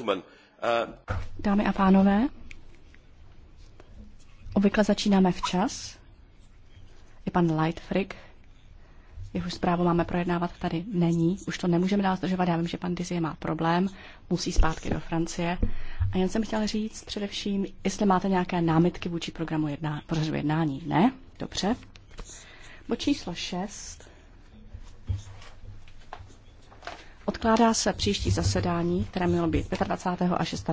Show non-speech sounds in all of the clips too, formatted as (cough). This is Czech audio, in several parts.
Uh, uh, Dámy a pánové, obvykle začínáme včas. I pan Lightfrig, jeho zprávu máme projednávat tady, není. Už to nemůžeme dál zdržovat. Já vím, že pan Dizie má problém, musí zpátky do Francie. A jen jsem chtěla říct především, jestli máte nějaké námitky vůči programu jedná, pořadu jednání. Ne? Dobře. Bod číslo 6 Odkládá se příští zasedání, které mělo být 25. a 26.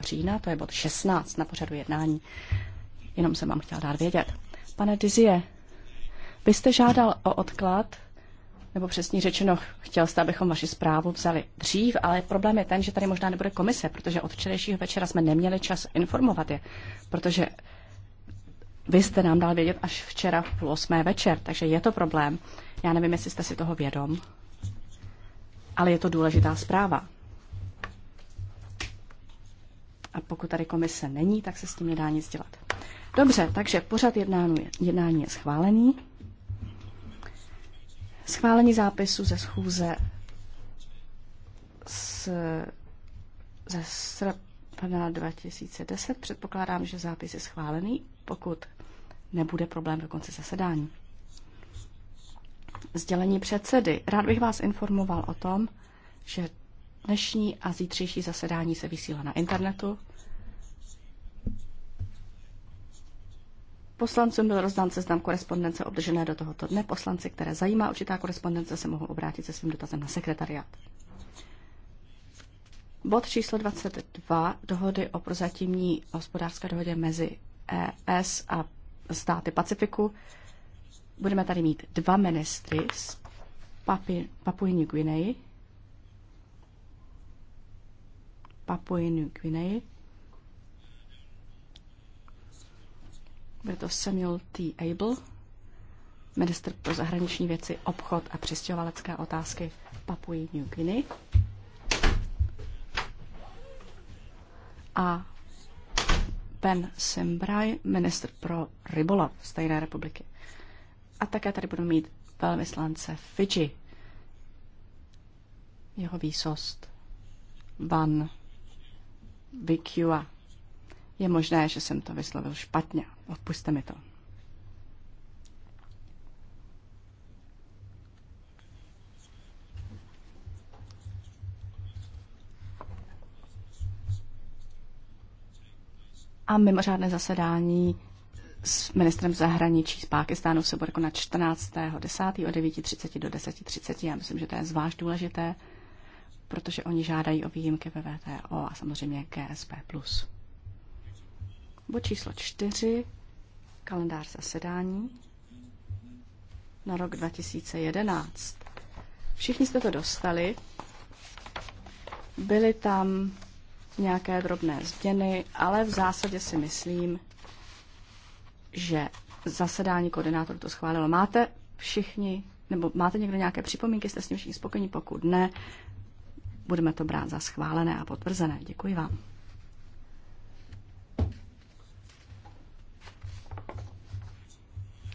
října, to je bod 16 na pořadu jednání. Jenom jsem vám chtěla dát vědět. Pane Dizie, vy jste žádal o odklad, nebo přesně řečeno, chtěl jste, abychom vaši zprávu vzali dřív, ale problém je ten, že tady možná nebude komise, protože od včerejšího večera jsme neměli čas informovat je, protože vy jste nám dal vědět až včera v půl osmé večer, takže je to problém. Já nevím, jestli jste si toho vědom ale je to důležitá zpráva. A pokud tady komise není, tak se s tím nedá nic dělat. Dobře, takže pořad jednání je, jednání je schválený. Schválení zápisu ze schůze z, ze srpna 2010. Předpokládám, že zápis je schválený, pokud nebude problém do konce zasedání. Sdělení předsedy. Rád bych vás informoval o tom, že dnešní a zítřejší zasedání se vysílá na internetu. Poslancům byl rozdán seznam korespondence obdržené do tohoto dne. Poslanci, které zajímá určitá korespondence, se mohou obrátit se svým dotazem na sekretariat. Bod číslo 22 dohody o prozatímní hospodářské dohodě mezi ES a státy Pacifiku Budeme tady mít dva ministry z Papuji Guineji, Papuji Guineji. Bude to Samuel T. Abel, minister pro zahraniční věci, obchod a přistěhovalecké otázky Papuji New Guinea. A Ben Sembraj, minister pro rybolov Stejné republiky. A také tady budu mít velvyslance Fidži. Jeho výsost Van Vikua. Je možné, že jsem to vyslovil špatně. Odpuste mi to. A mimořádné zasedání s ministrem zahraničí z Pákistánu se bude na 14.10. od 9.30 do 10.30. Já myslím, že to je zvlášť důležité, protože oni žádají o výjimky ve VTO a samozřejmě GSP+. Bod číslo 4, kalendář zasedání na rok 2011. Všichni jste to dostali. Byly tam nějaké drobné změny, ale v zásadě si myslím, že zasedání koordinátorů to schválilo. Máte všichni, nebo máte někdo nějaké připomínky, jste s tím všichni spokojení, pokud ne, budeme to brát za schválené a potvrzené. Děkuji vám.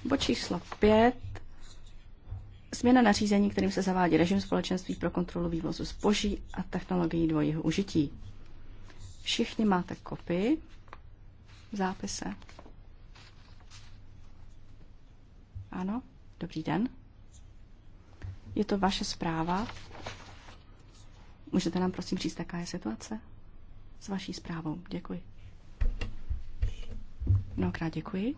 Bo číslo 5. Změna nařízení, kterým se zavádí režim společenství pro kontrolu vývozu zboží a technologií dvojího užití. Všichni máte kopy v zápise. Ano, dobrý den. Je to vaše zpráva. Můžete nám prosím říct, jaká je situace s vaší zprávou? Děkuji. Mnohokrát děkuji.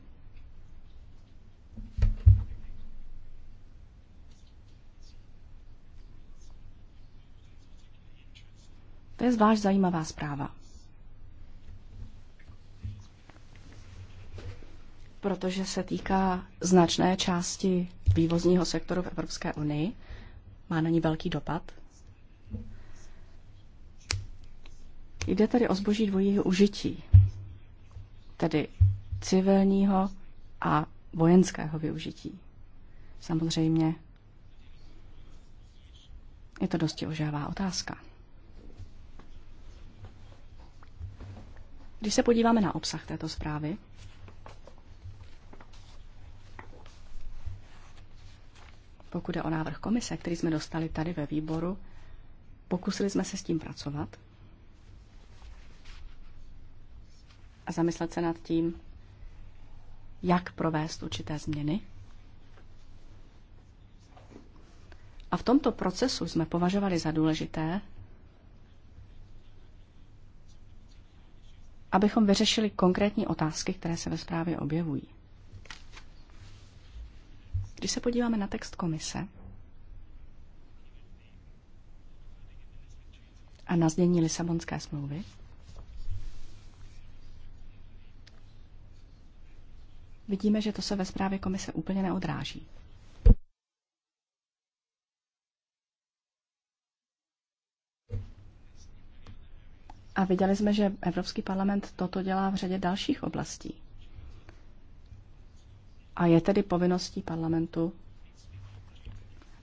To je zvlášť zajímavá zpráva. protože se týká značné části vývozního sektoru v Evropské unii. Má na ní velký dopad. Jde tady o zboží dvojího užití, tedy civilního a vojenského využití. Samozřejmě je to dosti ožává otázka. Když se podíváme na obsah této zprávy, Pokud je o návrh komise, který jsme dostali tady ve výboru, pokusili jsme se s tím pracovat a zamyslet se nad tím, jak provést určité změny. A v tomto procesu jsme považovali za důležité, abychom vyřešili konkrétní otázky, které se ve zprávě objevují. Když se podíváme na text komise a na znění Lisabonské smlouvy, vidíme, že to se ve zprávě komise úplně neodráží. A viděli jsme, že Evropský parlament toto dělá v řadě dalších oblastí. A je tedy povinností parlamentu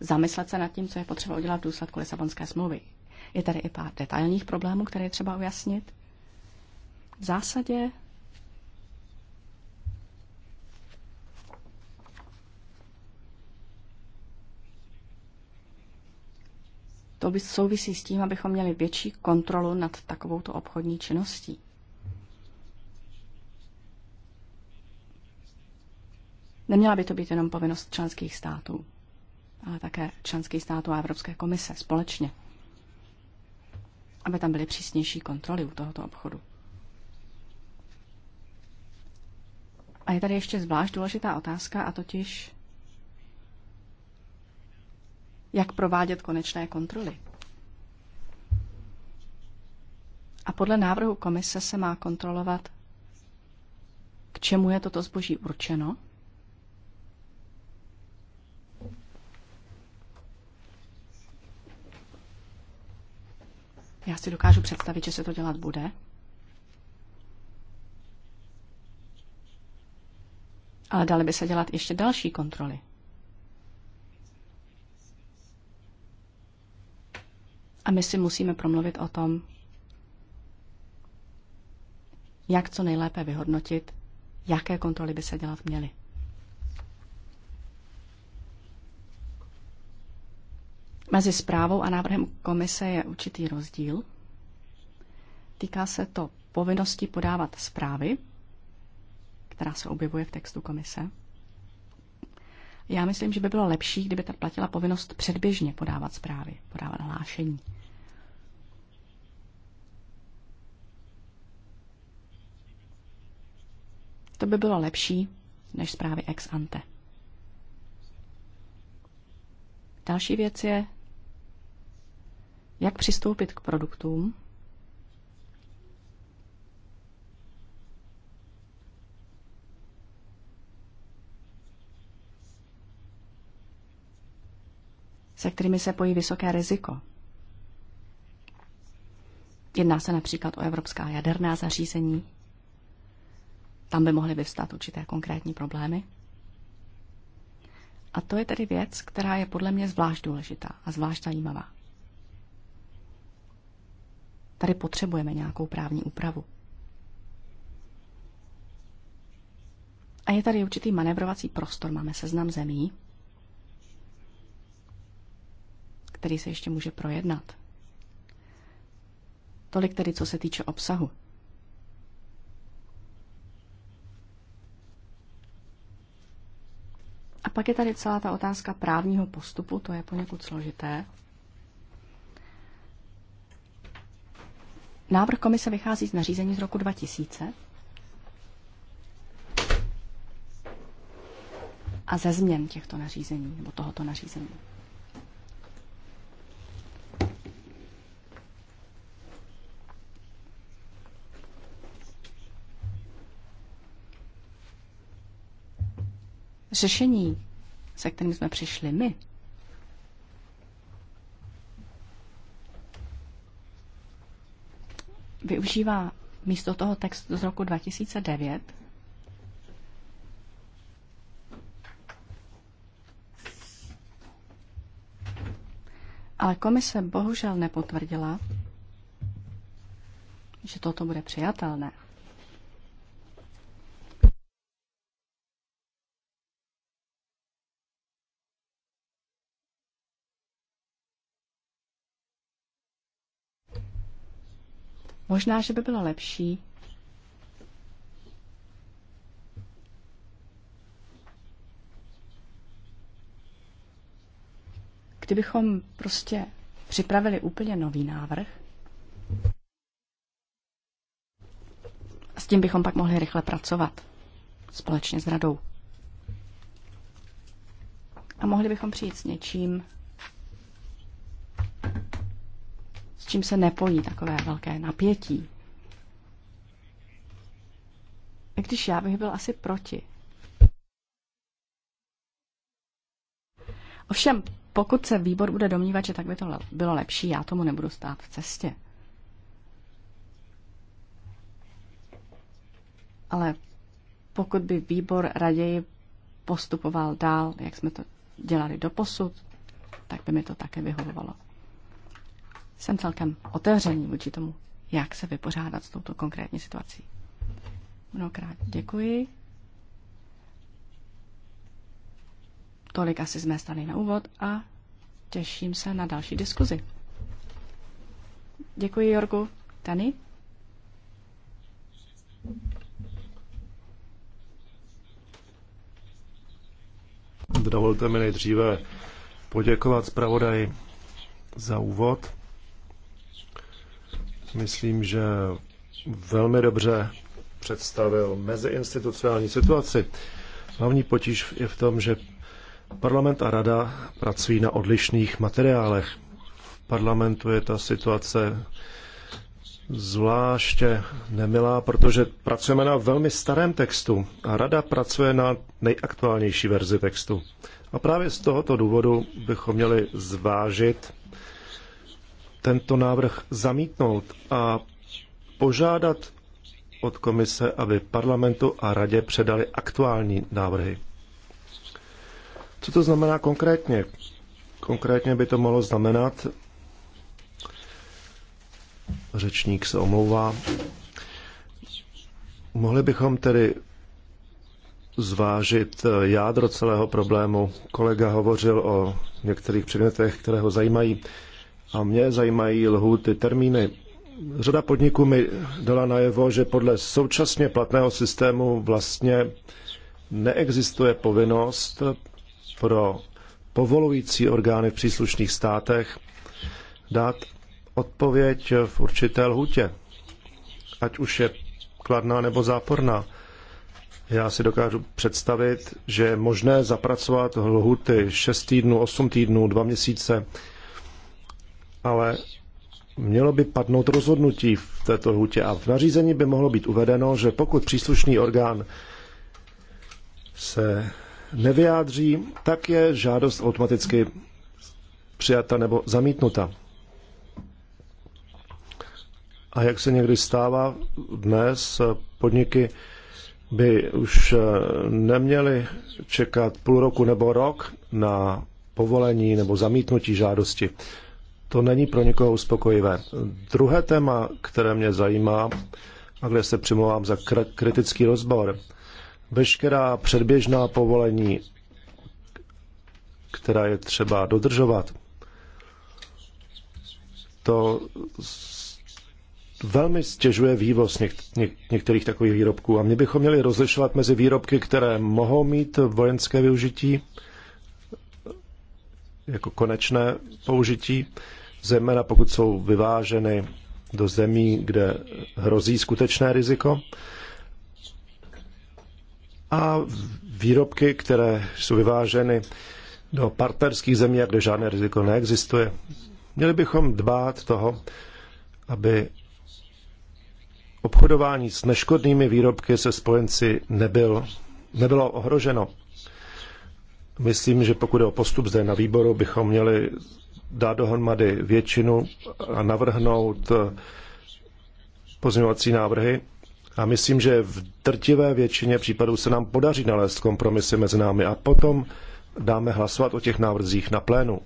zamyslet se nad tím, co je potřeba udělat v důsledku Lisabonské smlouvy. Je tady i pár detailních problémů, které je třeba ujasnit. V zásadě to by souvisí s tím, abychom měli větší kontrolu nad takovouto obchodní činností. Neměla by to být jenom povinnost členských států, ale také členských států a Evropské komise společně, aby tam byly přísnější kontroly u tohoto obchodu. A je tady ještě zvlášť důležitá otázka, a totiž, jak provádět konečné kontroly. A podle návrhu komise se má kontrolovat, k čemu je toto zboží určeno Já si dokážu představit, že se to dělat bude. Ale dali by se dělat ještě další kontroly. A my si musíme promluvit o tom, jak co nejlépe vyhodnotit, jaké kontroly by se dělat měly. Mezi zprávou a návrhem komise je určitý rozdíl. Týká se to povinnosti podávat zprávy, která se objevuje v textu komise. Já myslím, že by bylo lepší, kdyby ta platila povinnost předběžně podávat zprávy, podávat hlášení. To by bylo lepší než zprávy ex ante. Další věc je jak přistoupit k produktům, se kterými se pojí vysoké riziko. Jedná se například o evropská jaderná zařízení. Tam by mohly vyvstat určité konkrétní problémy. A to je tedy věc, která je podle mě zvlášť důležitá a zvlášť zajímavá. Tady potřebujeme nějakou právní úpravu. A je tady určitý manevrovací prostor. Máme seznam zemí, který se ještě může projednat. Tolik tedy, co se týče obsahu. A pak je tady celá ta otázka právního postupu, to je poněkud složité. Návrh komise vychází z nařízení z roku 2000 a ze změn těchto nařízení, nebo tohoto nařízení. Řešení, se kterým jsme přišli my, využívá místo toho text z roku 2009, Ale komise bohužel nepotvrdila, že toto bude přijatelné. Možná, že by bylo lepší, kdybychom prostě připravili úplně nový návrh, s tím bychom pak mohli rychle pracovat společně s radou. A mohli bychom přijít s něčím, čím se nepojí takové velké napětí. I když já bych byl asi proti. Ovšem, pokud se výbor bude domnívat, že tak by to bylo lepší, já tomu nebudu stát v cestě. Ale pokud by výbor raději postupoval dál, jak jsme to dělali do posud, tak by mi to také vyhovovalo jsem celkem otevřený vůči tomu, jak se vypořádat s touto konkrétní situací. Mnohokrát děkuji. Tolik asi z mé strany na úvod a těším se na další diskuzi. Děkuji, Jorku. Tany? Dovolte mi nejdříve poděkovat zpravodaji za úvod myslím, že velmi dobře představil meziinstitucionální situaci. Hlavní potíž je v tom, že parlament a rada pracují na odlišných materiálech. V parlamentu je ta situace zvláště nemilá, protože pracujeme na velmi starém textu a rada pracuje na nejaktuálnější verzi textu. A právě z tohoto důvodu bychom měli zvážit tento návrh zamítnout a požádat od komise, aby parlamentu a radě předali aktuální návrhy. Co to znamená konkrétně? Konkrétně by to mohlo znamenat, řečník se omlouvá, mohli bychom tedy zvážit jádro celého problému. Kolega hovořil o některých předmětech, které ho zajímají a mě zajímají lhuty termíny. Řada podniků mi dala najevo, že podle současně platného systému vlastně neexistuje povinnost pro povolující orgány v příslušných státech dát odpověď v určité lhutě, ať už je kladná nebo záporná. Já si dokážu představit, že je možné zapracovat lhuty 6 týdnů, 8 týdnů, 2 měsíce ale mělo by padnout rozhodnutí v této hutě a v nařízení by mohlo být uvedeno, že pokud příslušný orgán se nevyjádří, tak je žádost automaticky přijata nebo zamítnuta. A jak se někdy stává, dnes podniky by už neměly čekat půl roku nebo rok na povolení nebo zamítnutí žádosti to není pro nikoho uspokojivé. Druhé téma, které mě zajímá, a kde se přimlouvám za kritický rozbor, veškerá předběžná povolení, která je třeba dodržovat, to velmi stěžuje vývoz něk- něk- některých takových výrobků. A my bychom měli rozlišovat mezi výrobky, které mohou mít vojenské využití, jako konečné použití, zejména pokud jsou vyváženy do zemí, kde hrozí skutečné riziko. A výrobky, které jsou vyváženy do partnerských zemí, kde žádné riziko neexistuje. Měli bychom dbát toho, aby obchodování s neškodnými výrobky se spojenci nebyl, nebylo ohroženo. Myslím, že pokud je o postup zde na výboru, bychom měli dát dohromady většinu a navrhnout eh, pozměňovací návrhy. A myslím, že v drtivé většině případů se nám podaří nalézt kompromisy mezi námi a potom dáme hlasovat o těch návrzích na plénu.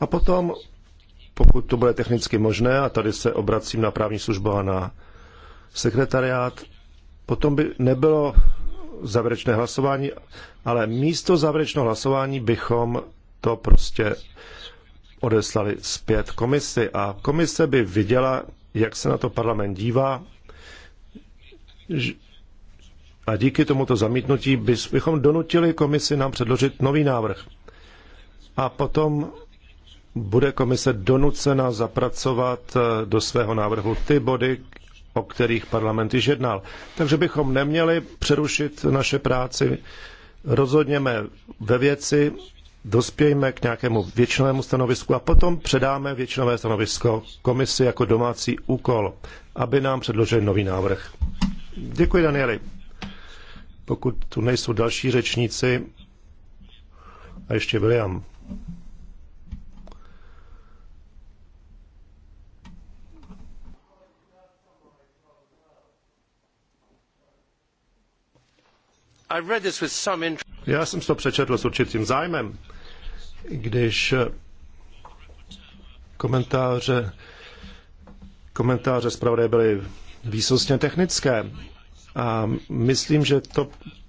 A potom, pokud to bude technicky možné, a tady se obracím na právní službu a na sekretariát, potom by nebylo závěrečné hlasování, ale místo závěrečného hlasování bychom to prostě odeslali zpět komisi a komise by viděla, jak se na to parlament dívá a díky tomuto zamítnutí bychom donutili komisi nám předložit nový návrh. A potom bude komise donucena zapracovat eh, do svého návrhu ty body, o kterých parlament již jednal. Takže bychom neměli přerušit naše práci. Rozhodněme ve věci dospějme k nějakému většinovému stanovisku a potom předáme většinové stanovisko komisi jako domácí úkol, aby nám předložili nový návrh. Děkuji, Danieli. Pokud tu nejsou další řečníci, a ještě William. Já jsem to přečetl s určitým zájmem, když komentáře, komentáře zpravodaje byly výsostně technické a myslím, že to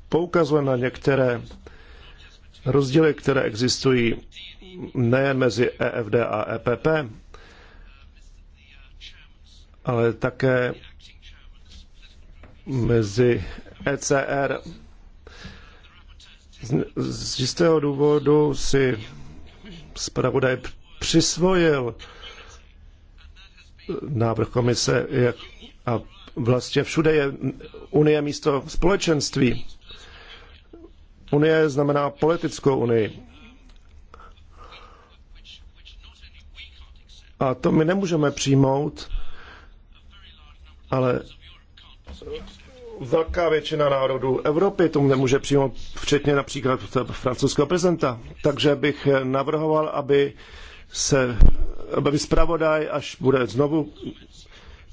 poukazuje na některé rozdíly, které existují nejen mezi EFD a EPP, ale také mezi ECR z jistého důvodu si zpravodaj přisvojil návrh komise jak, a vlastně všude je Unie místo společenství. Unie znamená politickou unii. A to my nemůžeme přijmout, ale velká většina národů Evropy tomu nemůže přijmout, včetně například francouzského prezidenta. Takže bych navrhoval, aby se aby zpravodaj, až bude znovu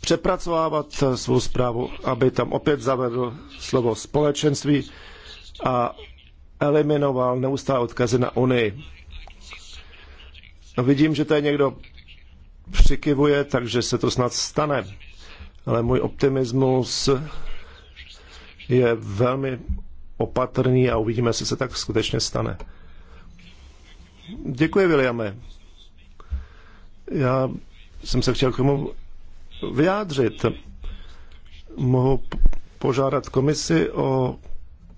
přepracovávat svou zprávu, aby tam opět zavedl slovo společenství a eliminoval neustále odkazy na Unii. Vidím, že je někdo přikivuje, takže se to snad stane. Ale můj optimismus je velmi opatrný a uvidíme, jestli se tak skutečně stane. Děkuji, Williame. Já jsem se chtěl k tomu vyjádřit. Mohu požádat komisi o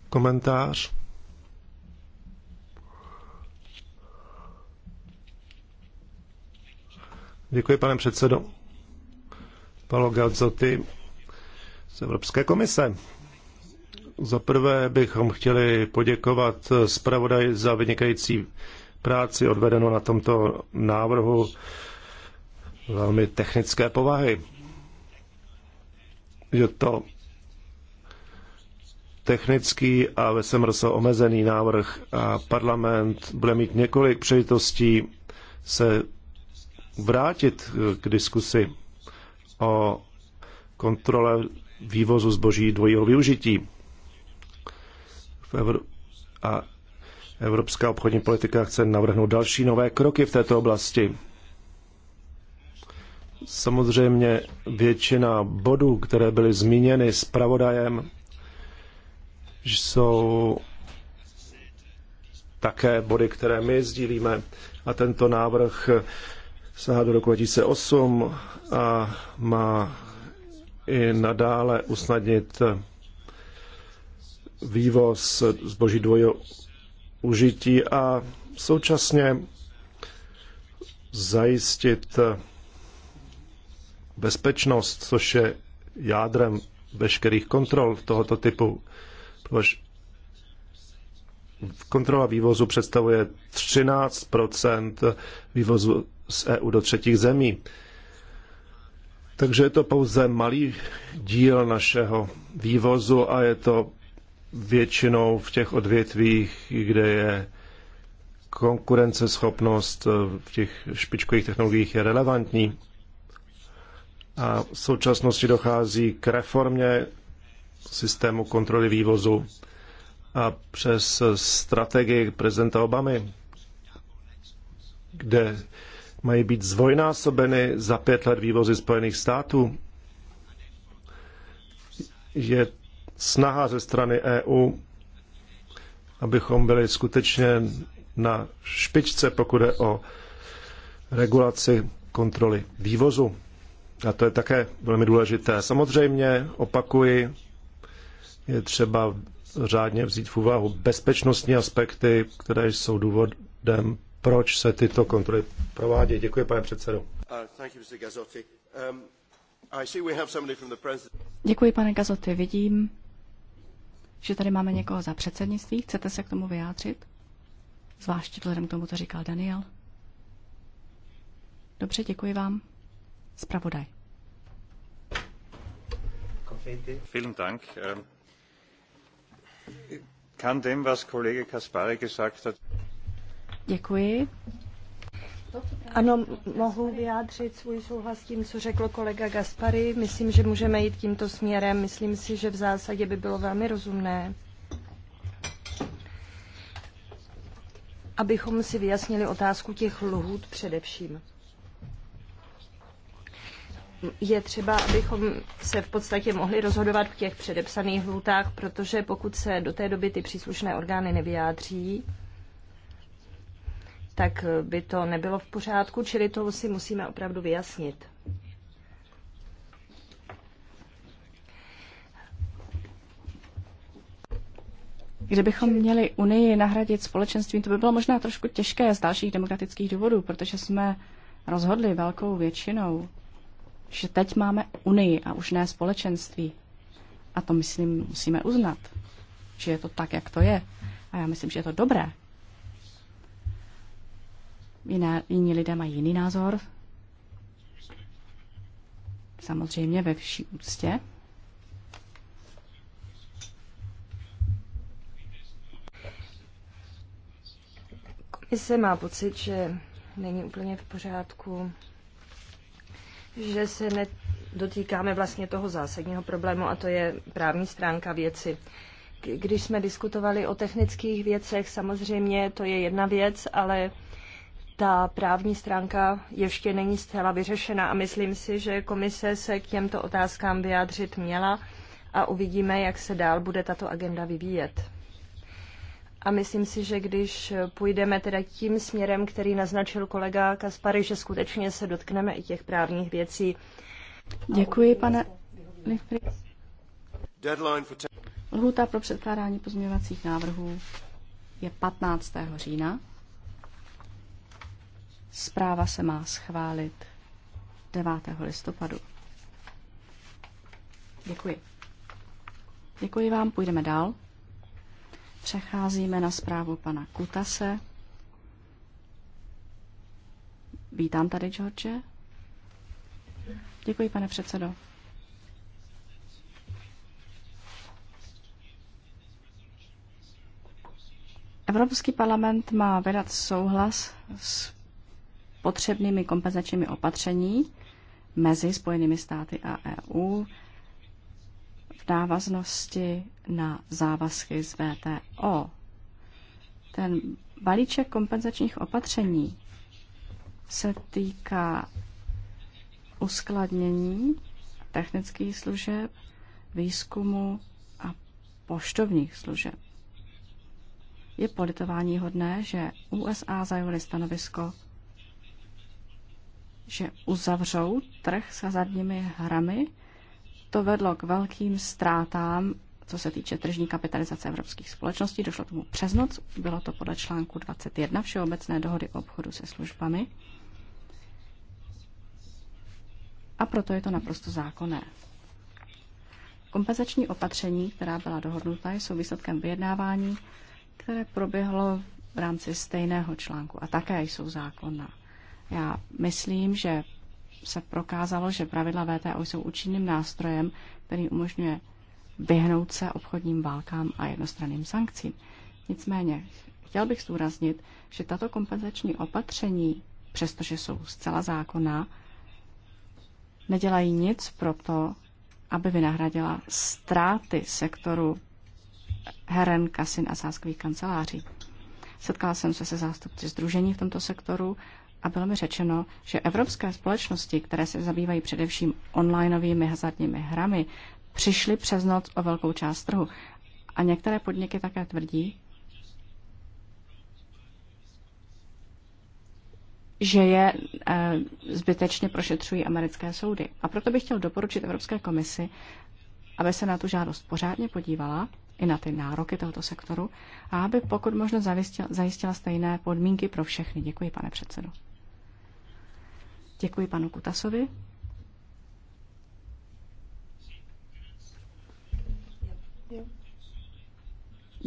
komentář? Děkuji, pane předsedo. Paolo Galzotti z Evropské komise. Za prvé bychom chtěli poděkovat zpravodaj za vynikající práci odvedenou na tomto návrhu velmi technické povahy. Je to technický a ve svém omezený návrh a parlament bude mít několik přejitostí se vrátit k diskusi o kontrole vývozu zboží dvojího využití v Evro- a Evropská obchodní politika chce navrhnout další nové kroky v této oblasti. Samozřejmě většina bodů, které byly zmíněny s pravodajem, jsou také body, které my sdílíme. A tento návrh sahá do roku 2008 a má i nadále usnadnit vývoz zboží dvojího užití a současně zajistit bezpečnost, což je jádrem veškerých kontrol tohoto typu. Kontrola vývozu představuje 13 vývozu z EU do třetích zemí. Takže je to pouze malý díl našeho vývozu a je to většinou v těch odvětvích, kde je konkurenceschopnost eh, v těch špičkových technologiích je relevantní. A v současnosti dochází k reformě systému kontroly vývozu a přes strategii prezidenta Obamy, kde mají být zvojnásobeny za pět let vývozy Spojených států, je snaha ze strany EU, abychom byli skutečně na špičce, pokud je o regulaci kontroly vývozu. A to je také velmi důležité. Samozřejmě, opakuji, je třeba řádně vzít v úvahu bezpečnostní aspekty, které jsou důvodem, proč se tyto kontroly provádějí. Děkuji, pane předsedo. Uh, um, Děkuji, pane Gazoty. Vidím, že tady máme někoho za předsednictví. Chcete se k tomu vyjádřit? Zvláště vzhledem k tomu, co říkal Daniel. Dobře, děkuji vám. Spravodaj. Vielen Dank. Ähm, kann dem, was Kollege Kaspari gesagt hat. Děkuji. Ano, mohu vyjádřit svůj souhlas s tím, co řekl kolega Gaspary. Myslím, že můžeme jít tímto směrem. Myslím si, že v zásadě by bylo velmi rozumné, abychom si vyjasnili otázku těch lhůt především je třeba, abychom se v podstatě mohli rozhodovat v těch předepsaných lhůtách, protože pokud se do té doby ty příslušné orgány nevyjádří, tak by to nebylo v pořádku, čili to si musíme opravdu vyjasnit. Kdybychom měli Unii nahradit společenstvím, to by bylo možná trošku těžké z dalších demokratických důvodů, protože jsme rozhodli velkou většinou, že teď máme Unii a už ne společenství. A to, myslím, musíme uznat, že je to tak, jak to je. A já myslím, že je to dobré jiné, jiní lidé mají jiný názor. Samozřejmě ve vší úctě. Komise má pocit, že není úplně v pořádku, že se dotýkáme vlastně toho zásadního problému a to je právní stránka věci když jsme diskutovali o technických věcech, samozřejmě to je jedna věc, ale ta právní stránka ještě není zcela vyřešena a myslím si, že komise se k těmto otázkám vyjádřit měla a uvidíme, jak se dál bude tato agenda vyvíjet. A myslím si, že když půjdeme teda tím směrem, který naznačil kolega Kaspary, že skutečně se dotkneme i těch právních věcí. Děkuji, pane Lhůta pro předkládání pozměňovacích návrhů je 15. října Zpráva se má schválit 9. listopadu. Děkuji. Děkuji vám, půjdeme dál. Přecházíme na zprávu pana Kutase. Vítám tady, George. Děkuji, pane předsedo. Evropský parlament má vydat souhlas s potřebnými kompenzačními opatření mezi Spojenými státy a EU v návaznosti na závazky z VTO. Ten balíček kompenzačních opatření se týká uskladnění technických služeb, výzkumu a poštovních služeb. Je politování hodné, že USA zajaly stanovisko, že uzavřou trh s hazardními hrami. To vedlo k velkým ztrátám, co se týče tržní kapitalizace evropských společností. Došlo k tomu přes noc. Bylo to podle článku 21 Všeobecné dohody o obchodu se službami. A proto je to naprosto zákonné. Kompenzační opatření, která byla dohodnuta, jsou výsledkem vyjednávání, které proběhlo v rámci stejného článku a také jsou zákonná. Já myslím, že se prokázalo, že pravidla VTO jsou účinným nástrojem, který umožňuje vyhnout se obchodním válkám a jednostranným sankcím. Nicméně, chtěl bych zdůraznit, že tato kompenzační opatření, přestože jsou zcela zákonná, nedělají nic pro to, aby vynahradila ztráty sektoru heren, kasin a sáskových kanceláří. Setkala jsem se se zástupci združení v tomto sektoru a bylo mi řečeno, že evropské společnosti, které se zabývají především onlineovými hazardními hrami, přišly přes noc o velkou část trhu. A některé podniky také tvrdí, že je e, zbytečně prošetřují americké soudy. A proto bych chtěl doporučit Evropské komisi, aby se na tu žádost pořádně podívala, i na ty nároky tohoto sektoru, a aby pokud možno zajistila, zajistila stejné podmínky pro všechny. Děkuji, pane předsedo. Děkuji panu Kutasovi.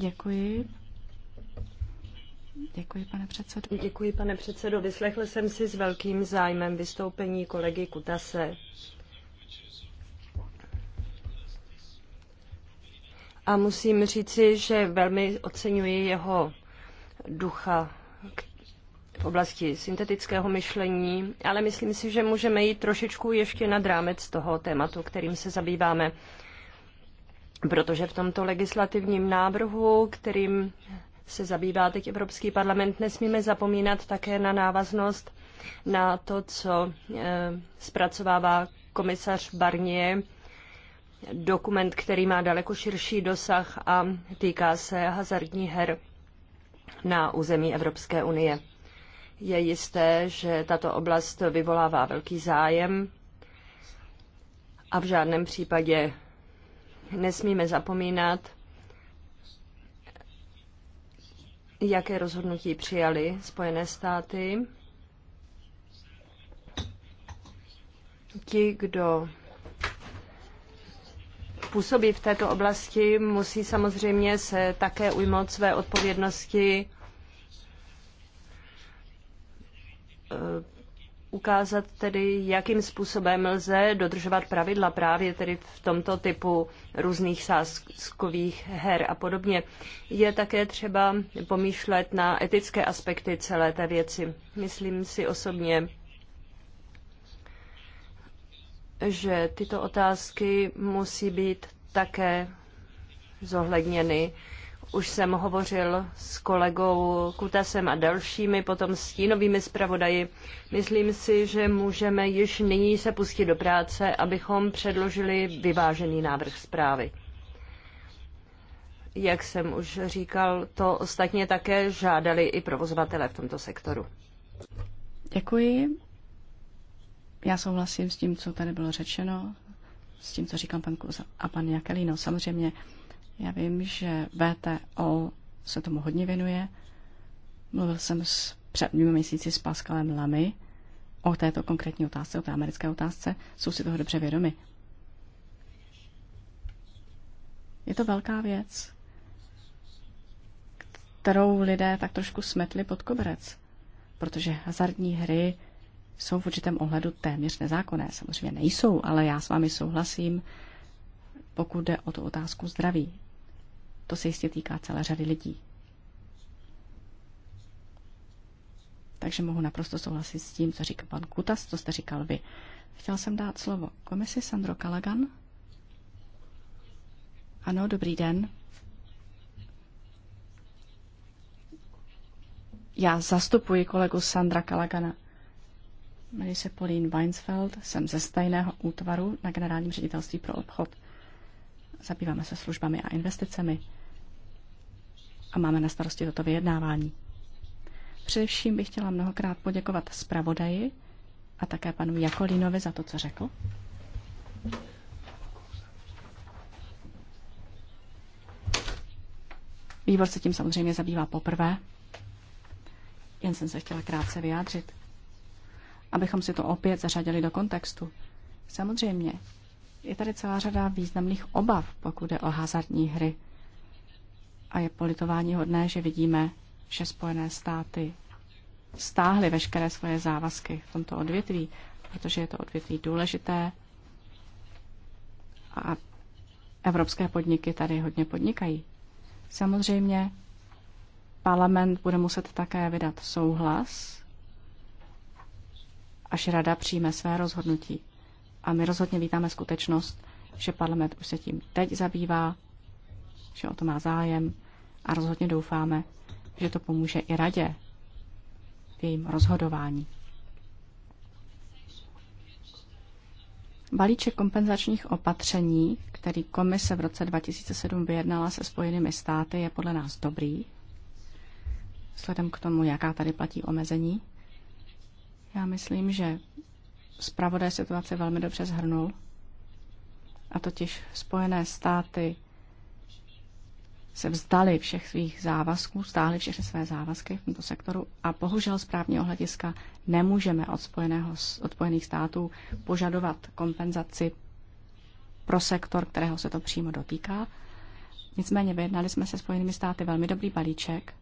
Děkuji. Děkuji, pane předsedo. Děkuji, pane předsedo. Vyslechl jsem si s velkým zájmem vystoupení kolegy Kutase. A musím říci, že velmi oceňuji jeho ducha, v oblasti syntetického myšlení, ale myslím si, že můžeme jít trošičku ještě nad rámec toho tématu, kterým se zabýváme. Protože v tomto legislativním návrhu, kterým se zabývá teď Evropský parlament, nesmíme zapomínat také na návaznost na to, co eh, zpracovává komisař Barnier, dokument, který má daleko širší dosah a týká se hazardní her na území Evropské unie. Je jisté, že tato oblast vyvolává velký zájem a v žádném případě nesmíme zapomínat, jaké rozhodnutí přijali Spojené státy. Ti, kdo působí v této oblasti, musí samozřejmě se také ujmout své odpovědnosti Eh, ukázat tedy, jakým způsobem lze dodržovat pravidla právě tedy v tomto typu různých sázkových her a podobně. Je také třeba pomýšlet na etické aspekty celé té věci. Myslím si osobně, že tyto otázky musí být také zohledněny už jsem hovořil s kolegou Kutasem a dalšími, potom s tínovými zpravodaji. Myslím si, že můžeme již nyní se pustit do práce, abychom předložili vyvážený návrh zprávy. Jak jsem už říkal, to ostatně také žádali i provozovatele v tomto sektoru. Děkuji. Já souhlasím s tím, co tady bylo řečeno, s tím, co říkám pan Kluza a pan Jakelino. Samozřejmě já vím, že VTO se tomu hodně věnuje. Mluvil jsem s, před dvěma měsíci s Pascalem Lamy o této konkrétní otázce, o té americké otázce. Jsou si toho dobře vědomi. Je to velká věc, kterou lidé tak trošku smetli pod koberec, protože hazardní hry jsou v určitém ohledu téměř nezákonné. Samozřejmě nejsou, ale já s vámi souhlasím, pokud jde o tu otázku zdraví. To se jistě týká celé řady lidí. Takže mohu naprosto souhlasit s tím, co říká pan Kutas, co jste říkal vy. Chtěl jsem dát slovo komisi Sandro Kalagan. Ano, dobrý den. Já zastupuji kolegu Sandra Kalagana. Jmenuji se Pauline Weinsfeld, jsem ze stejného útvaru na Generálním ředitelství pro obchod zabýváme se službami a investicemi a máme na starosti toto vyjednávání. Především bych chtěla mnohokrát poděkovat zpravodaji a také panu Jakolínovi za to, co řekl. Výbor se tím samozřejmě zabývá poprvé. Jen jsem se chtěla krátce vyjádřit. Abychom si to opět zařadili do kontextu. Samozřejmě, je tady celá řada významných obav, pokud jde o hazardní hry. A je politování hodné, že vidíme, že Spojené státy stáhly veškeré svoje závazky v tomto odvětví, protože je to odvětví důležité a evropské podniky tady hodně podnikají. Samozřejmě parlament bude muset také vydat souhlas, až rada přijme své rozhodnutí. A my rozhodně vítáme skutečnost, že parlament už se tím teď zabývá, že o to má zájem a rozhodně doufáme, že to pomůže i radě v jejím rozhodování. Balíček kompenzačních opatření, který komise v roce 2007 vyjednala se Spojenými státy, je podle nás dobrý, vzhledem k tomu, jaká tady platí omezení. Já myslím, že zpravodaj situace velmi dobře zhrnul. A totiž Spojené státy se vzdali všech svých závazků, stáhli všechny své závazky v tomto sektoru a bohužel z právního hlediska nemůžeme od, spojeného, od Spojených států požadovat kompenzaci pro sektor, kterého se to přímo dotýká. Nicméně vyjednali jsme se Spojenými státy velmi dobrý balíček,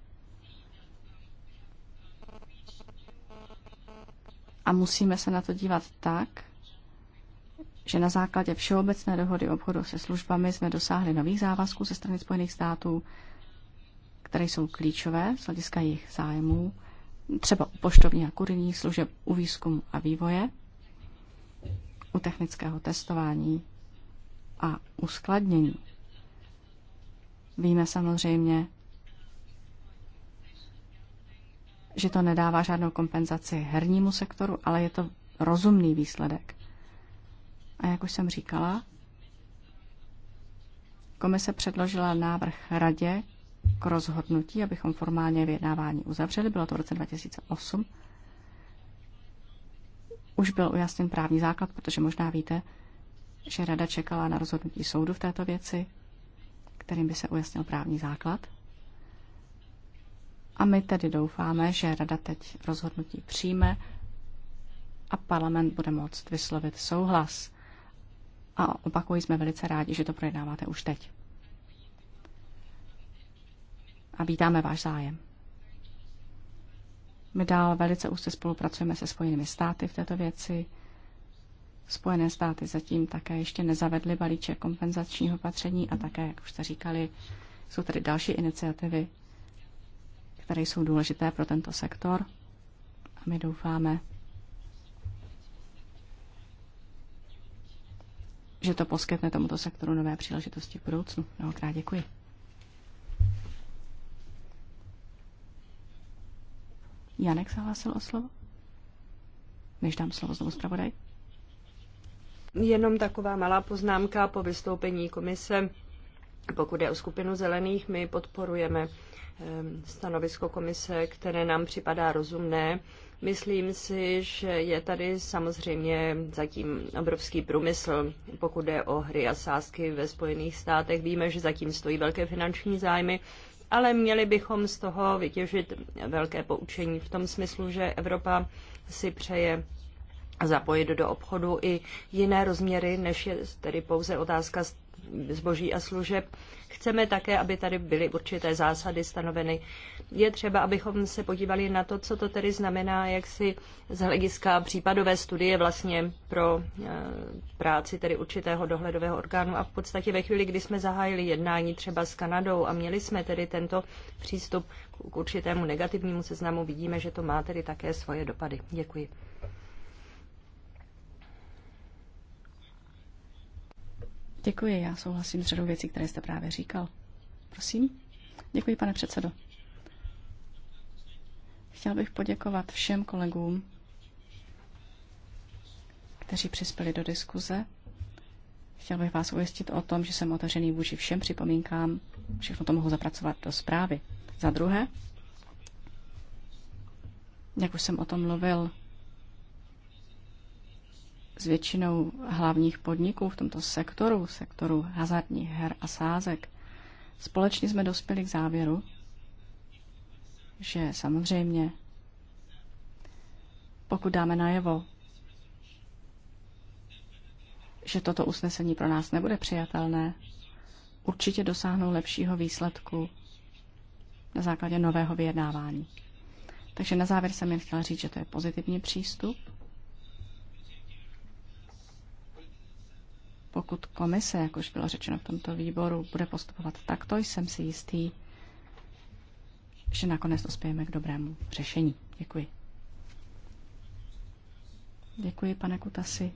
a musíme se na to dívat tak, že na základě Všeobecné dohody obchodu se službami jsme dosáhli nových závazků ze strany Spojených států, které jsou klíčové z hlediska jejich zájmů, třeba u poštovních a kurinních služeb, u výzkumu a vývoje, u technického testování a uskladnění. Víme samozřejmě, že to nedává žádnou kompenzaci hernímu sektoru, ale je to rozumný výsledek. A jak už jsem říkala, komise předložila návrh radě k rozhodnutí, abychom formálně vyjednávání uzavřeli. Bylo to v roce 2008. Už byl ujasněn právní základ, protože možná víte, že rada čekala na rozhodnutí soudu v této věci, kterým by se ujasnil právní základ. A my tedy doufáme, že Rada teď rozhodnutí přijme a parlament bude moct vyslovit souhlas. A opakují, jsme velice rádi, že to projednáváte už teď. A vítáme váš zájem. My dál velice úzce spolupracujeme se Spojenými státy v této věci. Spojené státy zatím také ještě nezavedly balíček kompenzačního opatření a také, jak už jste říkali, jsou tady další iniciativy, které jsou důležité pro tento sektor. A my doufáme, že to poskytne tomuto sektoru nové příležitosti v budoucnu. Mnohokrát děkuji. Janek zahlásil o slovo? Než dám slovo znovu zpravodaj. Jenom taková malá poznámka po vystoupení komise. Pokud je o skupinu zelených, my podporujeme Ehm, stanovisko komise, které nám připadá rozumné. Myslím si, že je tady samozřejmě zatím obrovský průmysl, pokud jde o hry a sázky ve Spojených státech. Víme, že zatím stojí velké finanční zájmy, ale měli bychom z toho vytěžit velké poučení v tom smyslu, že Evropa si přeje zapojit do obchodu i jiné rozměry, než je tedy pouze otázka zboží a služeb. Chceme také, aby tady byly určité zásady stanoveny. Je třeba, abychom se podívali na to, co to tedy znamená, jak si z hlediska případové studie vlastně pro eh, práci tedy určitého dohledového orgánu. A v podstatě ve chvíli, kdy jsme zahájili jednání třeba s Kanadou a měli jsme tedy tento přístup k určitému negativnímu seznamu, vidíme, že to má tedy také svoje dopady. Děkuji. Děkuji, já souhlasím s řadou věcí, které jste právě říkal. Prosím. Děkuji, pane předsedo. Chtěl bych poděkovat všem kolegům, kteří přispěli do diskuze. Chtěl bych vás ujistit o tom, že jsem otevřený vůči všem připomínkám. Všechno to mohu zapracovat do zprávy. Za druhé, jak už jsem o tom mluvil s většinou hlavních podniků v tomto sektoru, sektoru hazardních her a sázek, společně jsme dospěli k závěru, že samozřejmě, pokud dáme najevo, že toto usnesení pro nás nebude přijatelné, určitě dosáhnou lepšího výsledku na základě nového vyjednávání. Takže na závěr jsem jen chtěla říct, že to je pozitivní přístup, Pokud komise, jak už bylo řečeno v tomto výboru, bude postupovat takto, jsem si jistý, že nakonec dospějeme k dobrému řešení. Děkuji. Děkuji, pane Kutasi.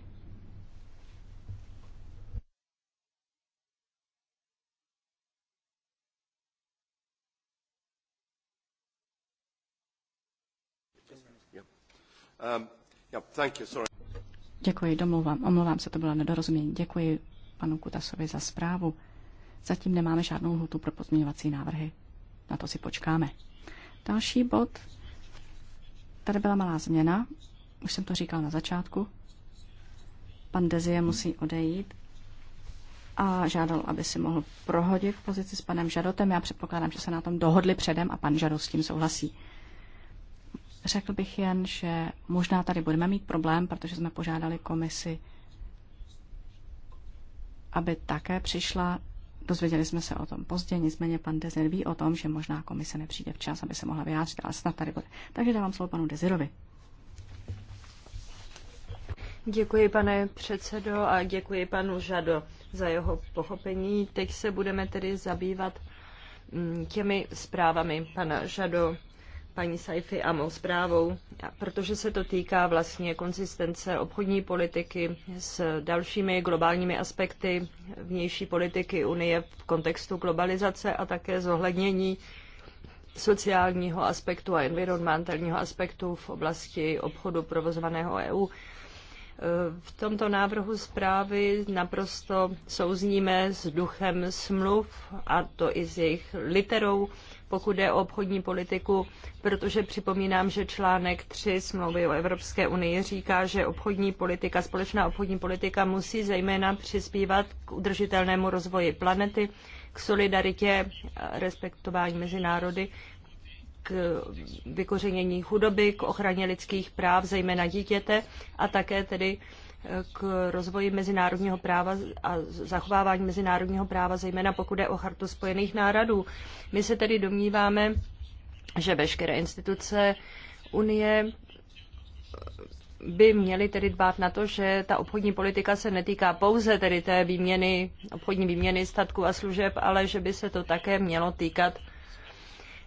Um, yeah, thank you. Sorry. Děkuji, domluvám omlouvám se, to bylo nedorozumění. Děkuji panu Kutasovi za zprávu. Zatím nemáme žádnou lhutu pro pozměňovací návrhy. Na to si počkáme. Další bod. Tady byla malá změna. Už jsem to říkal na začátku. Pan Dezie musí odejít a žádal, aby si mohl prohodit pozici s panem Žadotem. Já předpokládám, že se na tom dohodli předem a pan Žadot s tím souhlasí. Řekl bych jen, že možná tady budeme mít problém, protože jsme požádali komisi, aby také přišla. Dozvěděli jsme se o tom pozdě, nicméně pan Dezir ví o tom, že možná komise nepřijde včas, aby se mohla vyjádřit, ale snad tady bude. Takže dávám slovo panu Dezirovi. Děkuji, pane předsedo, a děkuji panu Žado za jeho pochopení. Teď se budeme tedy zabývat mm, těmi zprávami pana Žado paní Saifi a mou zprávou, protože se to týká vlastně konzistence obchodní politiky s dalšími globálními aspekty vnější politiky Unie v kontextu globalizace a také zohlednění sociálního aspektu a environmentálního aspektu v oblasti obchodu provozovaného EU. V tomto návrhu zprávy naprosto souzníme s duchem smluv, a to i s jejich literou, pokud jde o obchodní politiku, protože připomínám, že článek 3 smlouvy o Evropské unii říká, že obchodní politika, společná obchodní politika musí zejména přispívat k udržitelnému rozvoji planety, k solidaritě, respektování mezi národy k vykořenění chudoby, k ochraně lidských práv, zejména dítěte, a také tedy eh, k rozvoji mezinárodního práva a zachovávání mezinárodního práva, zejména pokud je o chartu Spojených národů. My se tedy domníváme, že veškeré instituce Unie by měly tedy dbát na to, že ta obchodní politika se netýká pouze tedy té výměny, obchodní výměny statků a služeb, ale že by se to také mělo týkat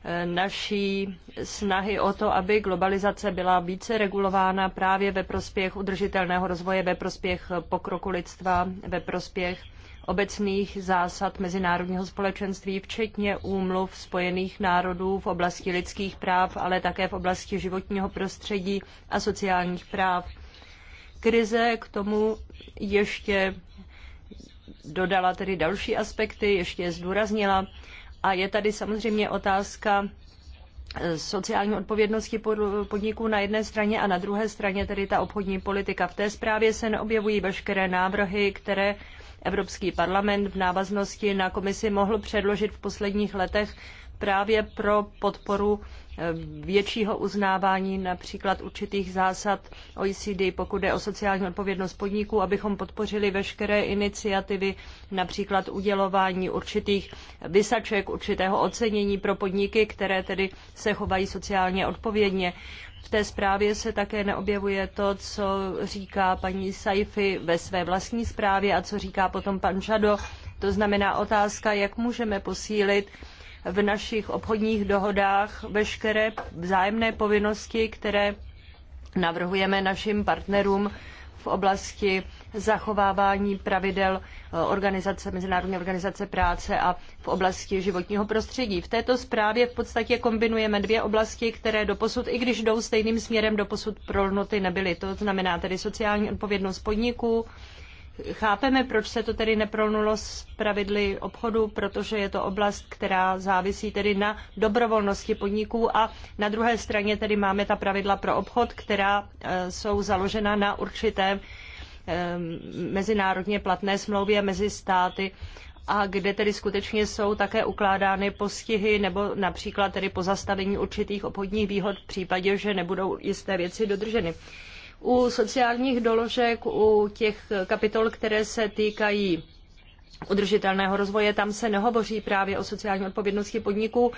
Eh, naší snahy o to, aby globalizace byla více regulována právě ve prospěch udržitelného rozvoje, ve prospěch pokroku lidstva, ve prospěch obecných zásad mezinárodního společenství, včetně úmluv Spojených národů v oblasti lidských práv, ale také v oblasti životního prostředí a sociálních práv. Krize k tomu ještě dodala tedy další aspekty, ještě je zdůraznila. A je tady samozřejmě otázka eh, sociální odpovědnosti podniků na jedné straně a na druhé straně tedy ta obchodní politika. V té zprávě se neobjevují veškeré návrhy, které Evropský parlament v návaznosti na komisi mohl předložit v posledních letech právě pro podporu většího uznávání například určitých zásad OECD, pokud je o sociální odpovědnost podniků, abychom podpořili veškeré iniciativy, například udělování určitých vysaček, určitého ocenění pro podniky, které tedy se chovají sociálně odpovědně. V té zprávě se také neobjevuje to, co říká paní Saifi ve své vlastní zprávě a co říká potom pan Žado. To znamená otázka, jak můžeme posílit v našich obchodních dohodách veškeré vzájemné povinnosti, které navrhujeme našim partnerům v oblasti zachovávání pravidel eh, organizace, Mezinárodní organizace práce a v oblasti životního prostředí. V této zprávě v podstatě kombinujeme dvě oblasti, které doposud, i když jdou stejným směrem, doposud prolnuty nebyly. To znamená tedy sociální odpovědnost podniků, Chápeme, proč se to tedy neprolnulo s pravidly obchodu, protože je to oblast, která závisí tedy na dobrovolnosti podniků a na druhé straně tedy máme ta pravidla pro obchod, která eh, jsou založena na určité eh, mezinárodně platné smlouvě mezi státy a kde tedy skutečně jsou také ukládány postihy nebo například tedy pozastavení určitých obchodních výhod v případě, že nebudou jisté věci dodrženy u sociálních doložek, u těch kapitol, které se týkají udržitelného rozvoje, tam se nehovoří právě o sociální odpovědnosti podniků.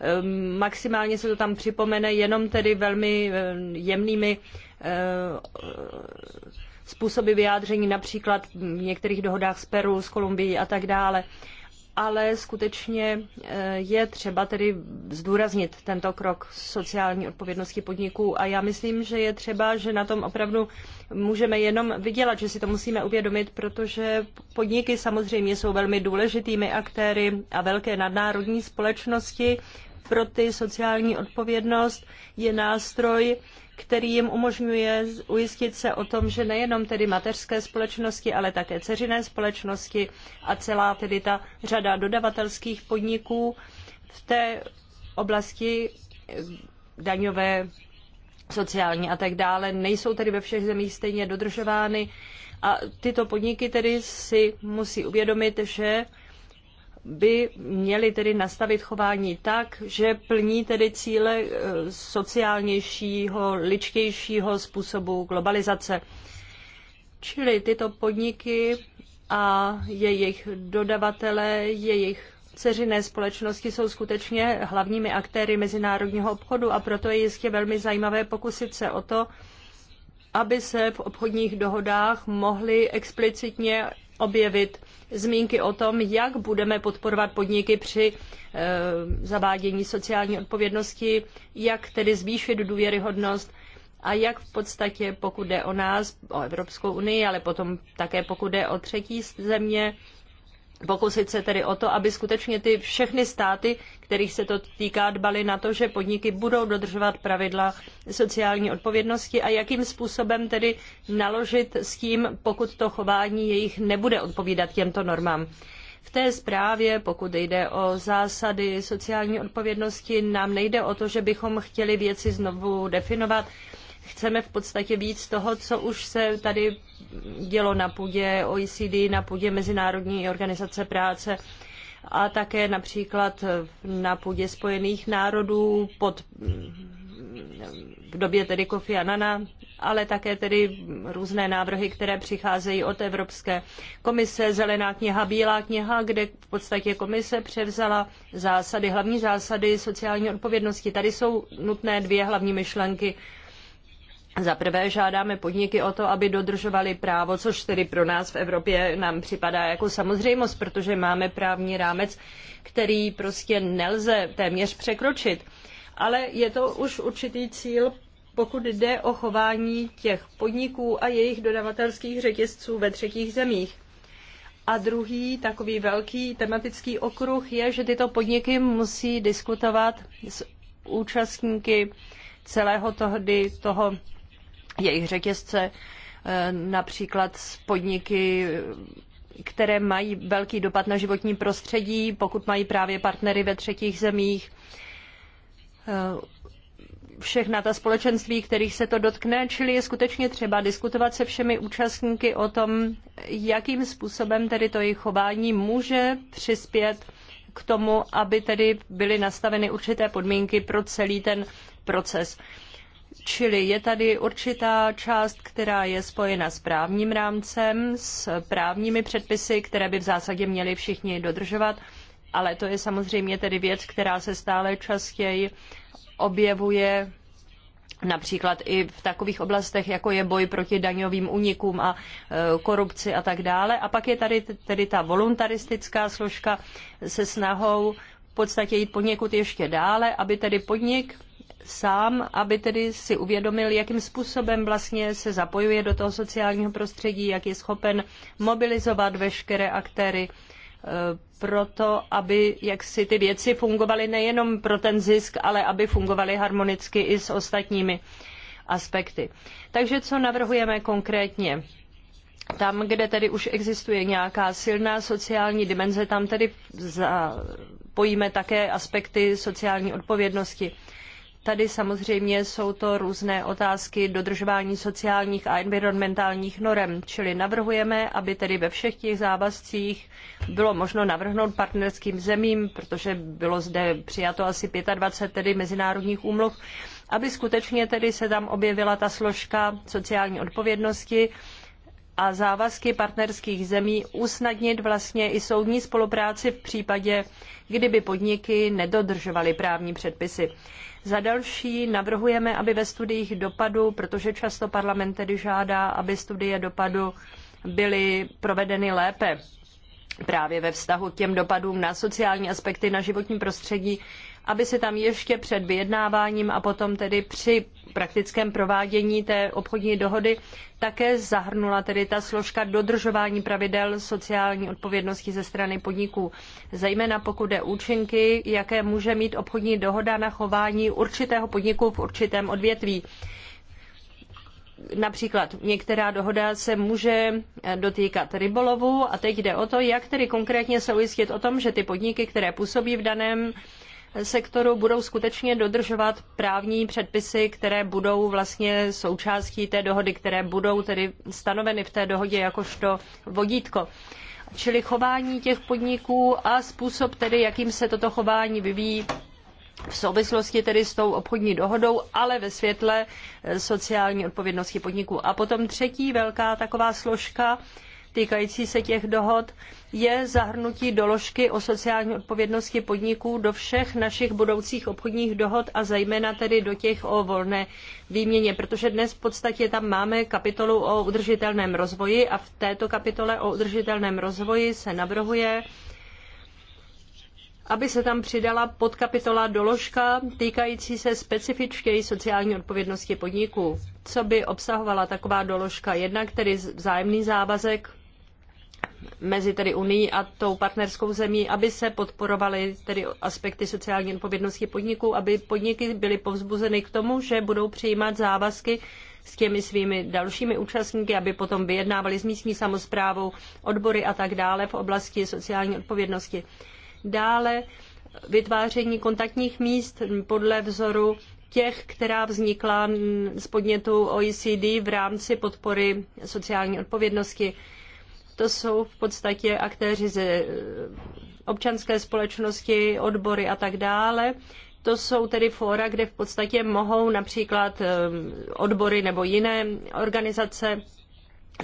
Ehm, maximálně se to tam připomene jenom tedy velmi ehm, jemnými ehm, způsoby vyjádření, například v některých dohodách s Peru, s Kolumbií a tak dále ale skutečně eh, je třeba tedy zdůraznit tento krok sociální odpovědnosti podniků a já myslím, že je třeba, že na tom opravdu můžeme jenom vydělat, že si to musíme uvědomit, protože podniky samozřejmě jsou velmi důležitými aktéry a velké nadnárodní společnosti pro ty sociální odpovědnost je nástroj, který jim umožňuje ujistit se o tom, že nejenom tedy mateřské společnosti, ale také ceřiné společnosti a celá tedy ta řada dodavatelských podniků v té oblasti eh, daňové, sociální a tak dále nejsou tedy ve všech zemích stejně dodržovány. A tyto podniky tedy si musí uvědomit, že by měli tedy nastavit chování tak, že plní tedy cíle eh, sociálnějšího, ličtějšího způsobu globalizace. Čili tyto podniky a jejich dodavatele, jejich ceřiné společnosti jsou skutečně hlavními aktéry mezinárodního obchodu a proto je jistě velmi zajímavé pokusit se o to, aby se v obchodních dohodách mohly explicitně objevit zmínky o tom, jak budeme podporovat podniky při eh, zavádění sociální odpovědnosti, jak tedy zvýšit důvěryhodnost a jak v podstatě, pokud jde o nás, o Evropskou unii, ale potom také pokud jde o třetí země, pokusit se tedy o to, aby skutečně ty všechny státy kterých se to týká, dbali na to, že podniky budou dodržovat pravidla sociální odpovědnosti a jakým způsobem tedy naložit s tím, pokud to chování jejich nebude odpovídat těmto normám. V té zprávě, pokud jde o zásady sociální odpovědnosti, nám nejde o to, že bychom chtěli věci znovu definovat. Chceme v podstatě víc toho, co už se tady dělo na půdě OECD, na půdě Mezinárodní organizace práce a také například na půdě Spojených národů pod v době tedy Kofi Anana, ale také tedy různé návrhy, které přicházejí od Evropské komise, Zelená kniha, Bílá kniha, kde v podstatě komise převzala zásady, hlavní zásady sociální odpovědnosti. Tady jsou nutné dvě hlavní myšlenky za prvé žádáme podniky o to, aby dodržovali právo, což tedy pro nás v Evropě nám připadá jako samozřejmost, protože máme právní rámec, který prostě nelze téměř překročit. Ale je to už určitý cíl, pokud jde o chování těch podniků a jejich dodavatelských řetězců ve třetích zemích. A druhý takový velký tematický okruh je, že tyto podniky musí diskutovat s účastníky celého tohdy, toho, toho jejich řetězce, eh, například z podniky, které mají velký dopad na životní prostředí, pokud mají právě partnery ve třetích zemích eh, všechna ta společenství, kterých se to dotkne, čili je skutečně třeba diskutovat se všemi účastníky o tom, jakým způsobem tedy to jejich chování může přispět k tomu, aby tedy byly nastaveny určité podmínky pro celý ten proces. Čili je tady určitá část, která je spojena s právním rámcem, s právními předpisy, které by v zásadě měli všichni dodržovat, ale to je samozřejmě tedy věc, která se stále častěji objevuje například i v takových oblastech, jako je boj proti daňovým únikům a e, korupci a tak dále. A pak je tady tedy ta voluntaristická složka se snahou v podstatě jít poněkud ještě dále, aby tedy podnik sám, aby tedy si uvědomil, jakým způsobem vlastně se zapojuje do toho sociálního prostředí, jak je schopen mobilizovat veškeré aktéry eh, proto, aby jak si ty věci fungovaly nejenom pro ten zisk, ale aby fungovaly harmonicky i s ostatními aspekty. Takže co navrhujeme konkrétně? Tam, kde tedy už existuje nějaká silná sociální dimenze, tam tedy zapojíme také aspekty sociální odpovědnosti. Tady samozřejmě jsou to různé otázky dodržování sociálních a environmentálních norem, čili navrhujeme, aby tedy ve všech těch závazcích bylo možno navrhnout partnerským zemím, protože bylo zde přijato asi 25 tedy mezinárodních úmluv, aby skutečně tedy se tam objevila ta složka sociální odpovědnosti, a závazky partnerských zemí usnadnit vlastně i soudní spolupráci v případě, kdyby podniky nedodržovaly právní předpisy. Za další navrhujeme, aby ve studiích dopadu, protože často parlament tedy žádá, aby studie dopadu byly provedeny lépe právě ve vztahu k těm dopadům na sociální aspekty, na životní prostředí, aby se tam ještě před vyjednáváním a potom tedy při praktickém provádění té obchodní dohody také zahrnula tedy ta složka dodržování pravidel sociální odpovědnosti ze strany podniků. Zejména pokud je účinky, jaké může mít obchodní dohoda na chování určitého podniku v určitém odvětví například některá dohoda se může dotýkat rybolovu a teď jde o to, jak tedy konkrétně se ujistit o tom, že ty podniky, které působí v daném sektoru budou skutečně dodržovat právní předpisy, které budou vlastně součástí té dohody, které budou tedy stanoveny v té dohodě jakožto vodítko čili chování těch podniků a způsob tedy, jakým se toto chování vyvíjí v souvislosti tedy s tou obchodní dohodou, ale ve světle eh, sociální odpovědnosti podniků. A potom třetí velká taková složka týkající se těch dohod, je zahrnutí doložky o sociální odpovědnosti podniků do všech našich budoucích obchodních dohod a zejména tedy do těch o volné výměně, protože dnes v podstatě tam máme kapitolu o udržitelném rozvoji a v této kapitole o udržitelném rozvoji se navrhuje, aby se tam přidala podkapitola doložka týkající se specifické sociální odpovědnosti podniků. Co by obsahovala taková doložka? Jednak tedy vzájemný závazek mezi tedy Unii a tou partnerskou zemí, aby se podporovaly tedy aspekty sociální odpovědnosti podniků, aby podniky byly povzbuzeny k tomu, že budou přijímat závazky s těmi svými dalšími účastníky, aby potom vyjednávali s místní samozprávou, odbory a tak dále v oblasti sociální odpovědnosti. Dále vytváření kontaktních míst podle vzoru těch, která vznikla z podnětu OECD v rámci podpory sociální odpovědnosti to jsou v podstatě aktéři ze eh, občanské společnosti, odbory a tak dále. To jsou tedy fóra, kde v podstatě mohou například eh, odbory nebo jiné organizace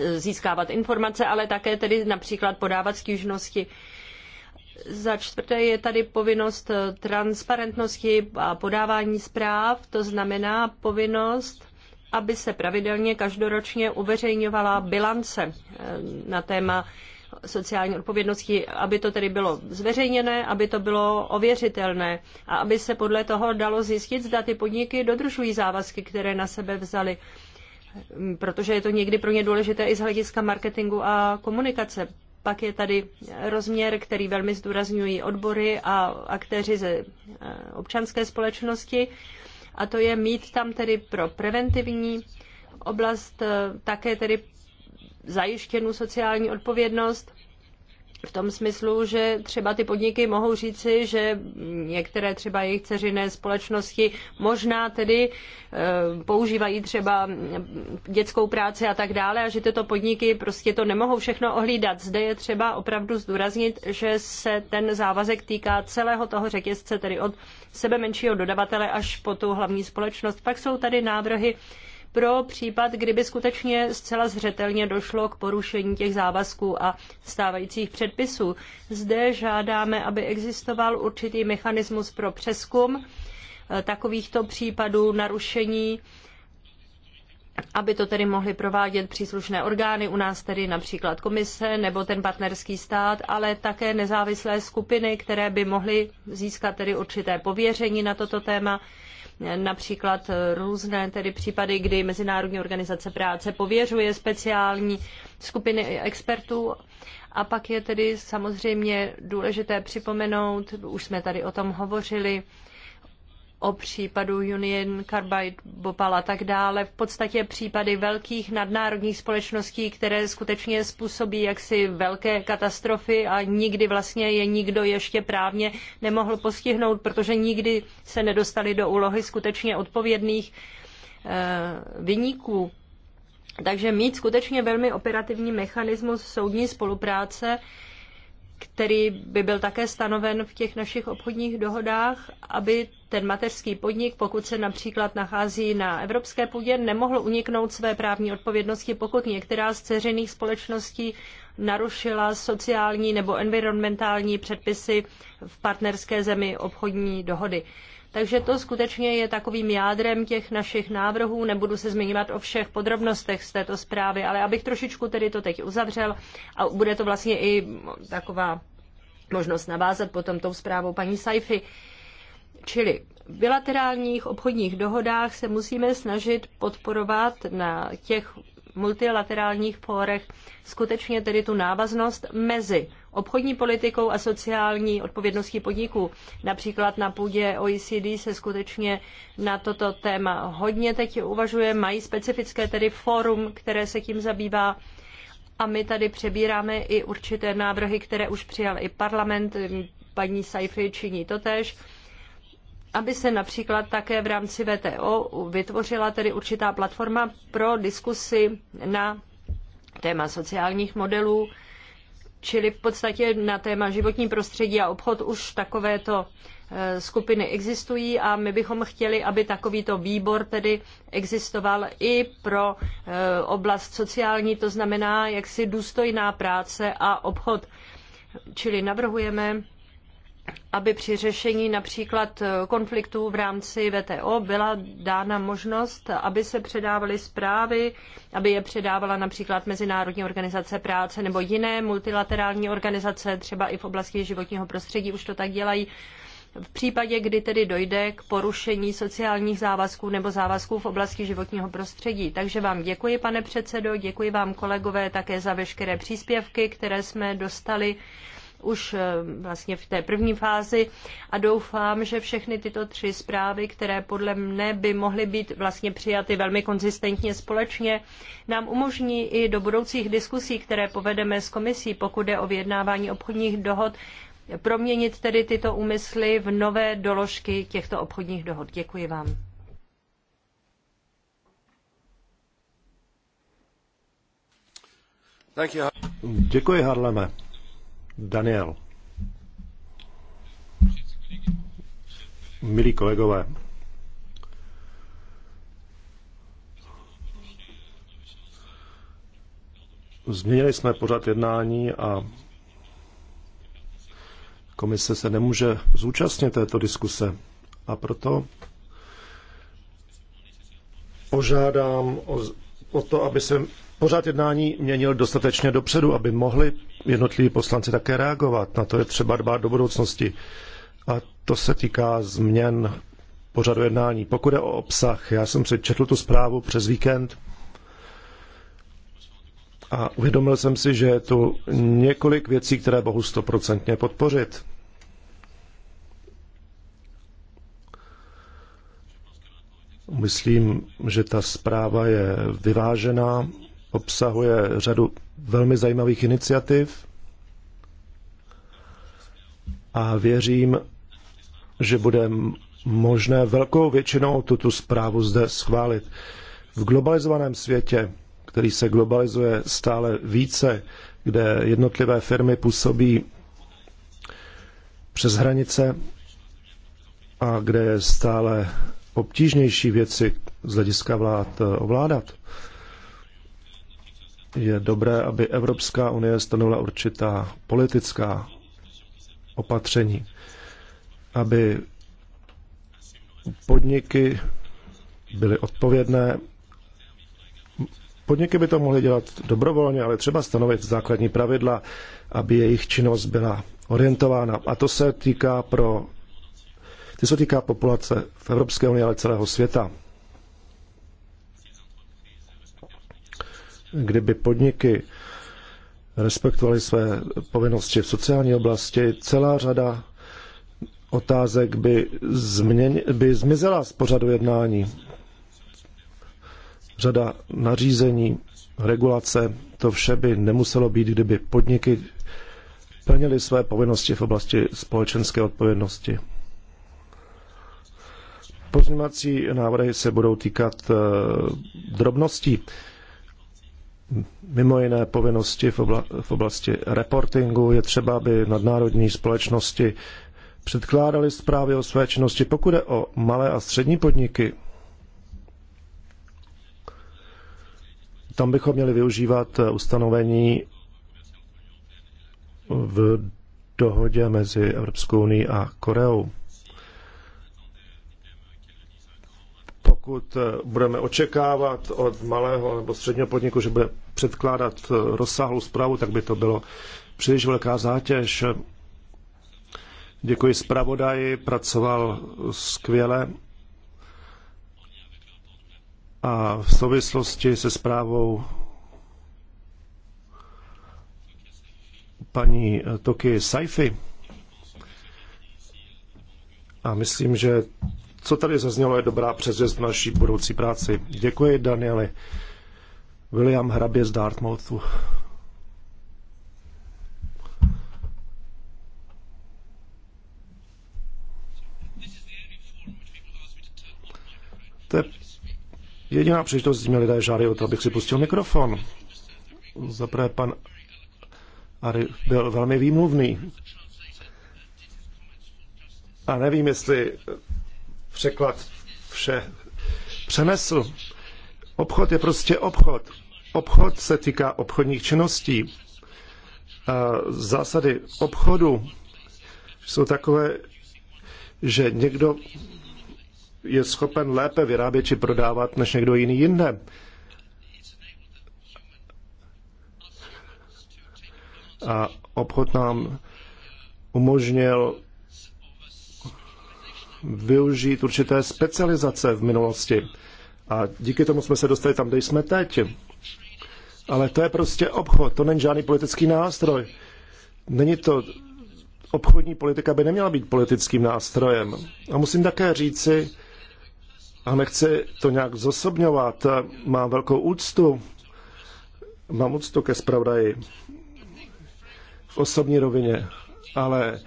eh, získávat informace, ale také tedy například podávat stížnosti. Za čtvrté je tady povinnost transparentnosti a podávání zpráv, to znamená povinnost aby se pravidelně každoročně uveřejňovala bilance eh, na téma sociální odpovědnosti, aby to tedy bylo zveřejněné, aby to bylo ověřitelné a aby se podle toho dalo zjistit, zda ty podniky dodržují závazky, které na sebe vzali mm, protože je to někdy pro ně důležité i z hlediska marketingu a komunikace. Pak je tady rozměr, který velmi zdůrazňují odbory a aktéři ze eh, občanské společnosti a to je mít tam tedy pro preventivní oblast eh, také tedy zajištěnu sociální odpovědnost v tom smyslu, že třeba ty podniky mohou říci, že některé třeba jejich ceřiné společnosti možná tedy eh, používají třeba dětskou práci a tak dále a že tyto podniky prostě to nemohou všechno ohlídat. Zde je třeba opravdu zdůraznit, že se ten závazek týká celého toho řetězce, tedy od sebe menšího dodavatele až po tu hlavní společnost. Pak jsou tady návrhy, pro případ, kdyby skutečně zcela zřetelně došlo k porušení těch závazků a stávajících předpisů. Zde žádáme, aby existoval určitý mechanismus pro přeskum eh, takovýchto případů narušení aby to tedy mohly provádět příslušné orgány, u nás tedy například komise nebo ten partnerský stát, ale také nezávislé skupiny, které by mohly získat tedy určité pověření na toto téma například různé tedy případy, kdy Mezinárodní organizace práce pověřuje speciální skupiny expertů. A pak je tedy samozřejmě důležité připomenout, už jsme tady o tom hovořili, o případu Union Carbide, Bopal a tak dále, v podstatě případy velkých nadnárodních společností, které skutečně způsobí jaksi velké katastrofy a nikdy vlastně je nikdo ještě právně nemohl postihnout, protože nikdy se nedostali do úlohy skutečně odpovědných eh, vyníků. Takže mít skutečně velmi operativní mechanismus soudní spolupráce který by byl také stanoven v těch našich obchodních dohodách, aby ten mateřský podnik, pokud se například nachází na evropské půdě, nemohl uniknout své právní odpovědnosti, pokud některá z ceřených společností narušila sociální nebo environmentální předpisy v partnerské zemi obchodní dohody. Takže to skutečně je takovým jádrem těch našich návrhů. Nebudu se zmiňovat o všech podrobnostech z této zprávy, ale abych trošičku tedy to teď uzavřel a bude to vlastně i taková možnost navázat potom tou zprávou paní Saifi. Čili v bilaterálních obchodních dohodách se musíme snažit podporovat na těch multilaterálních fórech skutečně tedy tu návaznost mezi obchodní politikou a sociální odpovědností podniků. Například na půdě OECD se skutečně na toto téma hodně teď uvažuje. Mají specifické tedy fórum, které se tím zabývá. A my tady přebíráme i určité návrhy, které už přijal i parlament. Paní Saifi činí totež aby se například také v rámci VTO vytvořila tedy určitá platforma pro diskusy na téma sociálních modelů Čili v podstatě na téma životní prostředí a obchod už takovéto eh, skupiny existují a my bychom chtěli, aby takovýto výbor tedy existoval i pro eh, oblast sociální, to znamená jaksi důstojná práce a obchod. Čili navrhujeme aby při řešení například eh, konfliktů v rámci VTO byla dána možnost, aby se předávaly zprávy, aby je předávala například Mezinárodní organizace práce nebo jiné multilaterální organizace, třeba i v oblasti životního prostředí už to tak dělají. V případě, kdy tedy dojde k porušení sociálních závazků nebo závazků v oblasti životního prostředí. Takže vám děkuji, pane předsedo, děkuji vám kolegové také za veškeré příspěvky, které jsme dostali už eh, vlastně v té první fázi a doufám, že všechny tyto tři zprávy, které podle mne by mohly být vlastně přijaty velmi konzistentně společně, nám umožní i do budoucích diskusí, které povedeme s komisí, pokud je o vyjednávání obchodních dohod, proměnit tedy tyto úmysly v nové doložky těchto obchodních dohod. Děkuji vám. Děkuji, Harleme. Daniel. Milí kolegové, změnili jsme pořad jednání a komise se nemůže zúčastnit této diskuse. A proto požádám o, o to, aby se pořád jednání měnil dostatečně dopředu, aby mohli jednotliví poslanci také reagovat. Na to je třeba dbát do budoucnosti. A to se týká změn pořadu jednání. Pokud je o obsah, já jsem si četl tu zprávu přes víkend a uvědomil jsem si, že je tu několik věcí, které mohu stoprocentně podpořit. Myslím, že ta zpráva je vyvážená obsahuje řadu velmi zajímavých iniciativ a věřím, že bude možné velkou většinou tuto zprávu zde schválit. V globalizovaném světě, který se globalizuje stále více, kde jednotlivé firmy působí přes hranice a kde je stále obtížnější věci z hlediska vlád ovládat, je dobré, aby Evropská unie stanovila určitá politická opatření, aby podniky byly odpovědné. Podniky by to mohly dělat dobrovolně, ale třeba stanovit základní pravidla, aby jejich činnost byla orientována. A to se týká pro ty se týká populace v Evropské unii, ale celého světa. kdyby podniky respektovaly své povinnosti v sociální oblasti, celá řada otázek by, změn, by zmizela z pořadu jednání. Řada nařízení, regulace, to vše by nemuselo být, kdyby podniky plnily své povinnosti v oblasti společenské odpovědnosti. Pozměňovací návrhy se budou týkat eh, drobností mimo jiné povinnosti v, obla, v oblasti reportingu. Je třeba, aby nadnárodní společnosti předkládali zprávy o své činnosti. Pokud je o malé a střední podniky, tam bychom měli využívat eh, ustanovení v dohodě mezi Evropskou unii a Koreou. pokud eh, budeme očekávat od malého nebo středního podniku, že bude předkládat eh, rozsáhlou zprávu, tak by to bylo příliš velká zátěž. Děkuji zpravodaji, pracoval skvěle. A v souvislosti se zprávou paní eh, Toky Saifi, a myslím, že co tady zaznělo, je dobrá přezvěst v naší budoucí práci. Děkuji, Danieli. William Hrabě z Dartmouthu. To je jediná příležitost, mě lidé žádají o to, abych si pustil mikrofon. Zaprvé pan Ari, byl velmi výmluvný. A nevím, jestli překlad vše přenesl. Obchod je prostě obchod. Obchod se týká obchodních činností. E, zásady obchodu jsou takové, že někdo je schopen lépe vyrábět či prodávat než někdo jiný jinde. A obchod nám umožnil využít určité specializace v minulosti. A díky tomu jsme se dostali tam, kde jsme teď. Ale to je prostě obchod, to není žádný politický nástroj. Není to obchodní politika by neměla být politickým nástrojem. A musím také říci, a nechci to nějak zosobňovat, mám velkou úctu, mám úctu ke zpravodaji v osobní rovině, ale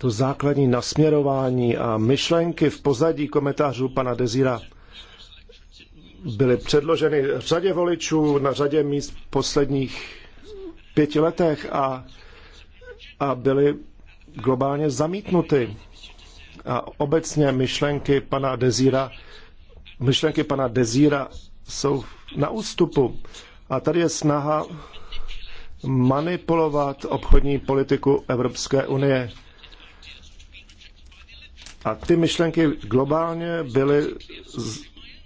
to základní nasměrování a myšlenky v pozadí komentářů pana Dezíra byly předloženy řadě voličů na řadě míst v posledních pěti letech a, a byly globálně zamítnuty. A obecně myšlenky pana Dezíra, myšlenky pana Dezíra jsou na ústupu. A tady je snaha manipulovat obchodní politiku Evropské unie a ty myšlenky globálně byly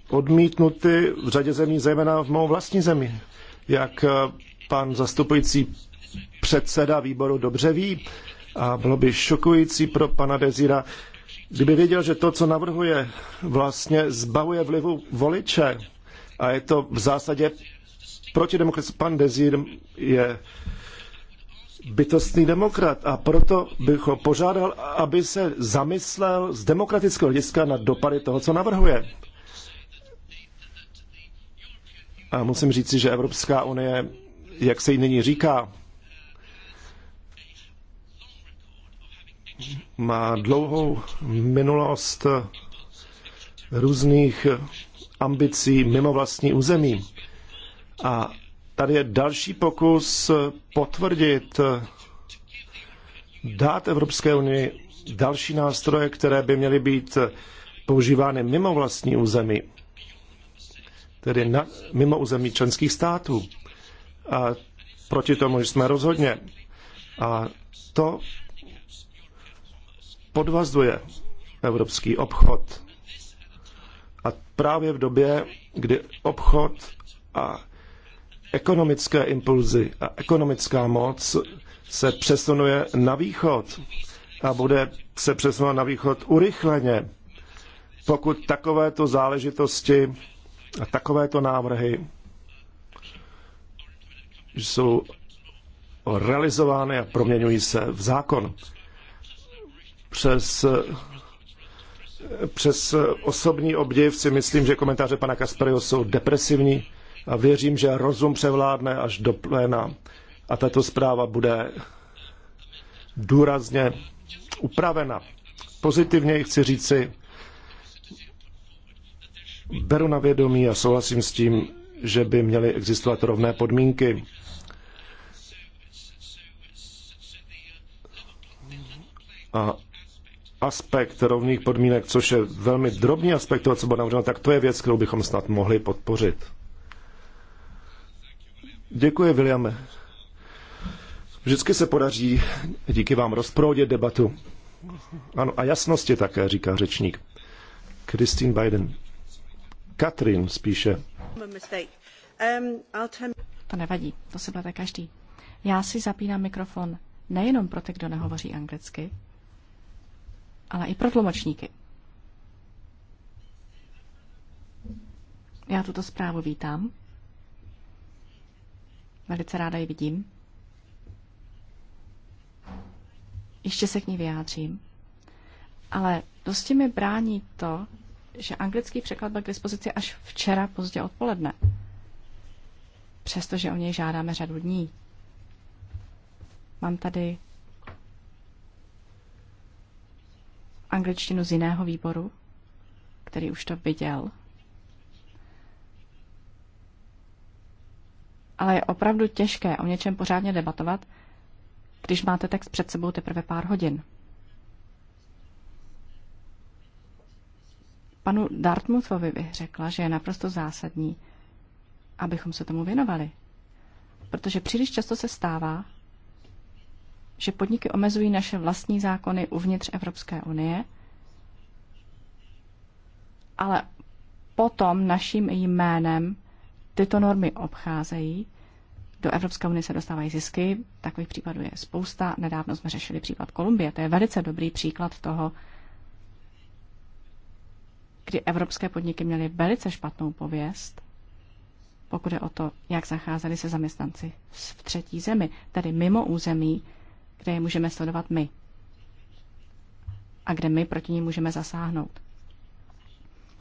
odmítnuty v řadě zemí, zejména v mou vlastní zemi. Jak eh, pan zastupující předseda výboru dobře ví, a bylo by šokující pro pana Dezíra, kdyby věděl, že to, co navrhuje, vlastně zbavuje vlivu voliče. A je to v zásadě proti demokracii. Pan Dezír je bytostný demokrat a proto bych ho požádal, aby se zamyslel z demokratického hlediska na dopady toho, co navrhuje. A musím říci, že Evropská unie, jak se jí nyní říká, má dlouhou minulost různých ambicí mimo vlastní území. A Tady je další pokus potvrdit, dát Evropské unii další nástroje, které by měly být používány mimo vlastní území, tedy na, mimo území členských států. A proti tomu jsme rozhodně. A to podvazuje evropský obchod. A právě v době, kdy obchod a ekonomické impulzy a ekonomická moc se přesunuje na východ a bude se přesunovat na východ urychleně, pokud takovéto záležitosti a takovéto návrhy jsou realizovány a proměňují se v zákon. Přes, přes osobní obdiv si myslím, že komentáře pana Kasperyho jsou depresivní a věřím, že rozum převládne až do pléna a tato zpráva bude důrazně upravena. Pozitivně chci říci, beru na vědomí a souhlasím s tím, že by měly existovat rovné podmínky. A aspekt rovných podmínek, což je velmi drobný aspekt toho, co bylo navrženo, tak to je věc, kterou bychom snad mohli podpořit. Děkuji, Williame. Vždycky se podaří díky vám rozproudit debatu. Ano, a jasnosti také, říká řečník. Christine Biden. Katrin spíše. To nevadí, to se bude každý. Já si zapínám mikrofon nejenom pro ty, kdo nehovoří anglicky, ale i pro tlumočníky. Já tuto zprávu vítám Velice ráda ji vidím. Ještě se k ní vyjádřím. Ale dosti mi brání to, že anglický překlad byl k dispozici až včera pozdě odpoledne. Přestože o něj žádáme řadu dní. Mám tady angličtinu z jiného výboru, který už to viděl ale je opravdu těžké o něčem pořádně debatovat, když máte text před sebou teprve pár hodin. Panu Dartmouthovi bych řekla, že je naprosto zásadní, abychom se tomu věnovali. Protože příliš často se stává, že podniky omezují naše vlastní zákony uvnitř Evropské unie, ale potom naším jménem tyto normy obcházejí. Do Evropské unie se dostávají zisky, takových případů je spousta. Nedávno jsme řešili případ Kolumbie. To je velice dobrý příklad toho, kdy evropské podniky měly velice špatnou pověst, pokud je o to, jak zacházeli se zaměstnanci v třetí zemi, tedy mimo území, kde je můžeme sledovat my a kde my proti ní můžeme zasáhnout.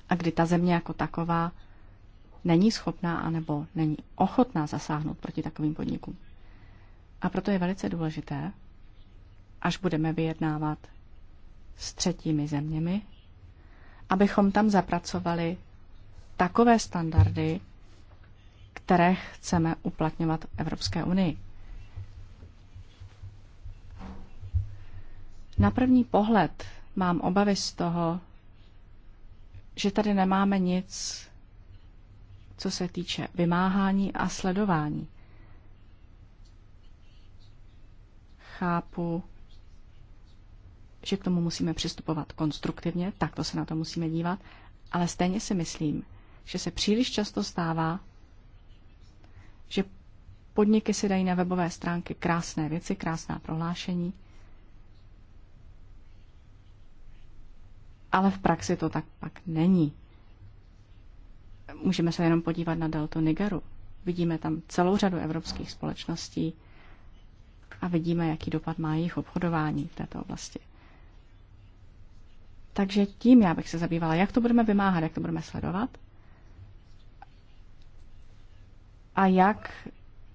A kdy ta země jako taková není schopná anebo není ochotná zasáhnout proti takovým podnikům. A proto je velice důležité, až budeme vyjednávat s třetími zeměmi, abychom tam zapracovali takové standardy, které chceme uplatňovat v Evropské unii. Na první pohled mám obavy z toho, že tady nemáme nic, co se týče vymáhání a sledování. Chápu, že k tomu musíme přistupovat konstruktivně, takto se na to musíme dívat, ale stejně si myslím, že se příliš často stává, že podniky si dají na webové stránky krásné věci, krásná prohlášení, ale v praxi to tak pak není. Můžeme se jenom podívat na deltu Nigeru. Vidíme tam celou řadu evropských společností a vidíme, jaký dopad má jejich obchodování v této oblasti. Takže tím já bych se zabývala, jak to budeme vymáhat, jak to budeme sledovat a jak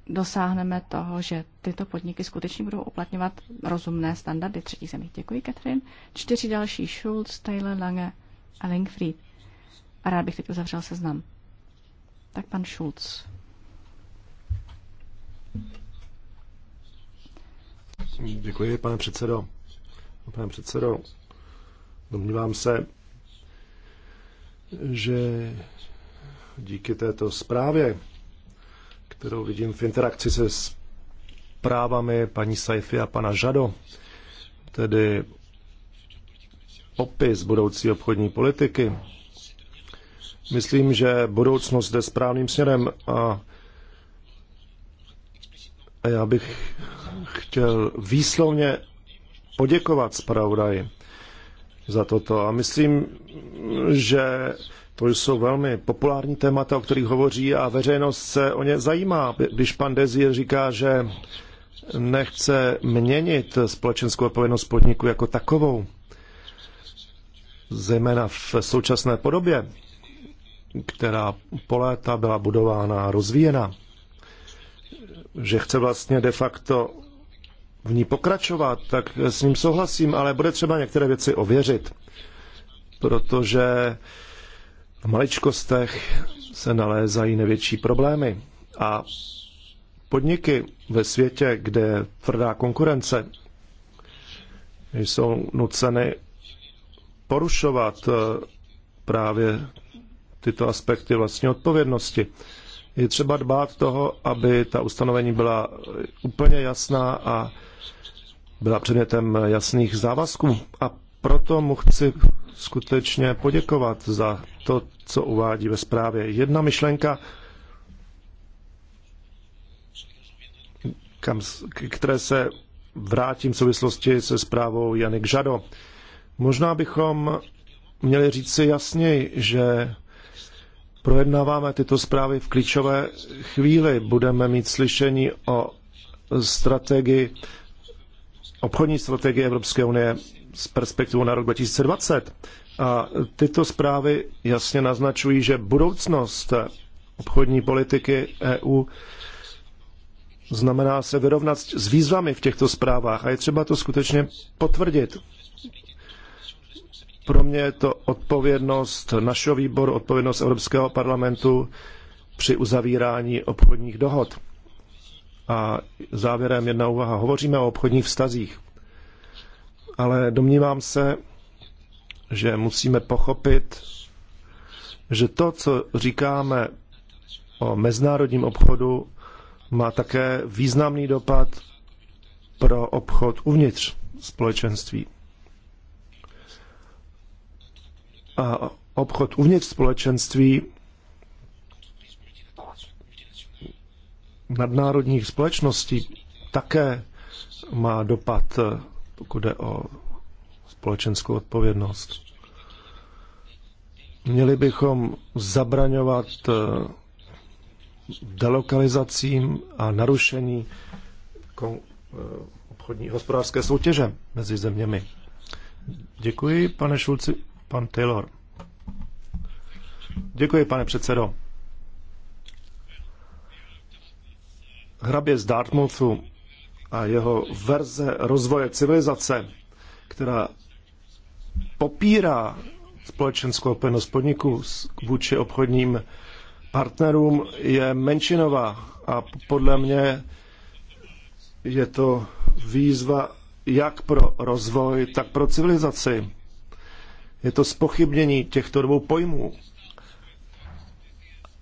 dosáhneme toho, že tyto podniky skutečně budou uplatňovat rozumné standardy třetí zemí. Děkuji, Katrin. Čtyři další Schulz, Taylor, Lange a Langfried. A rád bych teď uzavřel seznam. Tak pan Schulz. Děkuji, pane předsedo. Pane předsedo, domnívám se, že díky této zprávě, kterou vidím v interakci se zprávami paní Saifi a pana Žado, tedy opis budoucí obchodní politiky, Myslím, že budoucnost jde správným směrem a já bych chtěl výslovně poděkovat zpravodaji za toto. A myslím, že to jsou velmi populární témata, o kterých hovoří a veřejnost se o ně zajímá. Když pan Dezir říká, že nechce měnit společenskou odpovědnost podniku jako takovou, zejména v současné podobě, která po léta byla budována a rozvíjena, že chce vlastně de facto v ní pokračovat, tak s ním souhlasím, ale bude třeba některé věci ověřit, protože v maličkostech se nalézají největší problémy. A podniky ve světě, kde je tvrdá konkurence, jsou nuceny porušovat eh, právě tyto aspekty vlastní odpovědnosti. Je třeba dbát toho, aby ta ustanovení byla úplně jasná a byla předmětem jasných závazků. A proto mu chci skutečně poděkovat za to, co uvádí ve zprávě. Jedna myšlenka, kam, které se vrátím v souvislosti se zprávou Janik Žado. Možná bychom měli říct si jasněji, že Projednáváme tyto zprávy v klíčové chvíli. Budeme mít slyšení o strategii, obchodní strategii Evropské unie s perspektivou na rok 2020. A tyto zprávy jasně naznačují, že budoucnost obchodní politiky EU znamená se vyrovnat s výzvami v těchto zprávách a je třeba to skutečně potvrdit. Pro mě je to odpovědnost našeho výboru, odpovědnost Evropského parlamentu při uzavírání obchodních dohod. A závěrem jedna úvaha. Hovoříme o obchodních vztazích, ale domnívám se, že musíme pochopit, že to, co říkáme o mezinárodním obchodu, má také významný dopad pro obchod uvnitř společenství. obchod uvnitř společenství nadnárodních společností také má dopad, pokud jde o společenskou odpovědnost. Měli bychom zabraňovat eh, delokalizacím a narušení eh, obchodní hospodářské soutěže mezi zeměmi. Děkuji, pane Šulci. Pan Taylor. Děkuji, pane předsedo. Hrabě z Dartmouthu a jeho verze rozvoje civilizace, která popírá společenskou odpovědnost podniků vůči obchodním partnerům, je menšinová a podle mě je to výzva jak pro rozvoj, tak pro civilizaci. Je to spochybnění těchto dvou pojmů.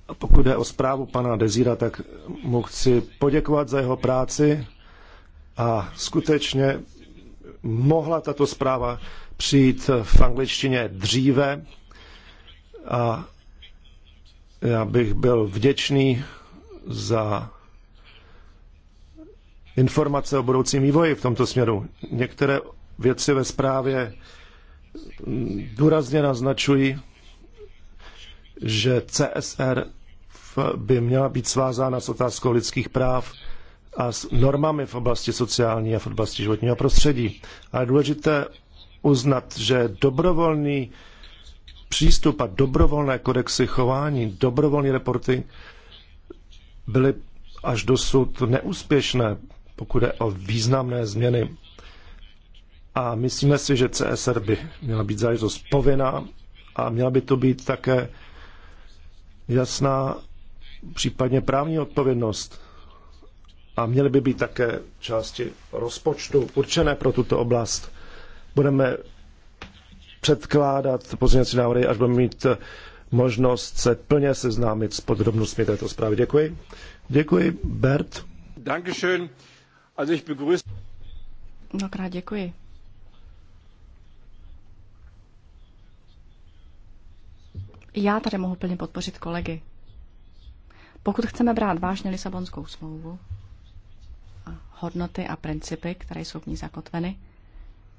A pokud jde o zprávu pana Dezíra, tak mu chci poděkovat za jeho práci a skutečně mohla tato zpráva přijít v angličtině dříve a já bych byl vděčný za informace o budoucím vývoji v tomto směru. Některé věci ve zprávě důrazně naznačují, že CSR by měla být svázána s otázkou lidských práv a s normami v oblasti sociální a v oblasti životního prostředí. Ale je důležité uznat, že dobrovolný přístup a dobrovolné kodexy chování, dobrovolné reporty byly až dosud neúspěšné, pokud je o významné změny a myslíme si, že CSR by měla být záležitost povinná a měla by to být také jasná případně právní odpovědnost. A měly by být také části rozpočtu určené pro tuto oblast. Budeme předkládat pozměňovací návrhy, až budeme mít možnost se plně seznámit s podrobnostmi této zprávy. Děkuji. Děkuji, Bert. Dankeschön. Also ich begrüße... Mnohokrát děkuji. Já tady mohu plně podpořit kolegy. Pokud chceme brát vážně Lisabonskou smlouvu a hodnoty a principy, které jsou v ní zakotveny,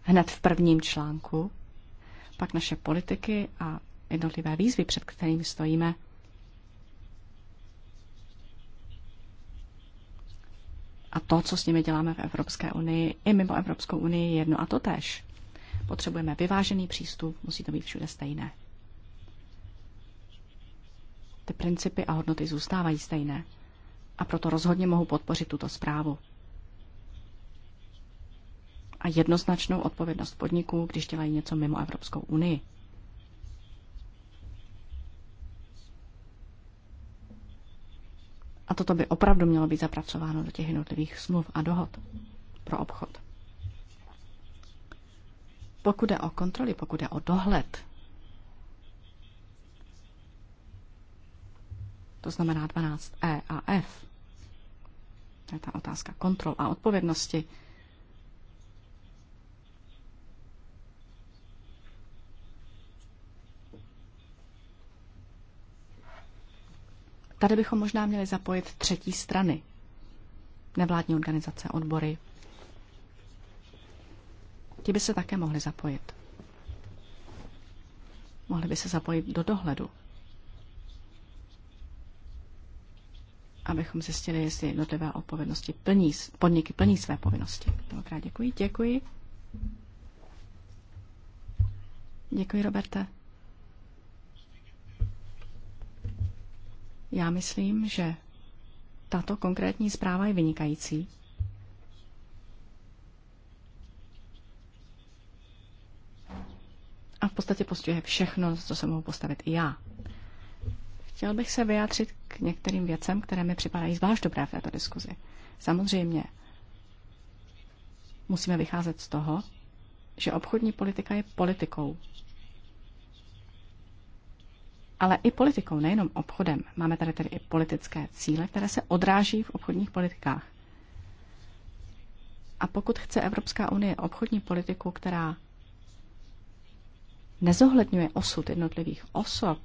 hned v prvním článku, pak naše politiky a jednotlivé výzvy, před kterými stojíme, a to, co s nimi děláme v Evropské unii i mimo Evropskou unii, je jedno a to tež. Potřebujeme vyvážený přístup, musí to být všude stejné. Ty principy a hodnoty zůstávají stejné. A proto rozhodně mohu podpořit tuto zprávu. A jednoznačnou odpovědnost podniků, když dělají něco mimo Evropskou unii. A toto by opravdu mělo být zapracováno do těch jednotlivých smluv a dohod pro obchod. Pokud jde o kontroly, pokud jde o dohled, to znamená 12E a F. To je ta otázka kontrol a odpovědnosti. Tady bychom možná měli zapojit třetí strany, nevládní organizace, odbory. Ti by se také mohli zapojit. Mohli by se zapojit do dohledu, abychom zjistili, jestli jednotlivé odpovědnosti plní, podniky plní své povinnosti. Mnohokrát děkuji. Děkuji. Děkuji, Roberte. Já myslím, že tato konkrétní zpráva je vynikající. A v podstatě postihuje všechno, co se mohu postavit i já. Chtěl bych se vyjádřit k některým věcem, které mi připadají zvlášť dobré v této diskuzi. Samozřejmě musíme vycházet z toho, že obchodní politika je politikou. Ale i politikou, nejenom obchodem. Máme tady tedy i politické cíle, které se odráží v obchodních politikách. A pokud chce Evropská unie obchodní politiku, která nezohledňuje osud jednotlivých osob,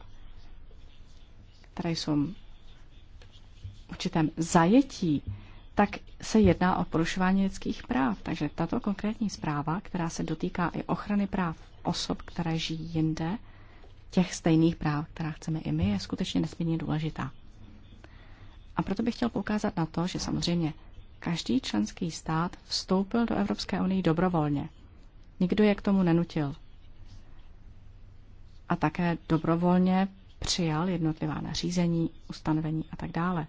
které jsou v určitém zajetí, tak se jedná o porušování lidských práv. Takže tato konkrétní zpráva, která se dotýká i ochrany práv osob, které žijí jinde, těch stejných práv, která chceme i my, je skutečně nesmírně důležitá. A proto bych chtěl poukázat na to, že samozřejmě každý členský stát vstoupil do Evropské unie dobrovolně. Nikdo je k tomu nenutil. A také dobrovolně přijal jednotlivá nařízení, ustanovení a tak dále.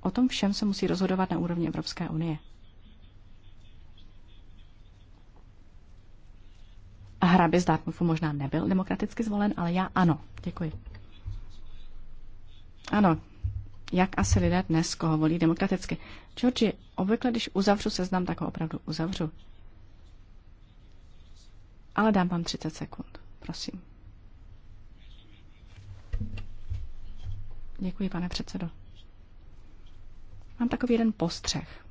O tom všem se musí rozhodovat na úrovni Evropské unie. A hrabě z Dartmouthu možná nebyl demokraticky zvolen, ale já ano. Děkuji. Ano, jak asi lidé dnes koho volí demokraticky. Georgi, obvykle, když uzavřu seznam, tak ho opravdu uzavřu. Ale dám vám 30 sekund, prosím. Děkuji, pane předsedo. Mám takový jeden postřeh.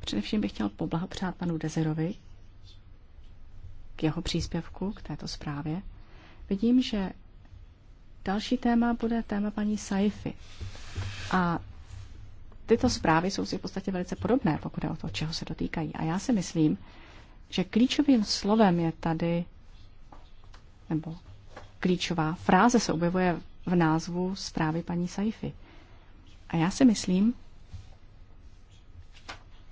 Především bych chtěl poblahopřát panu Dezerovi k jeho příspěvku, k této zprávě. Vidím, že další téma bude téma paní Saifi. A tyto zprávy jsou si v podstatě velice podobné, pokud je o to, čeho se dotýkají. A já si myslím, že klíčovým slovem je tady, nebo klíčová fráze se objevuje v názvu zprávy paní Saifi. A já si myslím,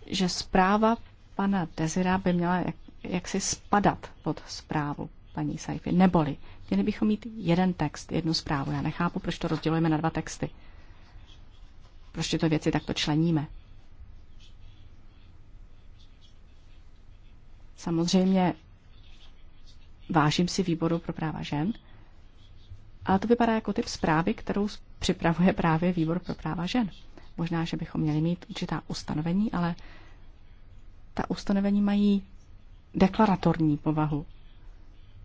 že zpráva pana Dezira by měla jak, jaksi spadat pod zprávu paní Saifi. Neboli, měli bychom mít jeden text, jednu zprávu. Já nechápu, proč to rozdělujeme na dva texty. Proč tyto věci takto členíme. Samozřejmě vážím si výboru pro práva žen, ale to vypadá jako typ zprávy, kterou připravuje právě výbor pro práva žen. Možná, že bychom měli mít určitá ustanovení, ale ta ustanovení mají deklaratorní povahu.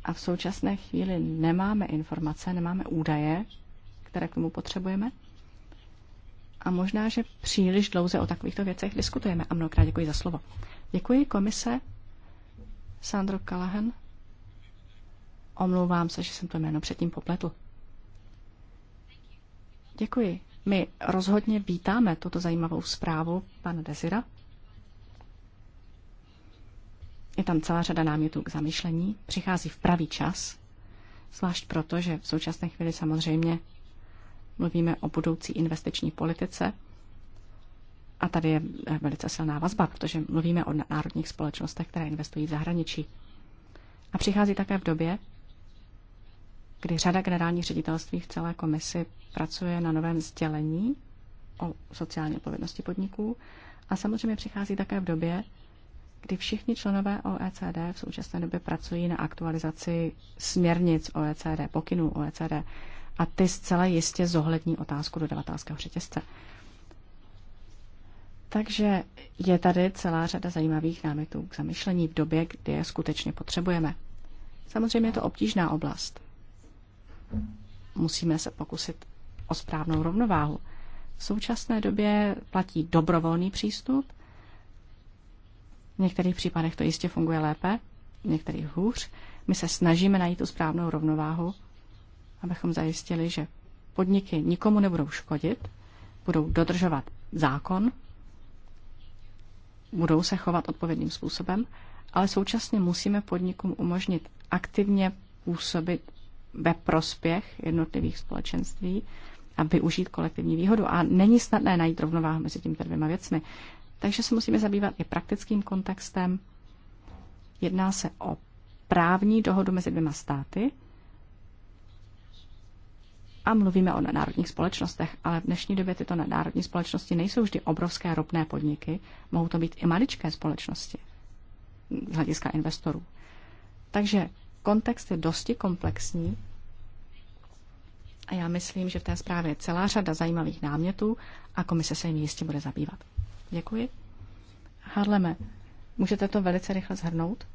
A v současné chvíli nemáme informace, nemáme údaje, které k tomu potřebujeme. A možná, že příliš dlouze o takovýchto věcech diskutujeme. A mnohokrát děkuji za slovo. Děkuji komise Sandro Callahan. Omlouvám se, že jsem to jméno předtím popletl. Děkuji. My rozhodně vítáme tuto zajímavou zprávu pan Desira. Je tam celá řada námětů k zamyšlení. Přichází v pravý čas, zvlášť proto, že v současné chvíli samozřejmě mluvíme o budoucí investiční politice. A tady je velice silná vazba, protože mluvíme o národních společnostech, které investují v zahraničí. A přichází také v době, kdy řada generálních ředitelství v celé komisi pracuje na novém sdělení o sociální odpovědnosti podniků a samozřejmě přichází také v době, kdy všichni členové OECD v současné době pracují na aktualizaci směrnic OECD, pokynů OECD a ty zcela jistě zohlední otázku dodavatelského řetězce. Takže je tady celá řada zajímavých námitů k zamyšlení v době, kdy je skutečně potřebujeme. Samozřejmě je to obtížná oblast musíme se pokusit o správnou rovnováhu. V současné době platí dobrovolný přístup. V některých případech to jistě funguje lépe, v některých hůř. My se snažíme najít tu správnou rovnováhu, abychom zajistili, že podniky nikomu nebudou škodit, budou dodržovat zákon, budou se chovat odpovědným způsobem, ale současně musíme podnikům umožnit aktivně působit ve prospěch jednotlivých společenství a využít kolektivní výhodu. A není snadné najít rovnováhu mezi těmi dvěma věcmi. Takže se musíme zabývat i praktickým kontextem. Jedná se o právní dohodu mezi dvěma státy a mluvíme o nadnárodních společnostech, ale v dnešní době tyto nadnárodní společnosti nejsou vždy obrovské ropné podniky, mohou to být i maličké společnosti z hlediska investorů. Takže kontext je dosti komplexní a já myslím, že v té zprávě je celá řada zajímavých námětů a komise se jim jistě bude zabývat. Děkuji. Harleme, můžete to velice rychle zhrnout?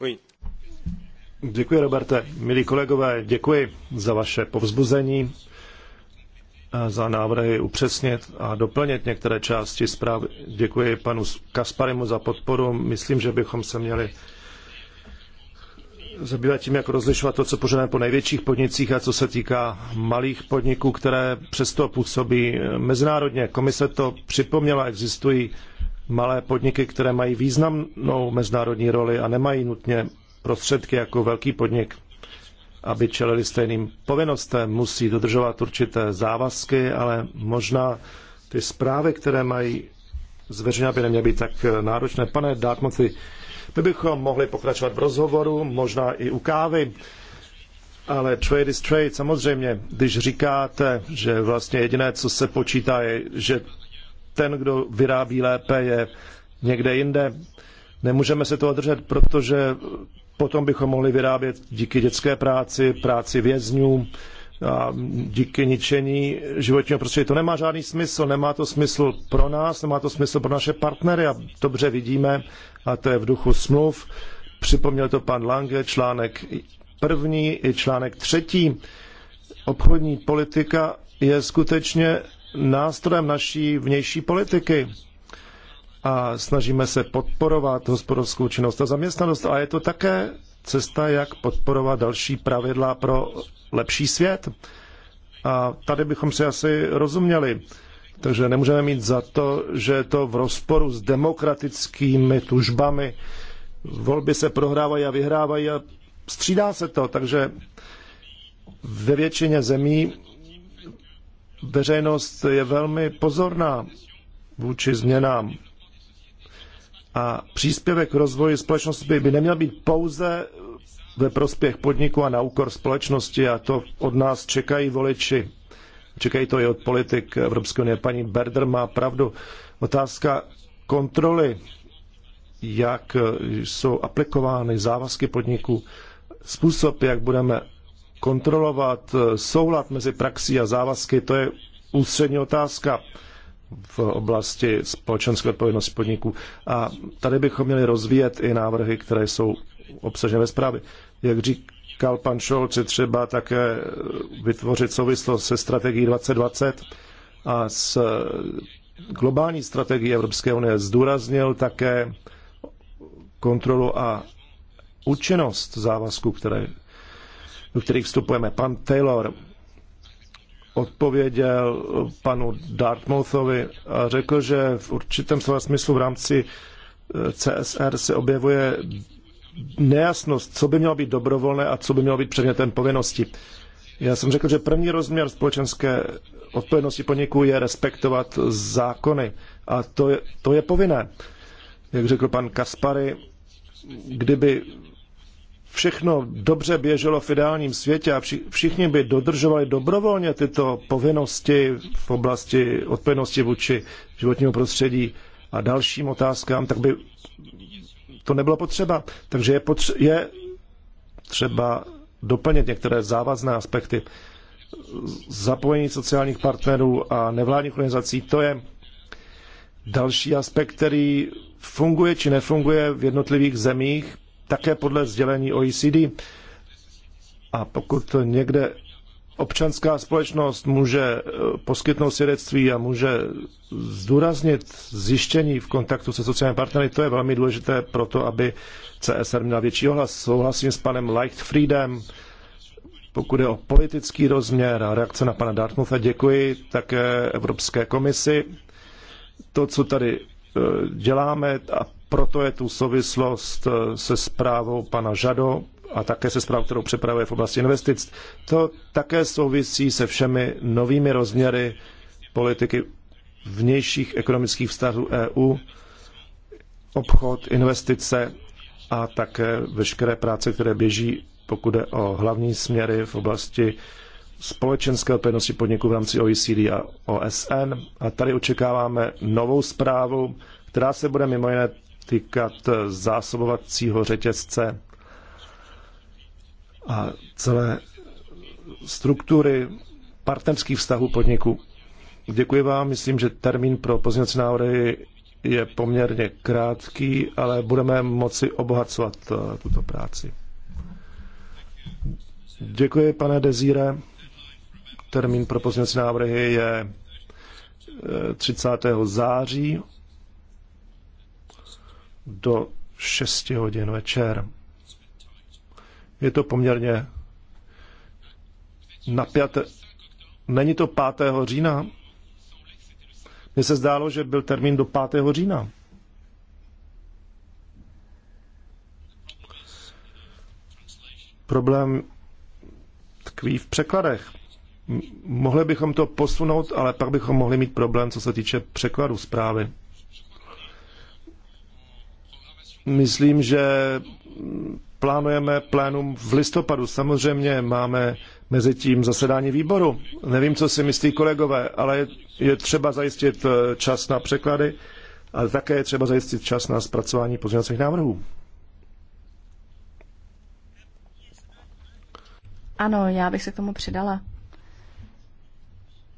Oui. Děkuji, Roberte. Milí kolegové, děkuji za vaše povzbuzení, za návrhy upřesnit a doplnit některé části zprávy. Děkuji panu Kasparimu za podporu. Myslím, že bychom se měli zabývat tím, jak rozlišovat to, co požadujeme po největších podnicích a co se týká malých podniků, které přesto působí mezinárodně. Komise to připomněla, existují malé podniky, které mají významnou mezinárodní roli a nemají nutně prostředky jako velký podnik. Aby čelili stejným povinnostem, musí dodržovat určité závazky, ale možná ty zprávy, které mají zveřejně, by neměly být tak náročné. Pane Dartmouthy, my bychom mohli pokračovat v rozhovoru, možná i u kávy, ale trade is trade, samozřejmě, když říkáte, že vlastně jediné, co se počítá, je, že ten, kdo vyrábí lépe, je někde jinde. Nemůžeme se to držet, protože potom bychom mohli vyrábět díky dětské práci, práci vězňů, a díky ničení životního prostředí. To nemá žádný smysl, nemá to smysl pro nás, nemá to smysl pro naše partnery a dobře vidíme, a to je v duchu smluv. Připomněl to pan Lange, článek první i článek třetí. Obchodní politika je skutečně nástrojem naší vnější politiky a snažíme se podporovat hospodářskou činnost a zaměstnanost. A je to také cesta, jak podporovat další pravidla pro lepší svět. A tady bychom si asi rozuměli. Takže nemůžeme mít za to, že je to v rozporu s demokratickými tužbami. Volby se prohrávají a vyhrávají a střídá se to, takže ve většině zemí veřejnost je velmi pozorná vůči změnám. A příspěvek k rozvoji společnosti by neměl být pouze ve prospěch podniku a na úkor společnosti a to od nás čekají voliči. Čekají to i od politik Evropské unie. Paní Berder má pravdu. Otázka kontroly, jak jsou aplikovány závazky podniků, způsob, jak budeme kontrolovat soulad mezi praxí a závazky, to je ústřední otázka v oblasti společenské odpovědnosti podniků. A tady bychom měli rozvíjet i návrhy, které jsou obsažené ve zprávě. Jak řík, říkal pan Scholz, je třeba také vytvořit souvislost se strategií 2020 a s eh, globální strategií Evropské unie. Zdůraznil také kontrolu a účinnost závazků, které, do kterých vstupujeme. Pan Taylor odpověděl panu Dartmouthovi a řekl, že v určitém slova smyslu v rámci eh, CSR se objevuje nejasnost, co by mělo být dobrovolné a co by mělo být předmětem povinnosti. Já jsem řekl, že první rozměr společenské odpovědnosti podniků je respektovat zákony. A to je, to je povinné. Jak řekl pan Kaspary, kdyby všechno dobře běželo v ideálním světě a všichni by dodržovali dobrovolně tyto povinnosti v oblasti odpovědnosti vůči životnímu prostředí a dalším otázkám, tak by to nebylo potřeba. Takže je, potř- je třeba doplnit některé závazné aspekty. Zapojení sociálních partnerů a nevládních organizací, to je další aspekt, který funguje či nefunguje v jednotlivých zemích, také podle sdělení OECD. A pokud někde občanská společnost může eh, poskytnout svědectví a může zdůraznit zjištění v kontaktu se sociálními partnery, to je velmi důležité pro to, aby CSR měla větší ohlas. Souhlasím s panem Lightfriedem, pokud je o politický rozměr a reakce na pana Dartmoutha, děkuji také Evropské komisi. To, co tady eh, děláme a proto je tu souvislost eh, se zprávou pana Žado, a také se zprávou, kterou připravuje v oblasti investic. To také souvisí se všemi novými rozměry politiky vnějších ekonomických vztahů EU, obchod, investice a také veškeré práce, které běží, pokud jde o hlavní směry v oblasti společenské odpovědnosti podniků v rámci OECD a OSN. A tady očekáváme novou zprávu, která se bude mimo jiné týkat zásobovacího řetězce a celé struktury partnerských vztahů podniku. Děkuji vám, myslím, že termín pro pozměňovací návrhy je poměrně krátký, ale budeme moci obohacovat eh, tuto práci. Děkuji, pane Dezíre. Termín pro pozměňovací návrhy je 30. Eh, září do 6 hodin večer. Je to poměrně napjaté. Není to 5. října? Mně se zdálo, že byl termín do 5. října. Problém tkví v překladech. Mohli bychom to posunout, ale pak bychom mohli mít problém, co se týče překladu zprávy myslím, že plánujeme plénum v listopadu. Samozřejmě máme mezi tím zasedání výboru. Nevím, co si myslí kolegové, ale je třeba zajistit eh, čas na překlady, ale také je třeba zajistit čas na zpracování pozměňovacích návrhů. Ano, já bych se k tomu přidala.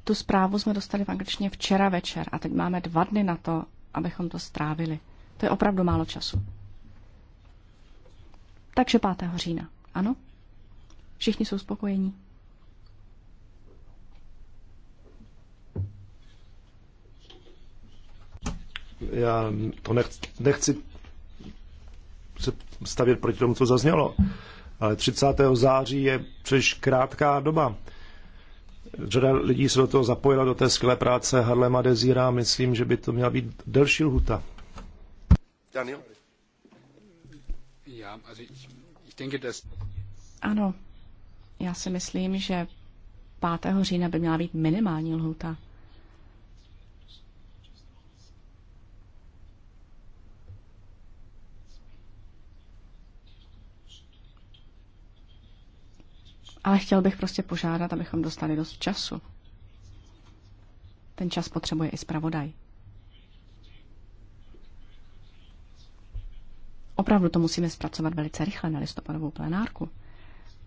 Tu zprávu jsme dostali v angličtině včera večer a teď máme dva dny na to, abychom to strávili. To je opravdu málo času. Takže 5. října. Ano? Všichni jsou spokojení. Já to nechci, nechci se stavět proti tomu, co zaznělo, ale 30. září je přeš krátká doba. Řada lidí se do toho zapojila, do té skvělé práce Harlema Dezíra. Myslím, že by to měla být delší lhuta. Daniel? Ano, já si myslím, že 5. října by měla být minimální lhůta. Ale chtěl bych prostě požádat, abychom dostali dost času. Ten čas potřebuje i zpravodaj. Opravdu to musíme zpracovat velice rychle na listopadovou plenárku.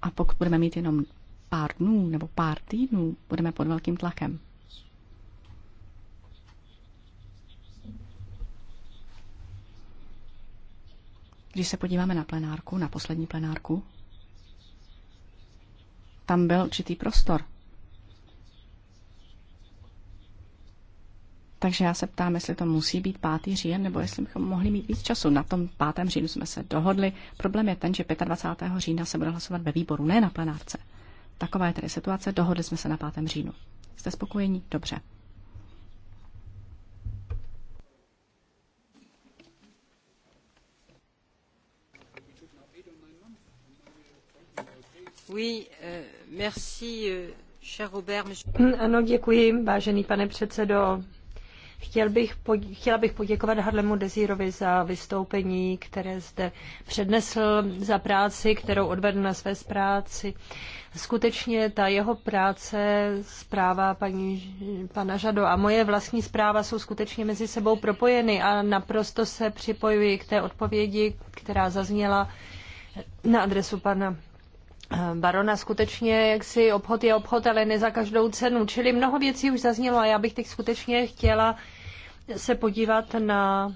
A pokud budeme mít jenom pár dnů nebo pár týdnů, budeme pod velkým tlakem. Když se podíváme na plenárku, na poslední plenárku, tam byl určitý prostor. Takže já se ptám, jestli to musí být 5. říjen, nebo jestli bychom mohli mít víc času. Na tom 5. říjnu jsme se dohodli. Problém je ten, že 25. října se bude hlasovat ve výboru, ne na plenárce. Taková je tedy situace, dohodli jsme se na 5. říjnu. Jste spokojení? Dobře. Oui, euh, merci, euh, cher Robert. Monsieur... Ano, děkuji, vážený pane předsedo. Chtěl bych, chtěla bych poděkovat Harlemu Dezírovi za vystoupení, které zde přednesl, za práci, kterou odvedl na své zpráci. Skutečně ta jeho práce, zpráva paní, pana Žado a moje vlastní zpráva jsou skutečně mezi sebou propojeny a naprosto se připojuji k té odpovědi, která zazněla na adresu pana Barona, skutečně jaksi obchod je obchod, ale ne za každou cenu. Čili mnoho věcí už zaznělo a já bych teď skutečně chtěla se podívat na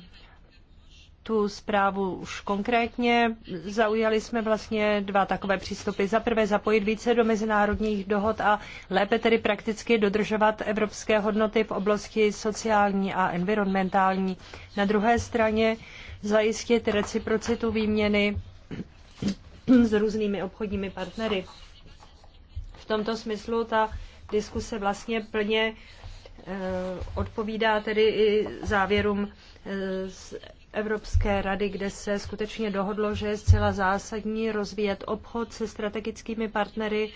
tu zprávu už konkrétně. Zaujali jsme vlastně dva takové přístupy. Za prvé zapojit více do mezinárodních dohod a lépe tedy prakticky dodržovat evropské hodnoty v oblasti sociální a environmentální. Na druhé straně zajistit reciprocitu výměny s různými obchodními partnery. V tomto smyslu ta diskuse vlastně plně eh, odpovídá tedy i závěrům eh, z Evropské rady, kde se skutečně dohodlo, že je zcela zásadní rozvíjet obchod se strategickými partnery,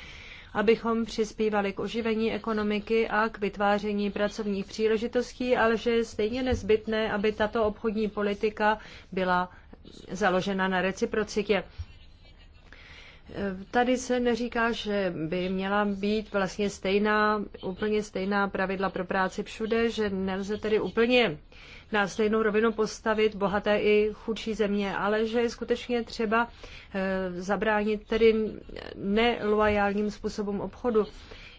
abychom přispívali k oživení ekonomiky a k vytváření pracovních příležitostí, ale že je stejně nezbytné, aby tato obchodní politika byla založena na reciprocitě. Tady se neříká, že by měla být vlastně stejná, úplně stejná pravidla pro práci všude, že nelze tedy úplně na stejnou rovinu postavit bohaté i chudší země, ale že je skutečně třeba eh, zabránit tedy neloajálním způsobům obchodu.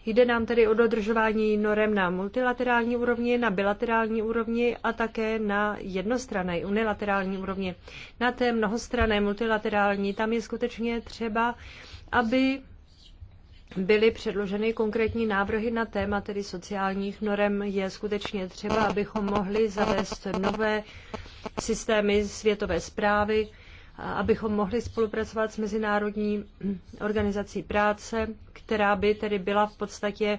Jde nám tedy o dodržování norem na multilaterální úrovni, na bilaterální úrovni a také na jednostrané unilaterální úrovni. Na té mnohostrané multilaterální tam je skutečně třeba, aby byly předloženy konkrétní návrhy na téma tedy sociálních norem. Je skutečně třeba, abychom mohli zavést nové systémy světové zprávy, abychom mohli spolupracovat s Mezinárodní organizací práce, která by tedy byla v podstatě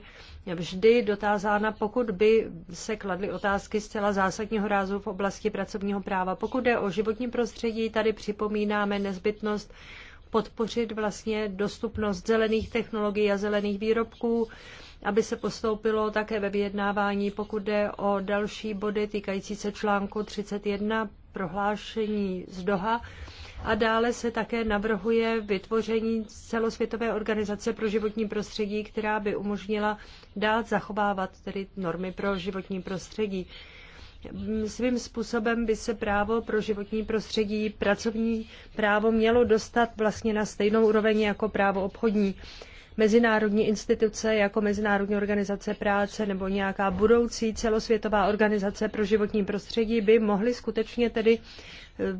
vždy dotázána, pokud by se kladly otázky zcela zásadního rázu v oblasti pracovního práva. Pokud jde o životní prostředí, tady připomínáme nezbytnost podpořit vlastně dostupnost zelených technologií a zelených výrobků, aby se postoupilo také ve vyjednávání, pokud jde o další body týkající se článku 31 prohlášení z Doha a dále se také navrhuje vytvoření celosvětové organizace pro životní prostředí, která by umožnila dát zachovávat tedy normy pro životní prostředí. Svým způsobem by se právo pro životní prostředí, pracovní právo mělo dostat vlastně na stejnou úroveň jako právo obchodní mezinárodní instituce jako Mezinárodní organizace práce nebo nějaká budoucí celosvětová organizace pro životní prostředí by mohly skutečně tedy eh,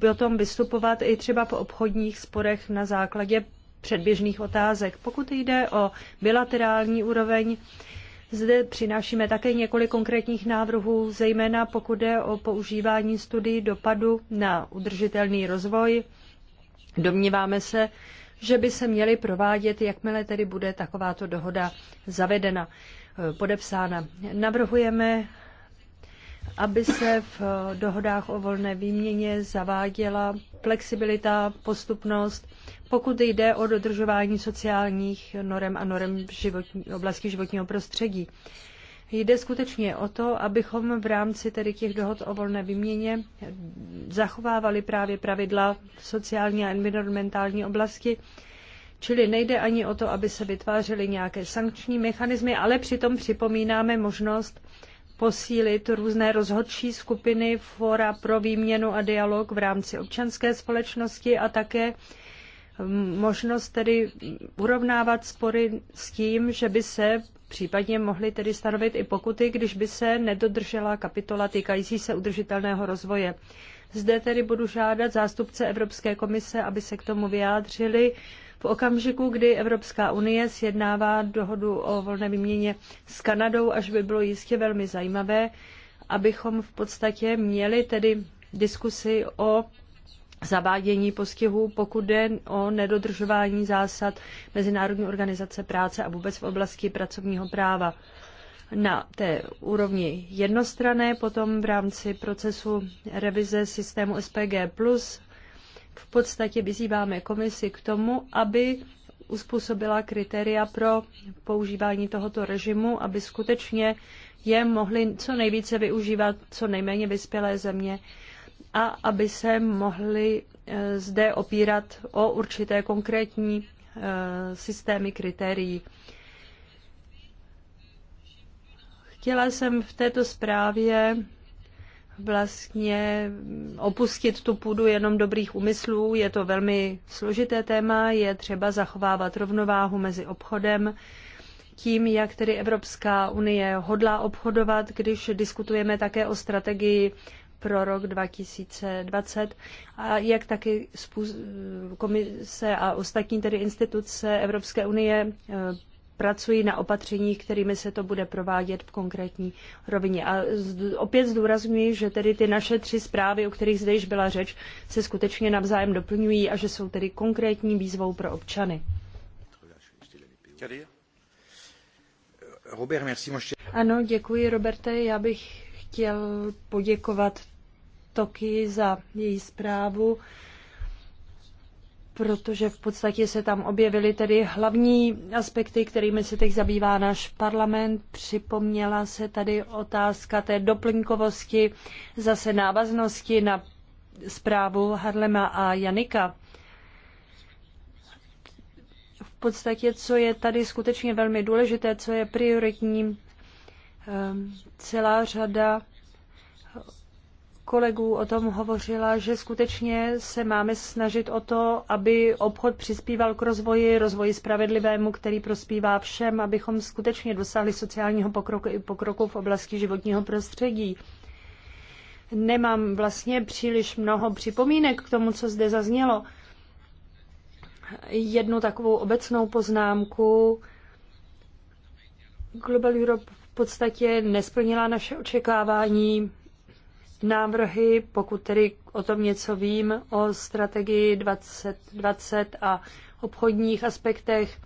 potom vystupovat i třeba po obchodních sporech na základě předběžných otázek. Pokud jde o bilaterální úroveň, zde přinášíme také několik konkrétních návrhů, zejména pokud jde o používání studií dopadu na udržitelný rozvoj. Domníváme se, že by se měly provádět, jakmile tedy bude takováto dohoda zavedena, podepsána. Navrhujeme aby se v eh, dohodách o volné výměně zaváděla flexibilita, postupnost, pokud jde o dodržování sociálních norem a norem v životní, oblasti životního prostředí. Jde skutečně o to, abychom v rámci tedy těch dohod o volné výměně zachovávali právě pravidla sociální a environmentální oblasti, Čili nejde ani o to, aby se vytvářely nějaké sankční mechanismy, ale přitom připomínáme možnost posílit různé rozhodčí skupiny, fora pro výměnu a dialog v rámci občanské společnosti a také hm, možnost tedy urovnávat spory s tím, že by se případně mohly tedy stanovit i pokuty, když by se nedodržela kapitola týkající se udržitelného rozvoje. Zde tedy budu žádat zástupce Evropské komise, aby se k tomu vyjádřili v okamžiku, kdy Evropská unie sjednává dohodu o volné výměně s Kanadou, až by bylo jistě velmi zajímavé, abychom v podstatě měli tedy diskusi o zavádění postihů, pokud jde o nedodržování zásad Mezinárodní organizace práce a vůbec v oblasti pracovního práva na té úrovni jednostrané, potom v rámci procesu revize systému SPG+, v podstatě vyzýváme komisi k tomu, aby uspůsobila kritéria pro používání tohoto režimu, aby skutečně je mohly co nejvíce využívat co nejméně vyspělé země a aby se mohly eh, zde opírat o určité konkrétní eh, systémy kritérií. Chtěla jsem v této zprávě vlastně opustit tu půdu jenom dobrých úmyslů. Je to velmi složité téma, je třeba zachovávat rovnováhu mezi obchodem, tím, jak tedy Evropská unie hodlá obchodovat, když diskutujeme také o strategii pro rok 2020 a jak taky komise a ostatní tedy instituce Evropské unie eh, pracují na opatřeních, kterými se to bude provádět v konkrétní rovině. A opět zdůrazňuji, že tedy ty naše tři zprávy, o kterých zde již byla řeč, se skutečně navzájem doplňují a že jsou tedy konkrétní výzvou pro občany. Robert, merci. Ano, děkuji, Roberte. Já bych chtěl poděkovat Toky za její zprávu protože v podstatě se tam objevily tedy hlavní aspekty, kterými se teď zabývá náš parlament. Připomněla se tady otázka té doplňkovosti, zase návaznosti na zprávu Harlema a Janika. V podstatě, co je tady skutečně velmi důležité, co je prioritní, ehm, celá řada kolegů o tom hovořila, že skutečně se máme snažit o to, aby obchod přispíval k rozvoji, rozvoji spravedlivému, který prospívá všem, abychom skutečně dosáhli sociálního pokroku i pokroku v oblasti životního prostředí. Nemám vlastně příliš mnoho připomínek k tomu, co zde zaznělo. Jednu takovou obecnou poznámku. Global Europe v podstatě nesplnila naše očekávání návrhy, pokud tedy o tom něco vím, o strategii 2020 a obchodních aspektech,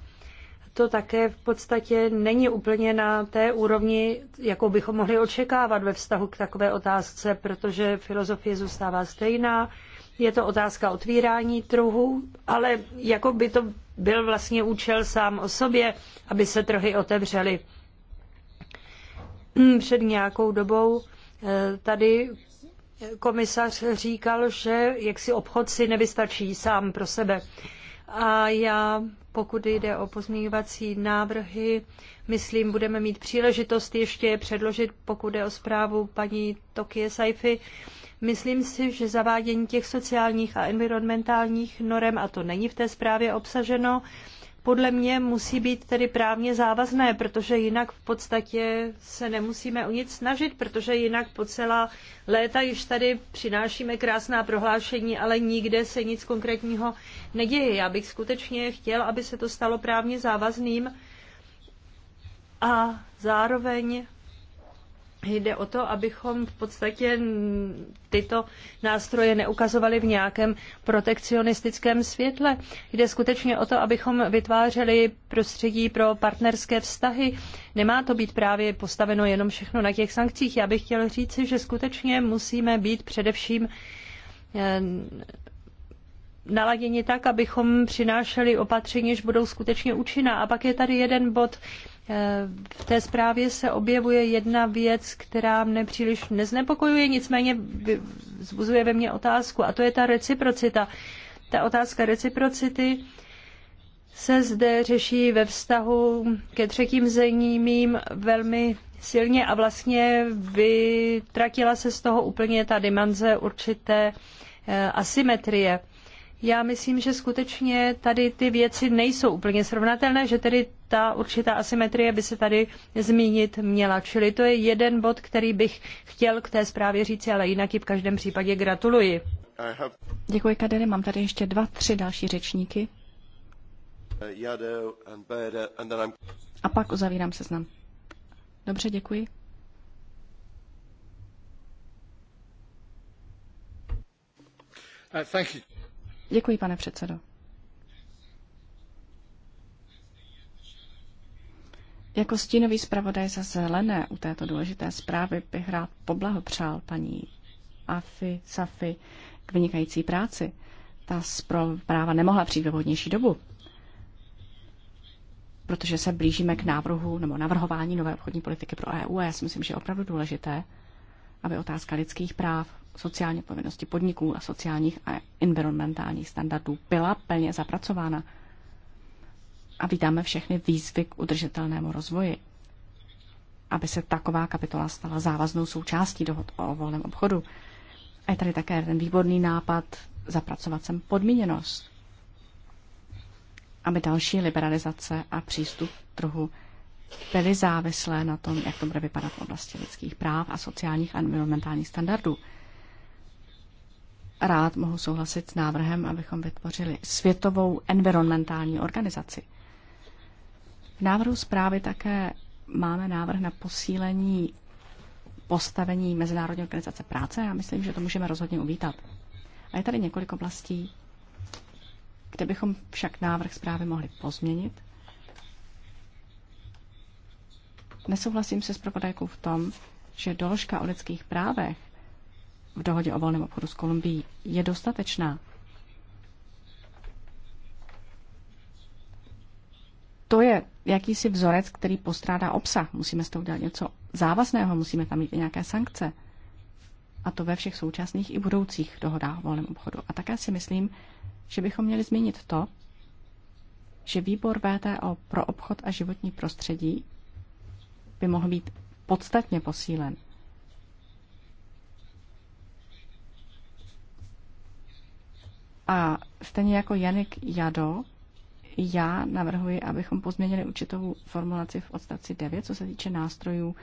to také v podstatě není úplně na té úrovni, jakou bychom mohli očekávat ve vztahu k takové otázce, protože filozofie zůstává stejná. Je to otázka otvírání trhu, ale jako by to byl vlastně účel sám o sobě, aby se trhy otevřely. Před nějakou dobou Eh, tady komisař říkal, že jaksi obchod si nevystačí sám pro sebe. A já, pokud jde o pozměňovací návrhy, myslím, budeme mít příležitost ještě je předložit, pokud jde o zprávu paní Tokie Saify. Myslím si, že zavádění těch sociálních a environmentálních norem, a to není v té zprávě obsaženo, podle mě musí být tedy právně závazné, protože jinak v podstatě se nemusíme o nic snažit, protože jinak po celá léta již tady přinášíme krásná prohlášení, ale nikde se nic konkrétního neděje. Já bych skutečně chtěl, aby se to stalo právně závazným a zároveň Jde o to, abychom v podstatě tyto nástroje neukazovali v nějakém protekcionistickém světle. Jde skutečně o to, abychom vytvářeli prostředí pro partnerské vztahy. Nemá to být právě postaveno jenom všechno na těch sankcích. Já bych chtěl říci, že skutečně musíme být především eh, naladěni tak, abychom přinášeli opatření, že budou skutečně účinná. A pak je tady jeden bod, v té zprávě se objevuje jedna věc, která mne příliš neznepokojuje, nicméně vzbuzuje ve mně otázku, a to je ta reciprocita. Ta otázka reciprocity se zde řeší ve vztahu ke třetím zemím velmi silně a vlastně vytratila se z toho úplně ta dimenze určité eh, asymetrie. Já myslím, že skutečně tady ty věci nejsou úplně srovnatelné, že tedy ta určitá asymetrie by se tady zmínit měla. Čili to je jeden bod, který bych chtěl k té zprávě říci, ale jinak ji v každém případě gratuluji. Děkuji, Kadery. Mám tady ještě dva, tři další řečníky. A pak uzavírám seznam. Dobře, děkuji. Uh, thank you. Děkuji, pane předsedo. Jako stínový zpravodaj za zelené u této důležité zprávy bych rád poblahopřál paní Afi Safi k vynikající práci. Ta zpráva nemohla přijít ve vhodnější dobu, protože se blížíme k návrhu nebo navrhování nové obchodní politiky pro EU a já si myslím, že je opravdu důležité, aby otázka lidských práv, sociální povinnosti podniků a sociálních a environmentálních standardů byla plně zapracována. A vítáme všechny výzvy k udržitelnému rozvoji, aby se taková kapitola stala závaznou součástí dohod o volném obchodu. A je tady také ten výborný nápad zapracovat sem podmíněnost, aby další liberalizace a přístup trhu byly závislé na tom, jak to bude vypadat v oblasti lidských práv a sociálních a environmentálních standardů rád mohu souhlasit s návrhem, abychom vytvořili světovou environmentální organizaci. V návrhu zprávy také máme návrh na posílení postavení Mezinárodní organizace práce. Já myslím, že to můžeme rozhodně uvítat. A je tady několik oblastí, kde bychom však návrh zprávy mohli pozměnit. Nesouhlasím se s propadajkou v tom, že doložka o lidských právech v dohodě o volném obchodu s Kolumbií je dostatečná. To je jakýsi vzorec, který postrádá obsah. Musíme s tou udělat něco závazného, musíme tam mít i nějaké sankce. A to ve všech současných i budoucích dohodách o volném obchodu. A také si myslím, že bychom měli zmínit to, že výbor VTO pro obchod a životní prostředí by mohl být podstatně posílen. A stejně jako Janik Jado, já navrhuji, abychom pozměnili určitou formulaci v odstavci 9, co se týče nástrojů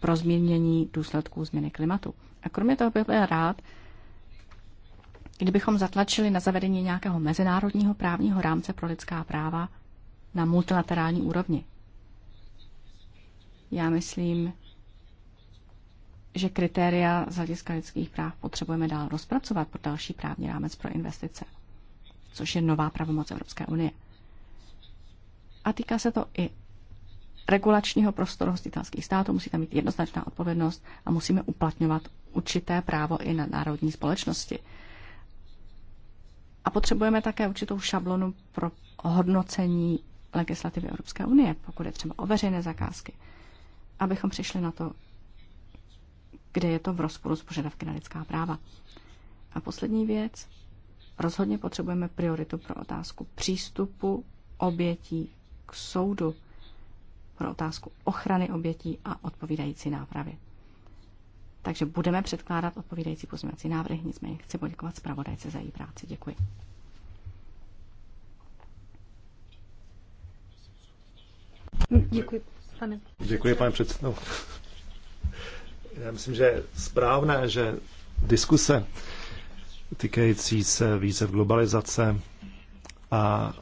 pro změnění důsledků změny klimatu. A kromě toho bych byl rád, kdybychom zatlačili na zavedení nějakého mezinárodního právního rámce pro lidská práva na multilaterální úrovni. Já myslím, že kritéria z hlediska lidských práv potřebujeme dál rozpracovat pro další právní rámec pro investice, což je nová pravomoc Evropské unie. A týká se to i regulačního prostoru hostitelských států, musí tam mít jednoznačná odpovědnost a musíme uplatňovat určité právo i na národní společnosti. A potřebujeme také určitou šablonu pro hodnocení legislativy Evropské unie, pokud je třeba o veřejné zakázky, abychom přišli na to, kde je to v rozporu s požadavky na lidská práva. A poslední věc, rozhodně potřebujeme prioritu pro otázku přístupu obětí k soudu, pro otázku ochrany obětí a odpovídající nápravy. Takže budeme předkládat odpovídající pozměňovací návrhy, nicméně chci poděkovat zpravodajce za její práci. Děkuji. Děkuji, pane. Děkuji, pane předsedo. Já myslím, že je správné, že diskuse týkající se v globalizace a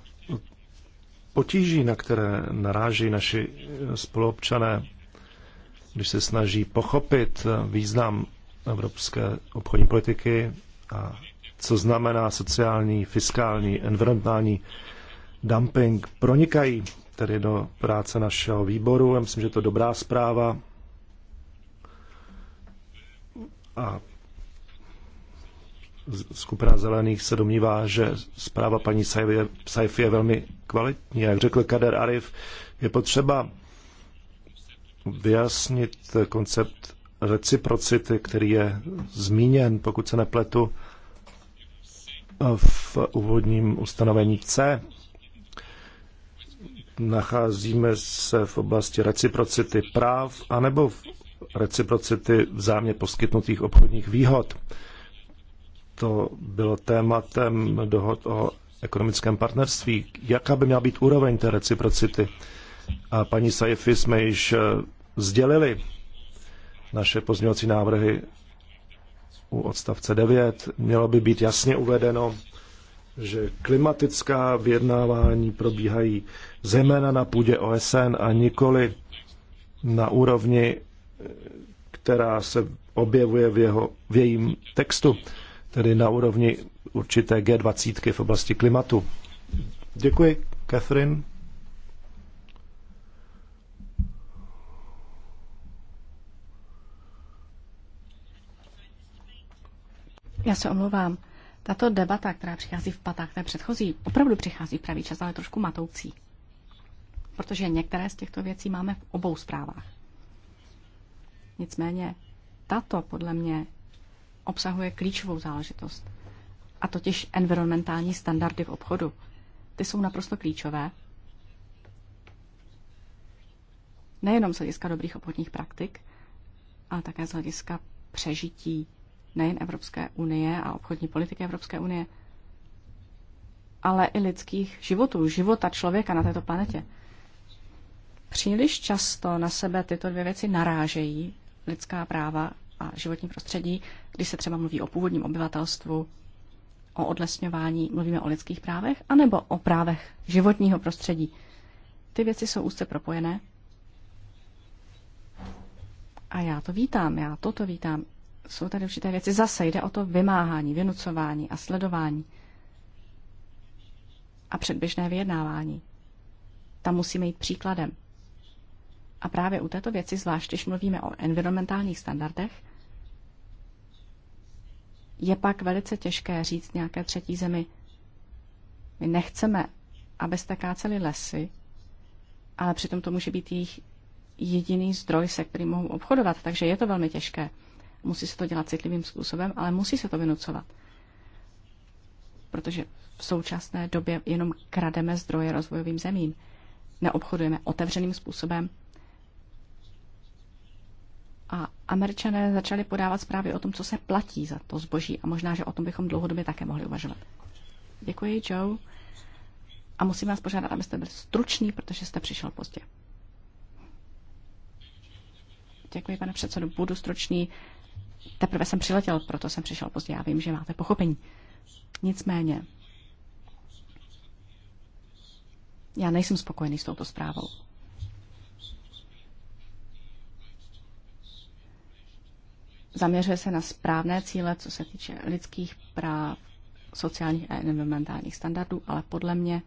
potíží, na které naráží naši spoluobčané, když se snaží pochopit význam evropské obchodní politiky a co znamená sociální, fiskální, environmentální dumping, pronikají tedy do práce našeho výboru. Já myslím, že to je dobrá zpráva A skupina zelených se domnívá, že zpráva paní Saifi je velmi kvalitní. Jak řekl Kader Arif, je potřeba vyjasnit koncept reciprocity, který je zmíněn, pokud se nepletu, v úvodním ustanovení C. Nacházíme se v oblasti reciprocity práv anebo v reciprocity vzájemně poskytnutých obchodních výhod. To bylo tématem dohod o ekonomickém partnerství. Jaká by měla být úroveň té reciprocity? A paní Saifi jsme již eh, sdělili naše pozměňovací návrhy u odstavce 9. Mělo by být jasně uvedeno, že klimatická vyjednávání probíhají zejména na půdě OSN a nikoli na úrovni která se objevuje v, jeho, v jejím textu, tedy na úrovni určité G20 v oblasti klimatu. Děkuji, Catherine. Já se omlouvám. Tato debata, která přichází v patách té předchozí, opravdu přichází v pravý čas, ale trošku matoucí. Protože některé z těchto věcí máme v obou zprávách. Nicméně tato podle mě obsahuje klíčovou záležitost, a totiž environmentální standardy v obchodu. Ty jsou naprosto klíčové, nejenom z hlediska dobrých obchodních praktik, ale také z hlediska přežití nejen Evropské unie a obchodní politiky Evropské unie, ale i lidských životů, života člověka na této planetě. Příliš často na sebe tyto dvě věci narážejí lidská práva a životní prostředí, když se třeba mluví o původním obyvatelstvu, o odlesňování, mluvíme o lidských právech, anebo o právech životního prostředí. Ty věci jsou úzce propojené. A já to vítám, já toto vítám. Jsou tady určité věci. Zase jde o to vymáhání, vynucování a sledování a předběžné vyjednávání. Tam musíme jít příkladem. A právě u této věci, zvlášť když mluvíme o environmentálních standardech, je pak velice těžké říct nějaké třetí zemi, my nechceme, abyste káceli lesy, ale přitom to může být jejich jediný zdroj, se kterým mohou obchodovat, takže je to velmi těžké. Musí se to dělat citlivým způsobem, ale musí se to vynucovat. Protože v současné době jenom krademe zdroje rozvojovým zemím. Neobchodujeme otevřeným způsobem, a američané začali podávat zprávy o tom, co se platí za to zboží a možná, že o tom bychom dlouhodobě také mohli uvažovat. Děkuji, Joe. A musím vás požádat, abyste byli stručný, protože jste přišel pozdě. Děkuji, pane předsedo, budu stručný. Teprve jsem přiletěl, proto jsem přišel pozdě. Já vím, že máte pochopení. Nicméně, já nejsem spokojený s touto zprávou. zaměřuje se na správné cíle, co se týče lidských práv, sociálních a environmentálních standardů, ale podle mě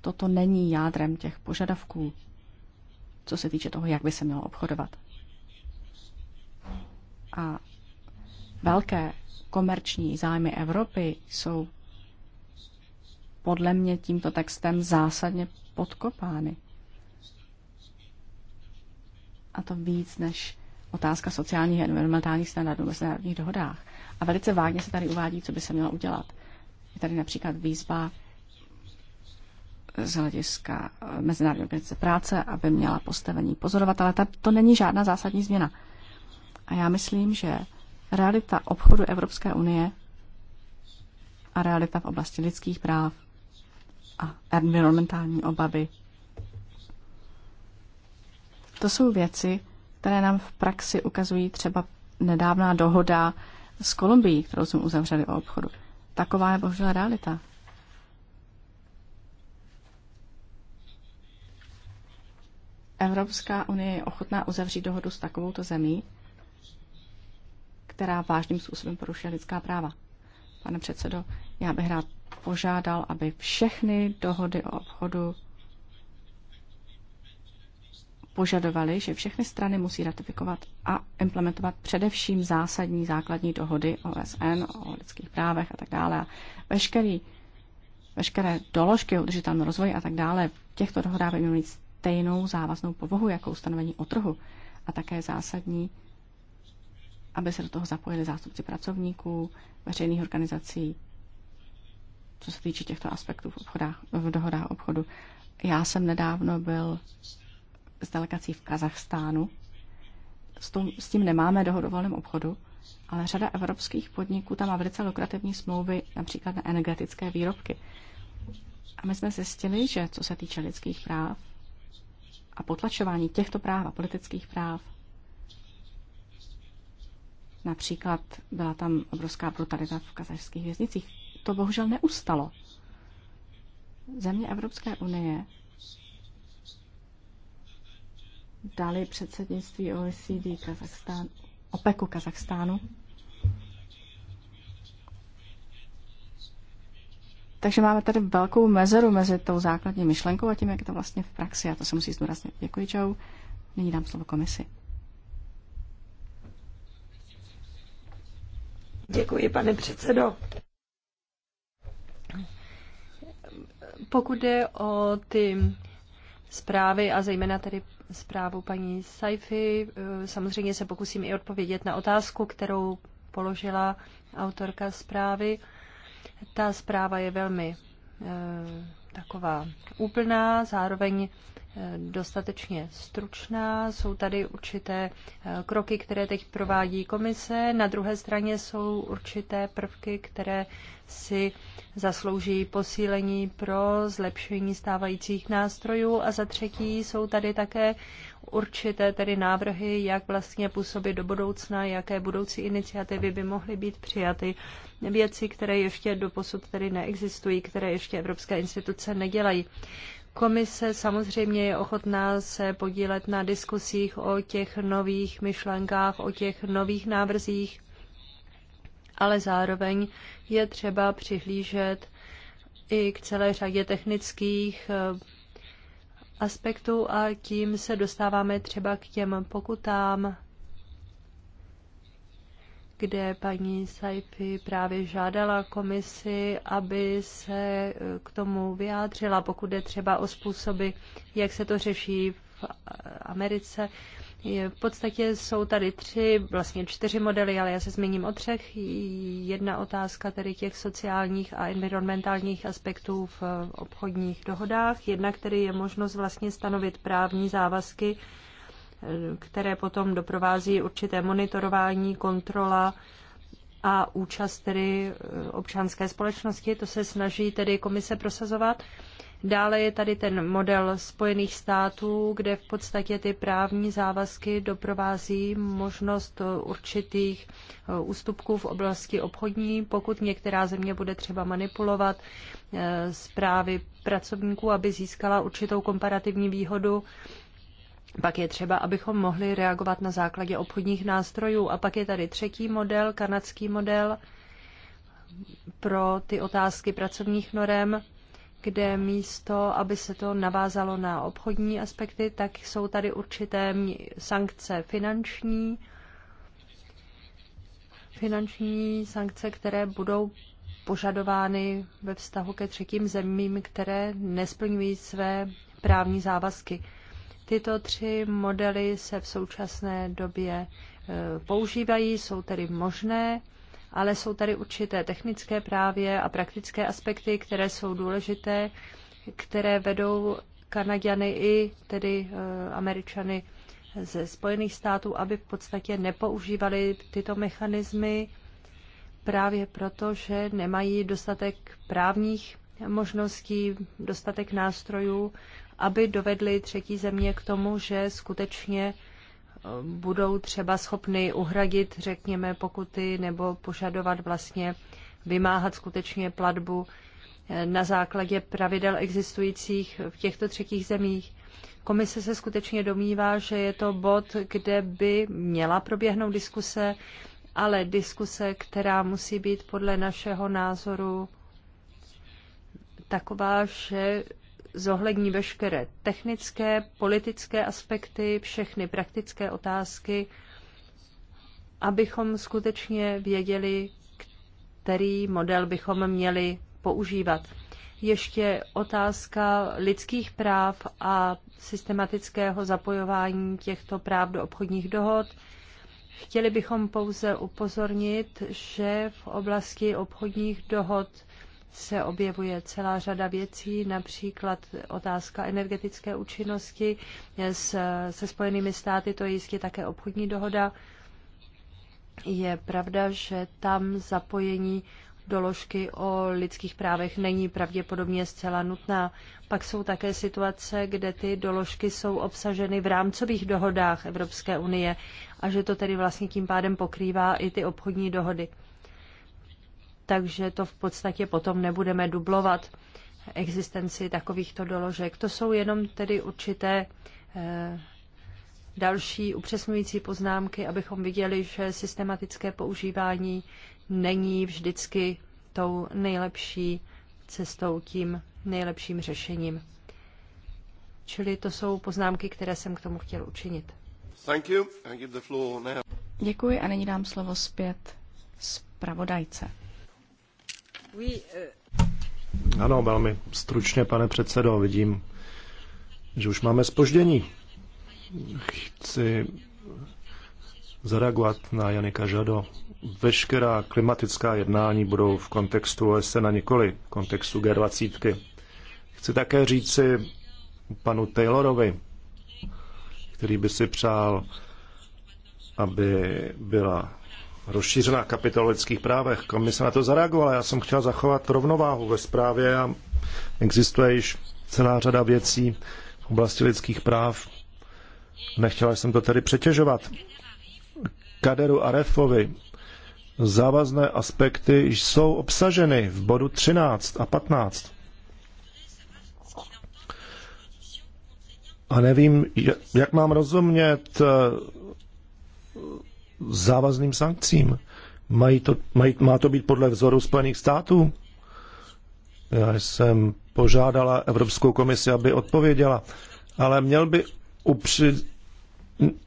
toto není jádrem těch požadavků, co se týče toho, jak by se mělo obchodovat. A velké komerční zájmy Evropy jsou podle mě tímto textem zásadně podkopány a to víc než otázka sociálních a environmentálních standardů v mezinárodních dohodách. A velice vágně se tady uvádí, co by se mělo udělat. Je tady například výzva z hlediska eh, Mezinárodní organizace práce, aby měla postavení pozorovatele. Ta, to není žádná zásadní změna. A já myslím, že realita obchodu Evropské unie a realita v oblasti lidských práv a environmentální obavy to jsou věci, které nám v praxi ukazují třeba nedávná dohoda s Kolumbií, kterou jsme uzavřeli o obchodu. Taková je bohužel realita. Evropská unie je ochotná uzavřít dohodu s takovouto zemí, která vážným způsobem porušuje lidská práva. Pane předsedo, já bych rád požádal, aby všechny dohody o obchodu požadovali, že všechny strany musí ratifikovat a implementovat především zásadní základní dohody OSN o lidských právech a tak dále. A veškerý, veškeré doložky o udržitelném rozvoji a tak dále v těchto dohodách by měly mít stejnou závaznou povahu jako ustanovení o trhu. A také zásadní, aby se do toho zapojili zástupci pracovníků, veřejných organizací, co se týče těchto aspektů v, obchodách, v dohodách obchodu. Já jsem nedávno byl s delegací v Kazachstánu. S, tom, s tím nemáme dohodu o volném obchodu, ale řada evropských podniků tam má velice lukrativní smlouvy, například na energetické výrobky. A my jsme zjistili, že co se týče lidských práv a potlačování těchto práv a politických práv, například byla tam obrovská brutalita v kazachských věznicích, to bohužel neustalo. Země Evropské unie dali předsednictví OECD Kazachstán, OPEKu Kazachstánu. Takže máme tady velkou mezeru mezi tou základní myšlenkou a tím, jak je to vlastně v praxi. A to se musí zdůraznit. Děkuji, čau. Nyní dám slovo komisi. Děkuji, pane předsedo. Pokud jde o ty zprávy a zejména tedy zprávu paní Saifi. Eh, samozřejmě se pokusím i odpovědět na otázku, kterou položila autorka zprávy. Ta zpráva je velmi eh, taková úplná, zároveň dostatečně stručná. Jsou tady určité eh, kroky, které teď provádí komise. Na druhé straně jsou určité prvky, které si zaslouží posílení pro zlepšení stávajících nástrojů. A za třetí jsou tady také určité tedy návrhy, jak vlastně působit do budoucna, jaké budoucí iniciativy by mohly být přijaty, věci, které ještě posud tedy neexistují, které ještě evropské instituce nedělají. Komise samozřejmě je ochotná se podílet na diskusích o těch nových myšlenkách, o těch nových návrzích, ale zároveň je třeba přihlížet i k celé řadě technických eh, aspektů a tím se dostáváme třeba k těm pokutám, kde paní Saifi právě žádala komisi, aby se eh, k tomu vyjádřila, pokud je třeba o způsoby, jak se to řeší v eh, Americe. V podstatě jsou tady tři, vlastně čtyři modely, ale já se zmíním o třech. Jedna otázka tedy těch sociálních a environmentálních aspektů v obchodních dohodách. Jedna, který je možnost vlastně stanovit právní závazky které potom doprovází určité monitorování, kontrola a účast tedy eh, občanské společnosti. To se snaží tedy komise prosazovat. Dále je tady ten model Spojených států, kde v podstatě ty právní závazky doprovází možnost eh, určitých eh, ústupků v oblasti obchodní, pokud některá země bude třeba manipulovat zprávy pracovníků, aby získala určitou komparativní výhodu pak je třeba, abychom mohli reagovat na základě obchodních nástrojů. A pak je tady třetí model, kanadský model pro ty otázky pracovních norem, kde místo, aby se to navázalo na obchodní aspekty, tak jsou tady určité sankce finanční, finanční sankce, které budou požadovány ve vztahu ke třetím zemím, které nesplňují své právní závazky. Tyto tři modely se v současné době e, používají, jsou tedy možné, ale jsou tady určité technické právě a praktické aspekty, které jsou důležité, které vedou Kanaďany i tedy e, Američany ze Spojených států, aby v podstatě nepoužívali tyto mechanismy právě proto, že nemají dostatek právních možností, dostatek nástrojů aby dovedly třetí země k tomu, že skutečně eh, budou třeba schopny uhradit, řekněme, pokuty nebo požadovat vlastně vymáhat skutečně platbu eh, na základě pravidel existujících v těchto třetích zemích. Komise se skutečně domývá, že je to bod, kde by měla proběhnout diskuse, ale diskuse, která musí být podle našeho názoru taková, že zohlední veškeré technické, politické aspekty, všechny praktické otázky, abychom skutečně věděli, který model bychom měli používat. Ještě otázka lidských práv a systematického zapojování těchto práv do obchodních dohod. Chtěli bychom pouze upozornit, že v oblasti obchodních dohod se objevuje celá řada věcí, například otázka energetické účinnosti se Spojenými státy, to je jistě také obchodní dohoda. Je pravda, že tam zapojení doložky o lidských právech není pravděpodobně zcela nutná. Pak jsou také situace, kde ty doložky jsou obsaženy v rámcových dohodách Evropské unie a že to tedy vlastně tím pádem pokrývá i ty obchodní dohody takže to v podstatě potom nebudeme dublovat existenci takovýchto doložek. To jsou jenom tedy určité eh, další upřesňující poznámky, abychom viděli, že systematické používání není vždycky tou nejlepší cestou, tím nejlepším řešením. Čili to jsou poznámky, které jsem k tomu chtěl učinit. Thank you. I give the floor now. Děkuji a nyní dám slovo zpět zpravodajce. Euh. Ano, velmi stručně, pane předsedo, vidím, že už máme spoždění. Chci zareagovat na Janika Žado. Veškerá klimatická jednání budou v kontextu OSN a nikoli v kontextu G20. Chci také říci panu Taylorovi, který by si přál, aby byla rozšířená kapitola lidských právech. Komise na to zareagovala. Já jsem chtěl zachovat rovnováhu ve zprávě a existuje již celá řada věcí v oblasti lidských práv. Nechtěla jsem to tedy přetěžovat. Kaderu Arefovi závazné aspekty jsou obsaženy v bodu 13 a 15. A nevím, jak mám rozumět závazným sankcím. Mají to, mají, má to být podle vzoru Spojených států? Já jsem požádala Evropskou komisi, aby odpověděla, ale měl by, upři,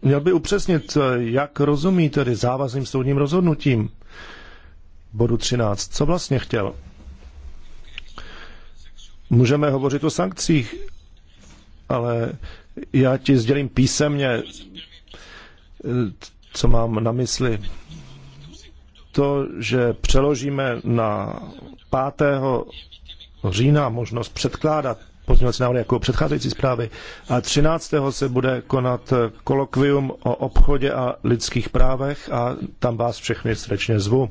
měl by upřesnit, jak rozumí tedy závazným soudním rozhodnutím bodu 13. Co vlastně chtěl? Můžeme hovořit o sankcích, ale já ti sdělím písemně, co mám na mysli. To, že přeložíme na 5. října možnost předkládat pozměňovací návrhy jako předcházející zprávy a 13. se bude konat kolokvium o obchodě a lidských právech a tam vás všechny srdečně zvu.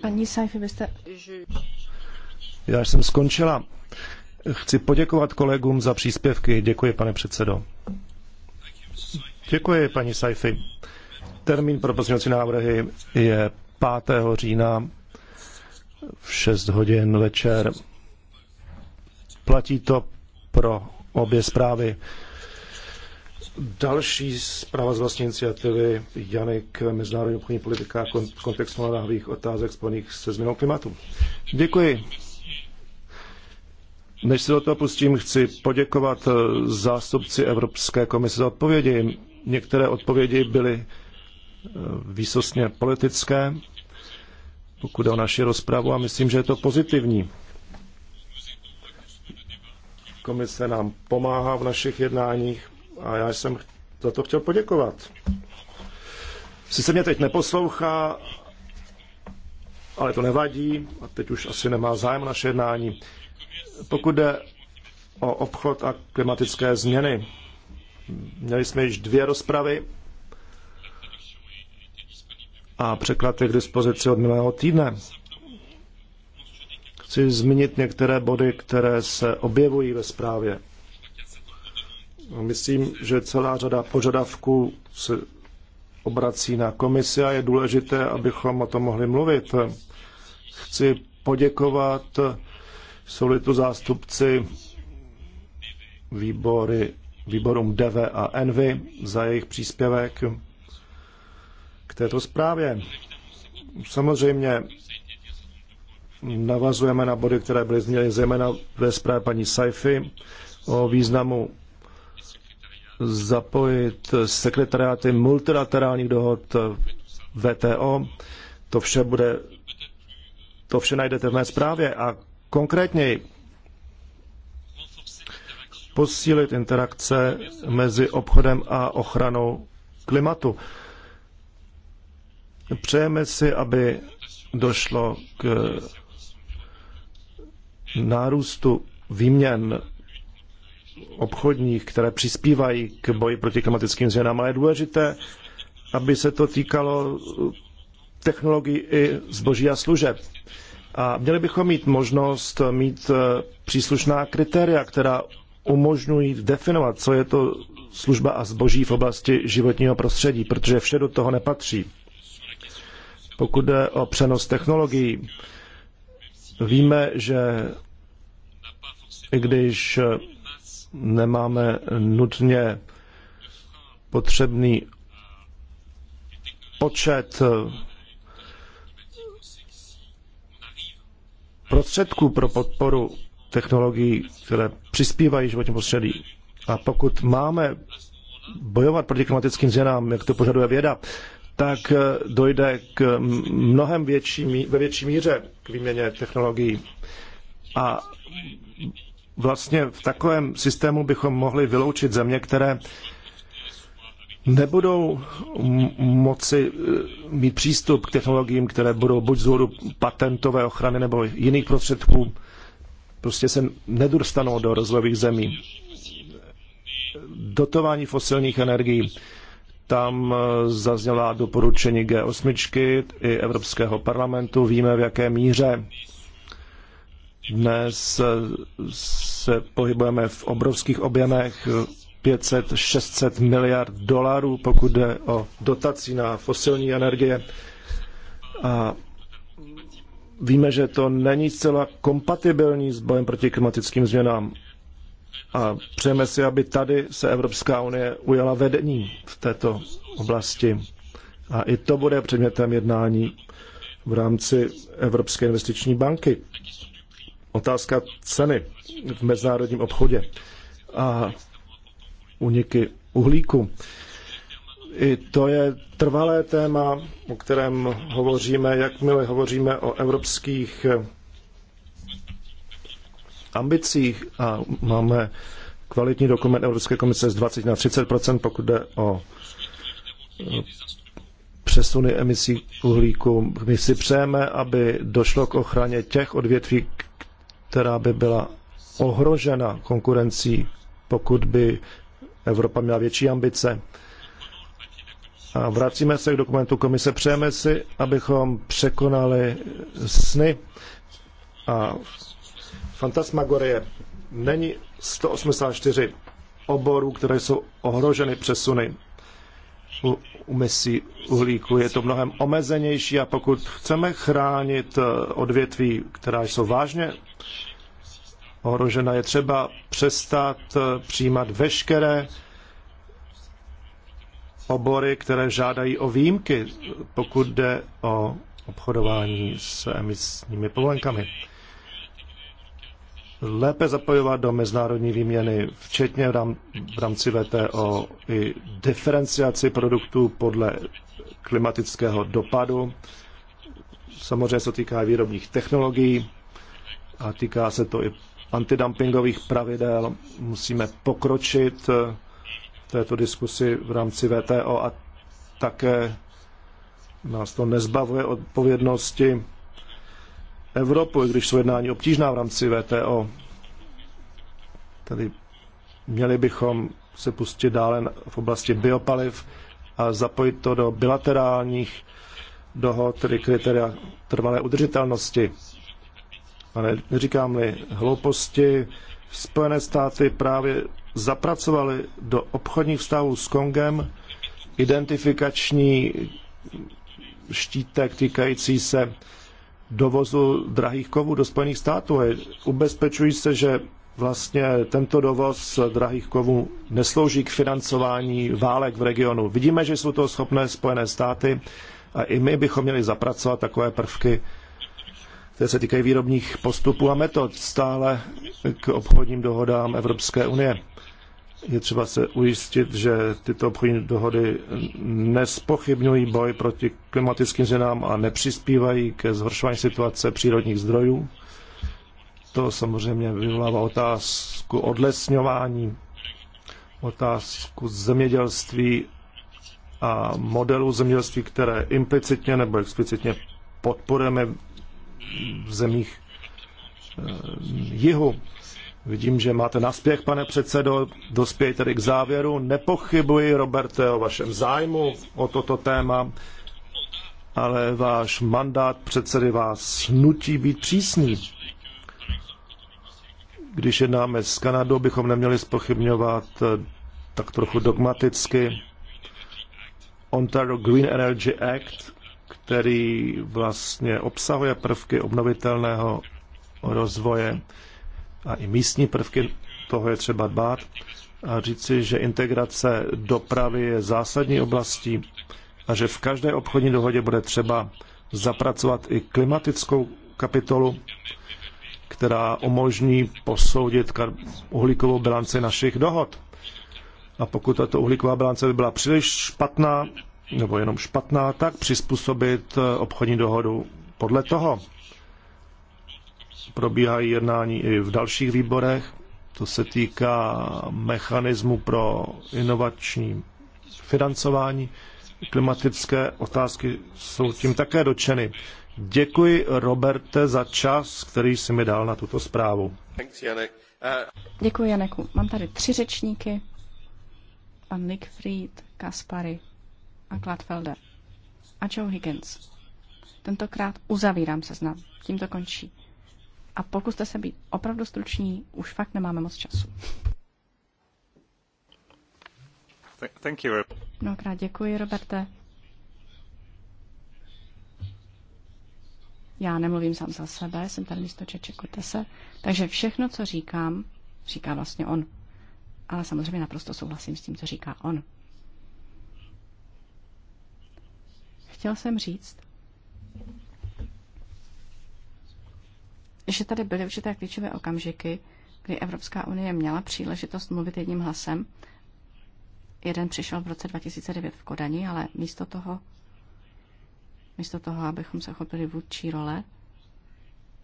Paní Saifi, vy jste... Já jsem skončila. Chci poděkovat kolegům za příspěvky. Děkuji, pane předsedo. Děkuji, paní Saifi. Termín pro pozměňovací návrhy je 5. října v 6 hodin večer. Platí to pro obě zprávy. Další zpráva z vlastní iniciativy Janek mezinárodní obchodní politika v kontext mladávých otázek spojených se změnou klimatu. Děkuji. Než se do toho pustím, chci poděkovat eh, zástupci Evropské komise za odpovědi. Některé odpovědi byly eh, výsostně politické, pokud jde o naši rozpravu, a myslím, že je to pozitivní. Komise nám pomáhá v našich jednáních a já jsem za to chtěl poděkovat. se mě teď neposlouchá, ale to nevadí a teď už asi nemá zájem naše jednání. Pokud jde o obchod a klimatické změny, Měli jsme již dvě rozpravy a překlad je k dispozici od minulého týdne. Chci zmínit některé body, které se objevují ve zprávě. Myslím, že celá řada požadavků se obrací na komisi a je důležité, abychom o tom mohli mluvit. Chci poděkovat, jsou-li tu zástupci výbory výborům DV a Envy za jejich příspěvek k této zprávě. Samozřejmě navazujeme na body, které byly změny zejména ve zprávě paní Saifi o významu zapojit sekretariáty multilaterálních dohod VTO. To vše bude, to vše najdete v mé zprávě a konkrétněji posílit interakce mezi obchodem a ochranou klimatu. Přejeme si, aby došlo k nárůstu výměn obchodních, které přispívají k boji proti klimatickým změnám, ale je důležité, aby se to týkalo technologií i zboží a služeb. A měli bychom mít možnost mít eh, příslušná kritéria, která umožňují definovat, co je to služba a zboží v oblasti životního prostředí, protože vše do toho nepatří. Pokud jde o přenos technologií, víme, že i když nemáme nutně potřebný počet prostředků pro podporu technologií, které přispívají životnímu prostředí. A pokud máme bojovat proti klimatickým změnám, jak to požaduje věda, tak eh, dojde k mnohem větší, ve větší míře k výměně technologií. A vlastně v takovém systému bychom mohli vyloučit země, které nebudou moci eh, mít přístup k technologiím, které budou buď z důvodu patentové ochrany nebo jiných prostředků prostě se nedostanou do rozvojových zemí. Dotování fosilních energií. Tam eh, zazněla doporučení G8 i Evropského parlamentu. Víme, v jaké míře dnes eh, se pohybujeme v obrovských objemech 500-600 miliard dolarů, pokud jde o dotací na fosilní energie. A víme, že to není zcela kompatibilní s bojem proti klimatickým změnám. A přejeme si, aby tady se Evropská unie ujala vedení v této oblasti. A i to bude předmětem jednání v rámci Evropské investiční banky. Otázka ceny v mezinárodním obchodě a uniky uhlíku. I to je trvalé téma, o kterém hovoříme, jakmile hovoříme o evropských eh, ambicích a máme kvalitní dokument Evropské komise z 20 na 30 pokud jde o eh, přesuny emisí uhlíku. My si přejeme, aby došlo k ochraně těch odvětví, která by byla ohrožena konkurencí, pokud by Evropa měla větší ambice. A vracíme se k dokumentu komise. Přejeme si, abychom překonali sny a fantasmagorie. Není 184 oborů, které jsou ohroženy přesuny u misí uhlíku. Je to mnohem omezenější a pokud chceme chránit eh, odvětví, která jsou vážně ohrožena, je třeba přestat eh, přijímat veškeré obory, které žádají o výjimky, pokud jde o obchodování s emisními povolenkami. Lépe zapojovat do mezinárodní výměny, včetně v rámci VTO i diferenciaci produktů podle klimatického dopadu. Samozřejmě se týká výrobních technologií a týká se to i antidumpingových pravidel. Musíme pokročit této diskusi v rámci VTO a také nás to nezbavuje odpovědnosti Evropu, i když jsou jednání obtížná v rámci VTO. Tedy měli bychom se pustit dále v oblasti biopaliv a zapojit to do bilaterálních dohod, tedy kritéria trvalé udržitelnosti. A neříkám-li hlouposti, Spojené státy právě zapracovali do obchodních vztahů s Kongem identifikační štítek týkající se dovozu drahých kovů do Spojených států. Ubezpečují se, že vlastně tento dovoz drahých kovů neslouží k financování válek v regionu. Vidíme, že jsou to schopné Spojené státy a i my bychom měli zapracovat takové prvky, které se týkají výrobních postupů a metod stále k obchodním dohodám Evropské unie je třeba se ujistit, že tyto obchodní dohody nespochybňují boj proti klimatickým změnám a nepřispívají ke zhoršování situace přírodních zdrojů. To samozřejmě vyvolává otázku odlesňování, otázku zemědělství a modelů zemědělství, které implicitně nebo explicitně podporujeme v zemích eh, jihu Vidím, že máte naspěch, pane předsedo, dospěj tedy k závěru. Nepochybuji, Roberte, o vašem zájmu o toto téma, ale váš mandát předsedy vás nutí být přísný. Když jednáme s Kanadou, bychom neměli spochybňovat eh, tak trochu dogmaticky Ontario Green Energy Act, který vlastně obsahuje prvky obnovitelného rozvoje a i místní prvky, toho je třeba dbát a říci, že integrace dopravy je zásadní oblastí a že v každé obchodní dohodě bude třeba zapracovat i klimatickou kapitolu, která umožní posoudit uhlíkovou bilanci našich dohod. A pokud tato uhlíková bilance by byla příliš špatná, nebo jenom špatná, tak přizpůsobit eh, obchodní dohodu podle toho probíhají jednání i v dalších výborech. To se týká mechanismu pro inovační financování. Klimatické otázky jsou tím také dočeny. Děkuji, Roberte, za čas, který jsi mi dal na tuto zprávu. Eh. Děkuji, Janeku. Mám tady tři řečníky. Pan Fried, Kaspary a Gladfelder. A Joe Higgins. Tentokrát uzavírám seznam. Tím to končí a pokuste se být opravdu struční, už fakt nemáme moc času. Thank you. Mnohokrát děkuji, Roberte. Já nemluvím sám za sebe, jsem tady místo Čečekutese, takže všechno, co říkám, říká vlastně on. Ale samozřejmě naprosto souhlasím s tím, co říká on. Chtěl jsem říct, že tady byly určité klíčové okamžiky, kdy Evropská unie měla příležitost mluvit jedním hlasem. Jeden přišel v roce 2009 v Kodani, ale místo toho, místo toho, abychom se chopili vůdčí role,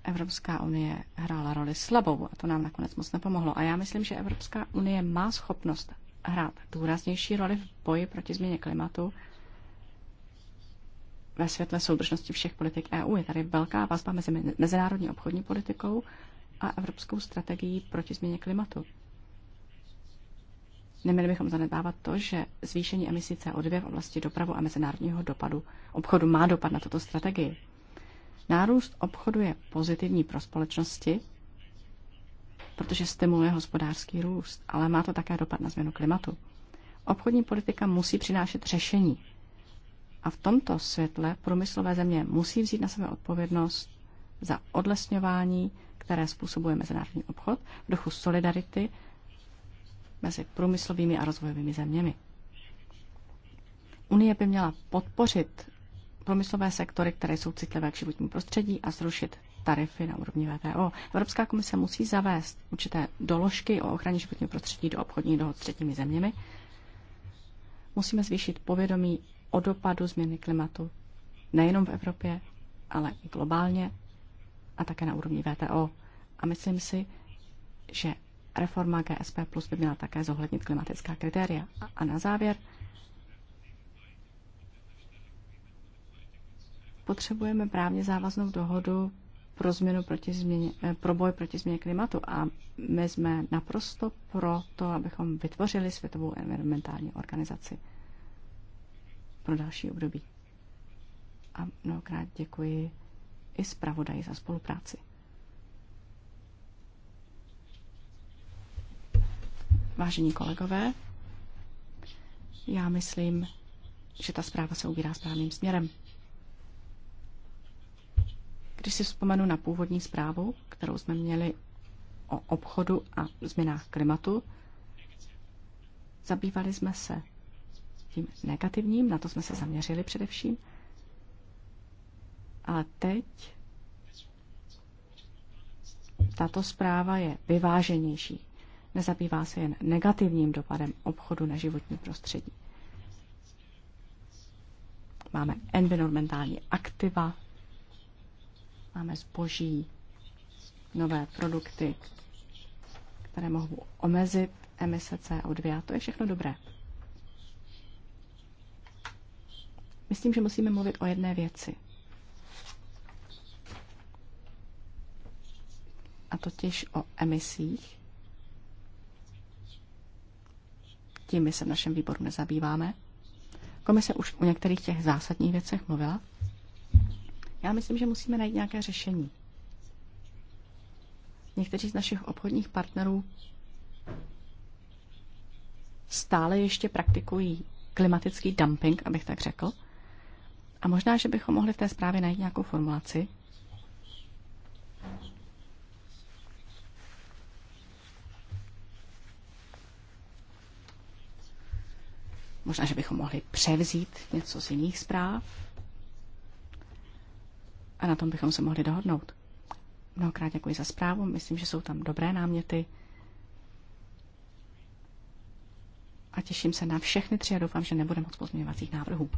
Evropská unie hrála roli slabou a to nám nakonec moc nepomohlo. A já myslím, že Evropská unie má schopnost hrát důraznější roli v boji proti změně klimatu ve světle soudržnosti všech politik EU. Je tady velká vazba mezi mezinárodní obchodní politikou a evropskou strategií proti změně klimatu. Neměli bychom zanedbávat to, že zvýšení emisí CO2 v oblasti dopravu a mezinárodního dopadu obchodu má dopad na tuto strategii. Nárůst obchodu je pozitivní pro společnosti, protože stimuluje hospodářský růst, ale má to také dopad na změnu klimatu. Obchodní politika musí přinášet řešení, a v tomto světle průmyslové země musí vzít na sebe odpovědnost za odlesňování, které způsobuje mezinárodní obchod v duchu solidarity mezi průmyslovými a rozvojovými zeměmi. Unie by měla podpořit průmyslové sektory, které jsou citlivé k životnímu prostředí a zrušit tarify na úrovni VTO. Evropská komise musí zavést určité doložky o ochraně životního prostředí do obchodních dohod s třetími zeměmi. Musíme zvýšit povědomí o dopadu změny klimatu nejenom v Evropě, ale i globálně a také na úrovni VTO. A myslím si, že reforma GSP Plus by měla také zohlednit klimatická kritéria. A na závěr potřebujeme právně závaznou dohodu pro, změnu proti změně, eh, pro boj proti změně klimatu a my jsme naprosto pro to, abychom vytvořili Světovou environmentální organizaci pro další období. A mnohokrát děkuji i zpravodaji za spolupráci. Vážení kolegové, já myslím, že ta zpráva se ubírá správným směrem. Když si vzpomenu na původní zprávu, kterou jsme měli o obchodu a změnách klimatu, zabývali jsme se tím negativním, na to jsme se zaměřili především. a teď tato zpráva je vyváženější. Nezabývá se jen negativním dopadem obchodu na životní prostředí. Máme environmentální aktiva, máme zboží, nové produkty, které mohou omezit emise CO2. To je všechno dobré. Myslím, že musíme mluvit o jedné věci. A totiž o emisích. Tím my se v našem výboru nezabýváme. Komise už o některých těch zásadních věcech mluvila. Já myslím, že musíme najít nějaké řešení. Někteří z našich obchodních partnerů stále ještě praktikují klimatický dumping, abych tak řekl. A možná, že bychom mohli v té zprávě najít nějakou formulaci, Možná, že bychom mohli převzít něco z jiných zpráv a na tom bychom se mohli dohodnout. Mnohokrát děkuji za zprávu, myslím, že jsou tam dobré náměty a těším se na všechny tři a doufám, že nebude moc pozměňovacích návrhů.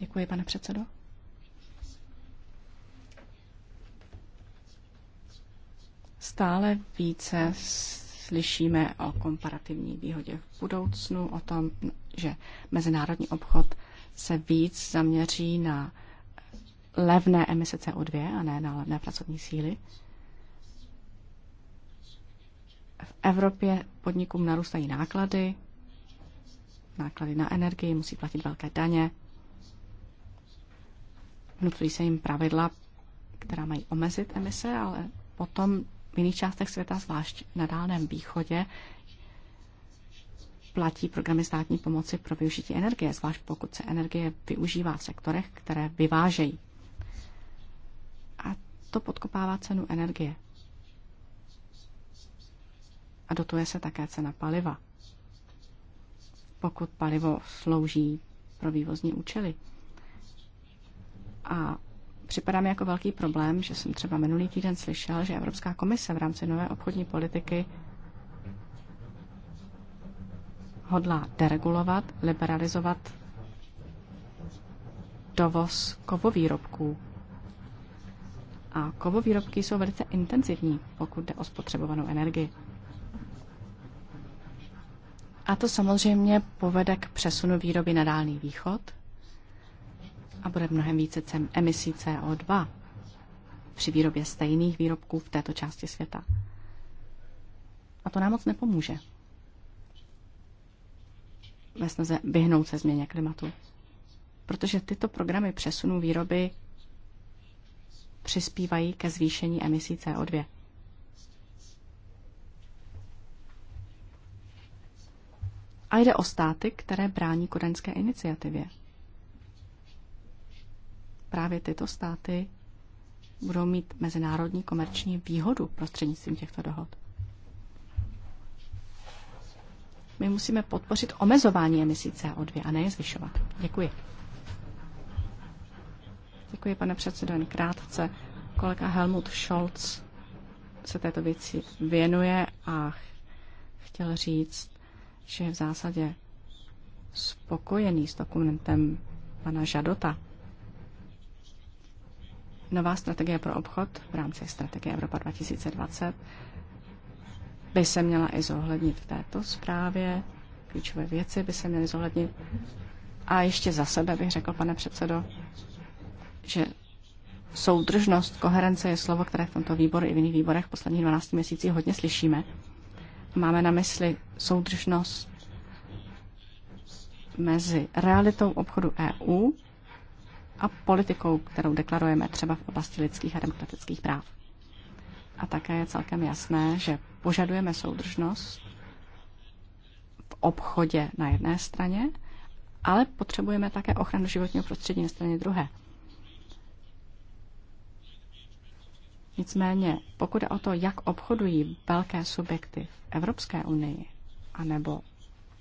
Děkuji, pane předsedo. Stále více slyšíme o komparativní výhodě v budoucnu, o tom, že mezinárodní obchod se víc zaměří na levné emise CO2 a ne na levné pracovní síly. V Evropě podnikům narůstají náklady, náklady na energii, musí platit velké daně, vnucují se jim pravidla, která mají omezit emise, ale potom v jiných částech světa, zvlášť na Dálném východě, platí programy státní pomoci pro využití energie, zvlášť pokud se energie využívá v sektorech, které vyvážejí. A to podkopává cenu energie. A dotuje se také cena paliva, pokud palivo slouží pro vývozní účely. A připadá mi jako velký problém, že jsem třeba minulý týden slyšel, že Evropská komise v rámci nové obchodní politiky hodlá deregulovat, liberalizovat dovoz kovovýrobků. A kovovýrobky jsou velice intenzivní, pokud jde o spotřebovanou energii. A to samozřejmě povede k přesunu výroby na Dálný východ – a bude mnohem více emisí CO2 při výrobě stejných výrobků v této části světa. A to nám moc nepomůže ve snaze vyhnout se změně klimatu. Protože tyto programy přesunu výroby přispívají ke zvýšení emisí CO2. A jde o státy, které brání kodaňské iniciativě právě tyto státy budou mít mezinárodní komerční výhodu prostřednictvím těchto dohod. My musíme podpořit omezování emisí CO2 a ne je zvyšovat. Děkuji. Děkuji, pane předsedo, jen krátce. Kolega Helmut Scholz se této věci věnuje a chtěl říct, že je v zásadě spokojený s dokumentem pana Žadota. Nová strategie pro obchod v rámci strategie Evropa 2020 by se měla i zohlednit v této zprávě. Klíčové věci by se měly zohlednit. A ještě za sebe bych řekl, pane předsedo, že soudržnost, koherence je slovo, které v tomto výboru i v jiných výborech v posledních 12 měsících hodně slyšíme. Máme na mysli soudržnost mezi realitou obchodu EU a politikou, kterou deklarujeme třeba v oblasti lidských a demokratických práv. A také je celkem jasné, že požadujeme soudržnost v obchodě na jedné straně, ale potřebujeme také ochranu životního prostředí na straně druhé. Nicméně, pokud je o to, jak obchodují velké subjekty v Evropské unii, anebo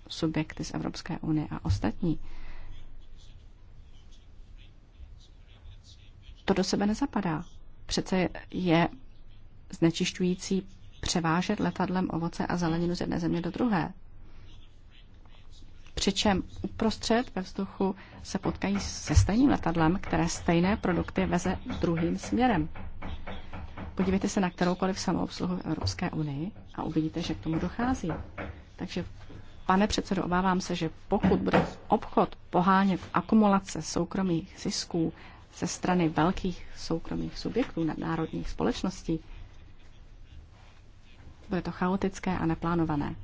subjekty z Evropské unie a ostatní, to do sebe nezapadá. Přece je znečišťující převážet letadlem ovoce a zeleninu z jedné země do druhé. Přičem uprostřed ve vzduchu se potkají se stejným letadlem, které stejné produkty veze druhým směrem. Podívejte se na kteroukoliv samoobsluhu v Evropské unii a uvidíte, že k tomu dochází. Takže, pane předsedo, obávám se, že pokud bude obchod pohánět akumulace soukromých zisků ze strany velkých soukromých subjektů, nadnárodních společností, bude to chaotické a neplánované.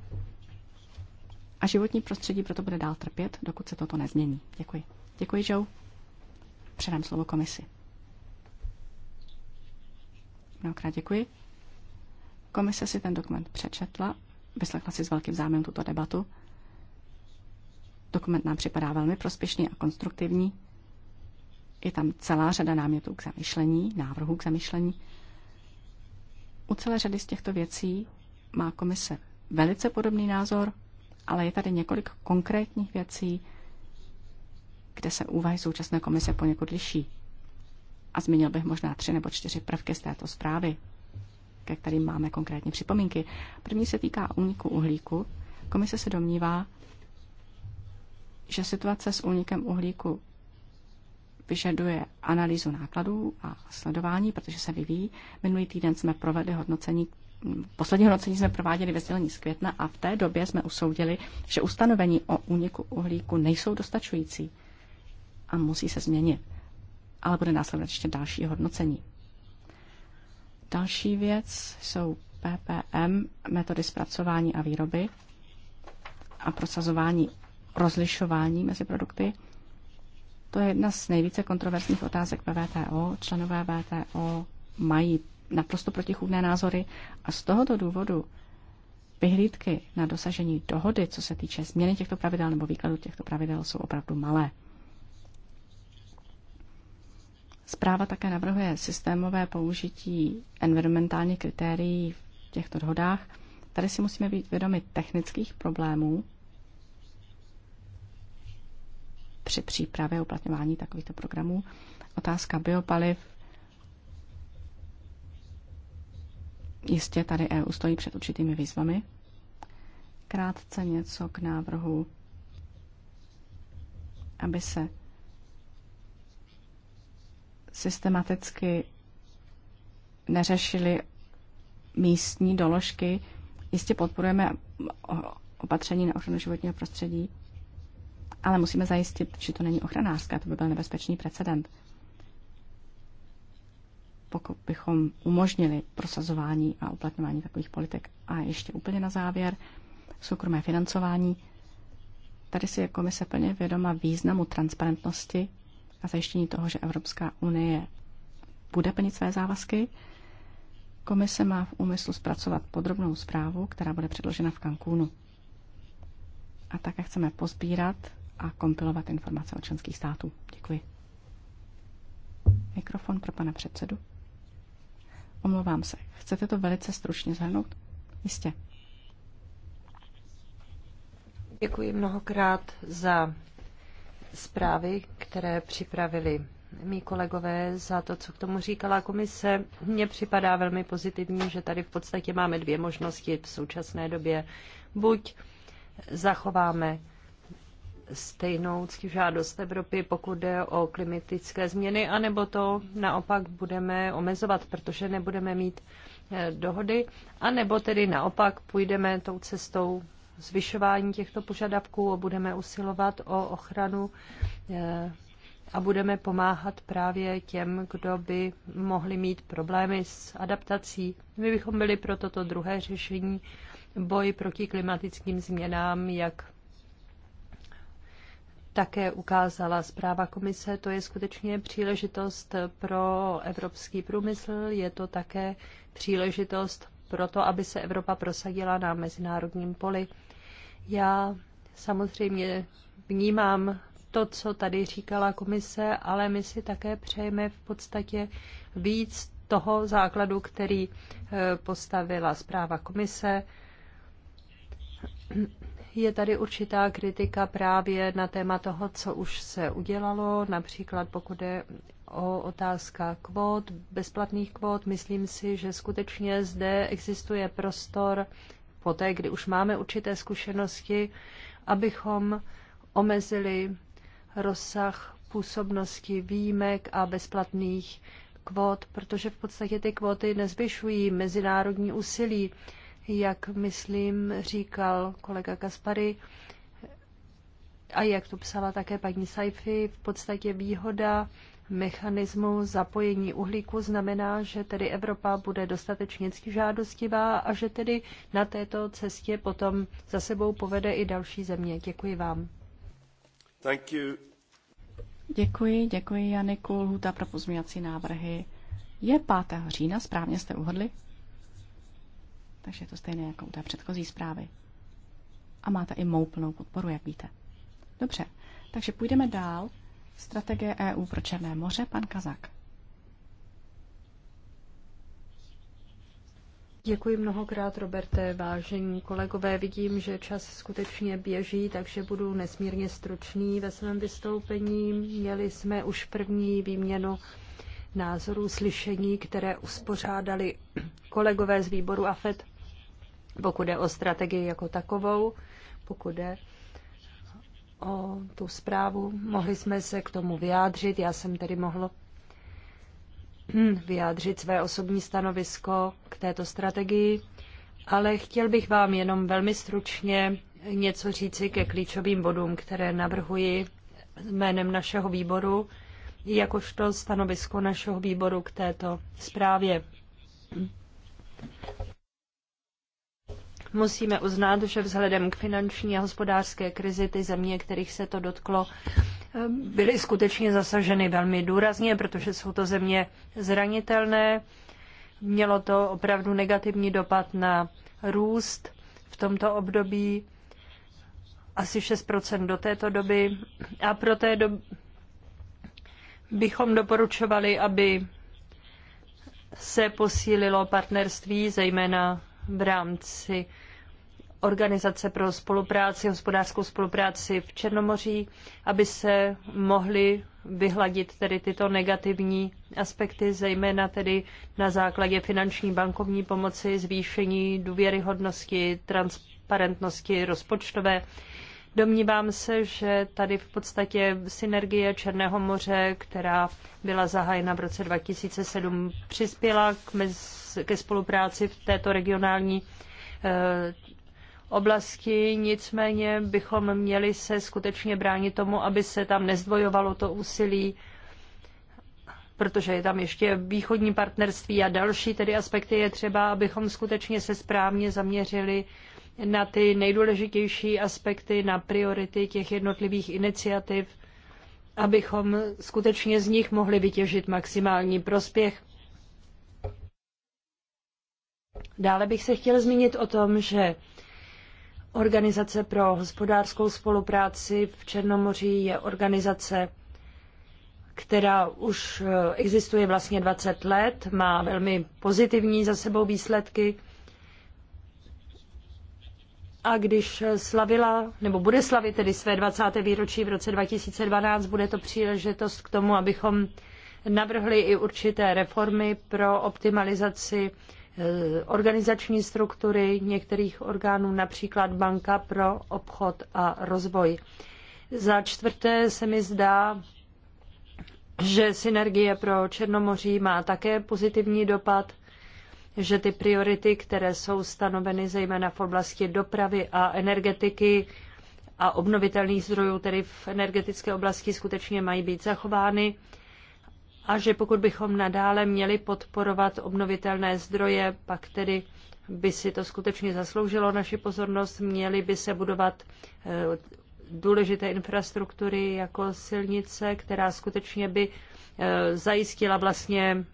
A životní prostředí proto bude dál trpět, dokud se toto nezmění. Děkuji. Děkuji, Joe. Předám slovo komisi. Mnohokrát děkuji. Komise si ten dokument přečetla, vyslechla si s velkým zájmem tuto debatu. Dokument nám připadá velmi prospěšný a konstruktivní je tam celá řada námětů k zamyšlení, návrhů k zamyšlení. U celé řady z těchto věcí má komise velice podobný názor, ale je tady několik konkrétních věcí, kde se úvahy současné komise poněkud liší. A zmínil bych možná tři nebo čtyři prvky z této zprávy, ke kterým máme konkrétní připomínky. První se týká úniku uhlíku. Komise se domnívá, že situace s únikem uhlíku vyžaduje analýzu nákladů a sledování, protože se vyvíjí. Minulý týden jsme provedli hodnocení poslední hodnocení jsme prováděli ve sdělení z května a v té době jsme usoudili, že ustanovení o úniku uhlíku nejsou dostačující a musí se změnit. Ale bude následovat ještě další hodnocení. Další věc jsou PPM, metody zpracování a výroby a prosazování rozlišování mezi produkty to je jedna z nejvíce kontroverzních otázek ve VTO. Členové VTO mají naprosto protichůdné názory a z tohoto důvodu vyhlídky na dosažení dohody, co se týče změny těchto pravidel nebo výkladu těchto pravidel, jsou opravdu malé. Zpráva také navrhuje systémové použití environmentálních kritérií v těchto dohodách. Tady si musíme být vědomi technických problémů, při přípravě uplatňování takovýchto programů. Otázka biopaliv. Jistě tady EU stojí před určitými výzvami. Krátce něco k návrhu, aby se systematicky neřešily místní doložky. Jistě podporujeme opatření na ochranu životního prostředí, ale musíme zajistit, že to není ochranářská, to by byl nebezpečný precedent. Pokud bychom umožnili prosazování a uplatňování takových politik. A ještě úplně na závěr, soukromé financování. Tady si je komise plně vědoma významu transparentnosti a zajištění toho, že Evropská unie bude plnit své závazky. Komise má v úmyslu zpracovat podrobnou zprávu, která bude předložena v Cancúnu. A také chceme pozbírat a kompilovat informace o členských států. Děkuji. Mikrofon pro pana předsedu. Omlouvám se. Chcete to velice stručně zhrnout? Jistě. Děkuji mnohokrát za zprávy, které připravili mý kolegové za to, co k tomu říkala komise. Mně připadá velmi pozitivní, že tady v podstatě máme dvě možnosti v současné době. Buď zachováme stejnou žádost Evropy, pokud jde o klimatické změny, anebo to naopak budeme omezovat, protože nebudeme mít eh, dohody, anebo tedy naopak půjdeme tou cestou zvyšování těchto požadavků a budeme usilovat o ochranu eh, a budeme pomáhat právě těm, kdo by mohli mít problémy s adaptací. My bychom byli pro toto druhé řešení boj proti klimatickým změnám, jak také ukázala zpráva komise. To je skutečně příležitost pro evropský průmysl, je to také příležitost pro to, aby se Evropa prosadila na mezinárodním poli. Já samozřejmě vnímám to, co tady říkala komise, ale my si také přejeme v podstatě víc toho základu, který eh, postavila zpráva komise je tady určitá kritika právě na téma toho, co už se udělalo, například pokud je o otázka kvót, bezplatných kvót. Myslím si, že skutečně zde existuje prostor poté, kdy už máme určité zkušenosti, abychom omezili rozsah působnosti výjimek a bezplatných kvót, protože v podstatě ty kvóty nezvyšují mezinárodní úsilí jak myslím říkal kolega Kaspary a jak to psala také paní Saifi, v podstatě výhoda mechanismu zapojení uhlíku znamená, že tedy Evropa bude dostatečně žádostivá a že tedy na této cestě potom za sebou povede i další země. Děkuji vám. Thank you. Děkuji, děkuji Janiku. Lhuta pro pozměňovací návrhy je 5. října, správně jste uhodli. Takže je to stejné jako u té předchozí zprávy. A máte i mou plnou podporu, jak víte. Dobře, takže půjdeme dál. Strategie EU pro Černé moře, pan Kazak. Děkuji mnohokrát, Roberte, vážení kolegové. Vidím, že čas skutečně běží, takže budu nesmírně stručný ve svém vystoupení. Měli jsme už první výměnu názorů slyšení, které uspořádali kolegové z výboru AFET pokud jde o strategii jako takovou, pokud jde o tu zprávu. Mohli jsme se k tomu vyjádřit, já jsem tedy mohl (clears throat) vyjádřit své osobní stanovisko k této strategii, ale chtěl bych vám jenom velmi stručně něco říci ke klíčovým bodům, které navrhuji jménem našeho výboru, jakožto stanovisko našeho výboru k této zprávě. Musíme uznat, že vzhledem k finanční a hospodářské krizi ty země, kterých se to dotklo, eh, byly skutečně zasaženy velmi důrazně, protože jsou to země zranitelné. Mělo to opravdu negativní dopad na růst v tomto období asi 6% do této doby a pro té do... bychom doporučovali, aby se posílilo partnerství, zejména v rámci Organizace pro spolupráci, hospodářskou spolupráci v Černomoří, aby se mohly vyhladit tedy tyto negativní aspekty, zejména tedy na základě finanční bankovní pomoci, zvýšení důvěryhodnosti, transparentnosti rozpočtové. Domnívám se, že tady v podstatě synergie Černého moře, která byla zahájena v roce 2007, přispěla k mez, ke spolupráci v této regionální eh, oblasti, nicméně bychom měli se skutečně bránit tomu, aby se tam nezdvojovalo to úsilí, protože je tam ještě východní partnerství a další tedy aspekty je třeba, abychom skutečně se správně zaměřili na ty nejdůležitější aspekty, na priority těch jednotlivých iniciativ, abychom skutečně z nich mohli vytěžit maximální prospěch. Dále bych se chtěl zmínit o tom, že Organizace pro hospodářskou spolupráci v Černomoří je organizace, která už eh, existuje vlastně 20 let, má velmi pozitivní za sebou výsledky. A když slavila, nebo bude slavit tedy své 20. výročí v roce 2012, bude to příležitost k tomu, abychom navrhli i určité reformy pro optimalizaci Eh, organizační struktury některých orgánů, například Banka pro obchod a rozvoj. Za čtvrté se mi zdá, že synergie pro Černomoří má také pozitivní dopad, že ty priority, které jsou stanoveny zejména v oblasti dopravy a energetiky a obnovitelných zdrojů, tedy v energetické oblasti, skutečně mají být zachovány a že pokud bychom nadále měli podporovat obnovitelné zdroje, pak tedy by si to skutečně zasloužilo naši pozornost, měly by se budovat eh, důležité infrastruktury jako silnice, která skutečně by eh, zajistila vlastně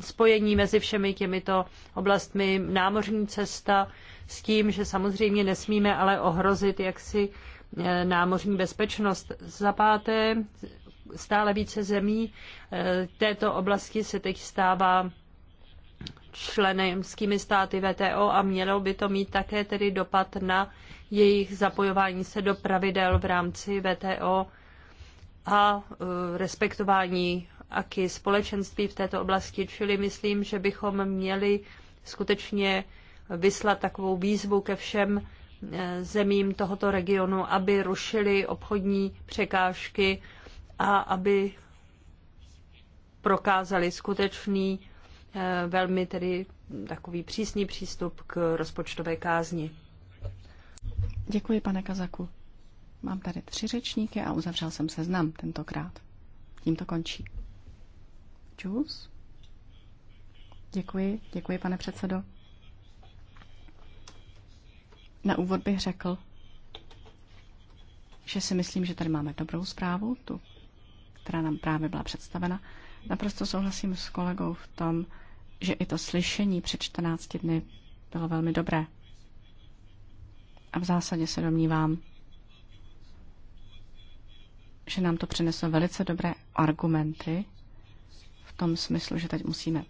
spojení mezi všemi těmito oblastmi, námořní cesta, s tím, že samozřejmě nesmíme ale ohrozit jaksi eh, námořní bezpečnost. Za páté, stále více zemí eh, této oblasti se teď stává členskými státy VTO a mělo by to mít také tedy dopad na jejich zapojování se do pravidel v rámci VTO a eh, respektování aky společenství v této oblasti. Čili myslím, že bychom měli skutečně vyslat takovou výzvu ke všem eh, zemím tohoto regionu, aby rušili obchodní překážky a aby prokázali skutečný, eh, velmi tedy takový přísný přístup k rozpočtové kázni. Děkuji, pane Kazaku. Mám tady tři řečníky a uzavřel jsem seznam tentokrát. Tím to končí. Čus. Děkuji, děkuji, pane předsedo. Na úvod bych řekl, že si myslím, že tady máme dobrou zprávu, tu která nám právě byla představena. Naprosto souhlasím s kolegou v tom, že i to slyšení před 14 dny bylo velmi dobré. A v zásadě se domnívám, že nám to přineslo velice dobré argumenty v tom smyslu, že teď musíme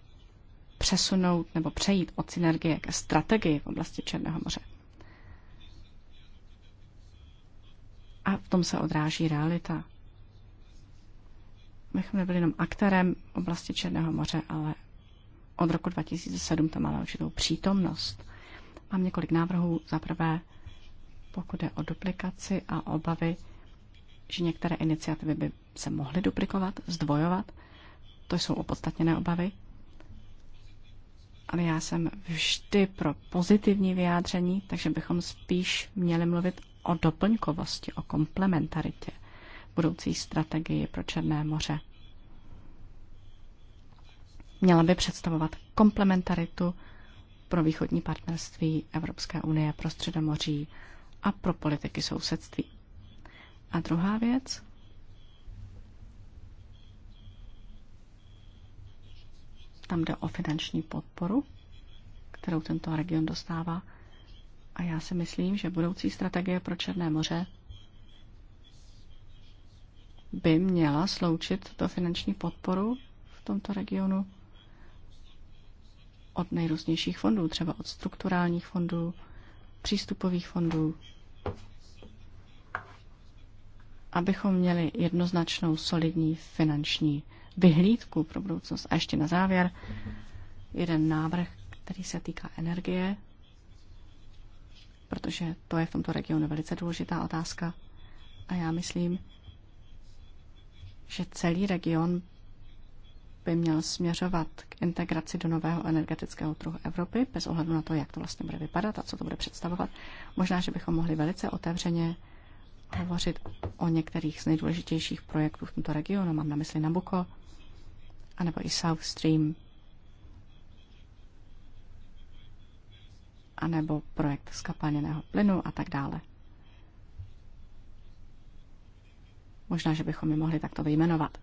přesunout nebo přejít od synergie ke strategii v oblasti Černého moře. A v tom se odráží realita my jsme byli jenom aktérem oblasti Černého moře, ale od roku 2007 tam máme určitou přítomnost. Mám několik návrhů. Za prvé, pokud je o duplikaci a obavy, že některé iniciativy by se mohly duplikovat, zdvojovat, to jsou opodstatněné obavy. Ale já jsem vždy pro pozitivní vyjádření, takže bychom spíš měli mluvit o doplňkovosti, o komplementaritě budoucí strategii pro Černé moře. Měla by představovat komplementaritu pro východní partnerství Evropské unie pro Středomoří a pro politiky sousedství. A druhá věc, tam jde o finanční podporu, kterou tento region dostává. A já si myslím, že budoucí strategie pro Černé moře by měla sloučit tuto finanční podporu v tomto regionu od nejrůznějších fondů, třeba od strukturálních fondů, přístupových fondů, abychom měli jednoznačnou solidní finanční vyhlídku pro budoucnost. A ještě na závěr jeden návrh, který se týká energie, protože to je v tomto regionu velice důležitá otázka. A já myslím, že celý region by měl směřovat k integraci do nového energetického trhu Evropy, bez ohledu na to, jak to vlastně bude vypadat a co to bude představovat. Možná, že bychom mohli velice otevřeně hovořit o některých z nejdůležitějších projektů v tomto regionu, mám na mysli Nabucco, anebo i South Stream, anebo projekt skapalněného plynu a tak dále. Možná, že bychom je mohli takto vyjmenovat.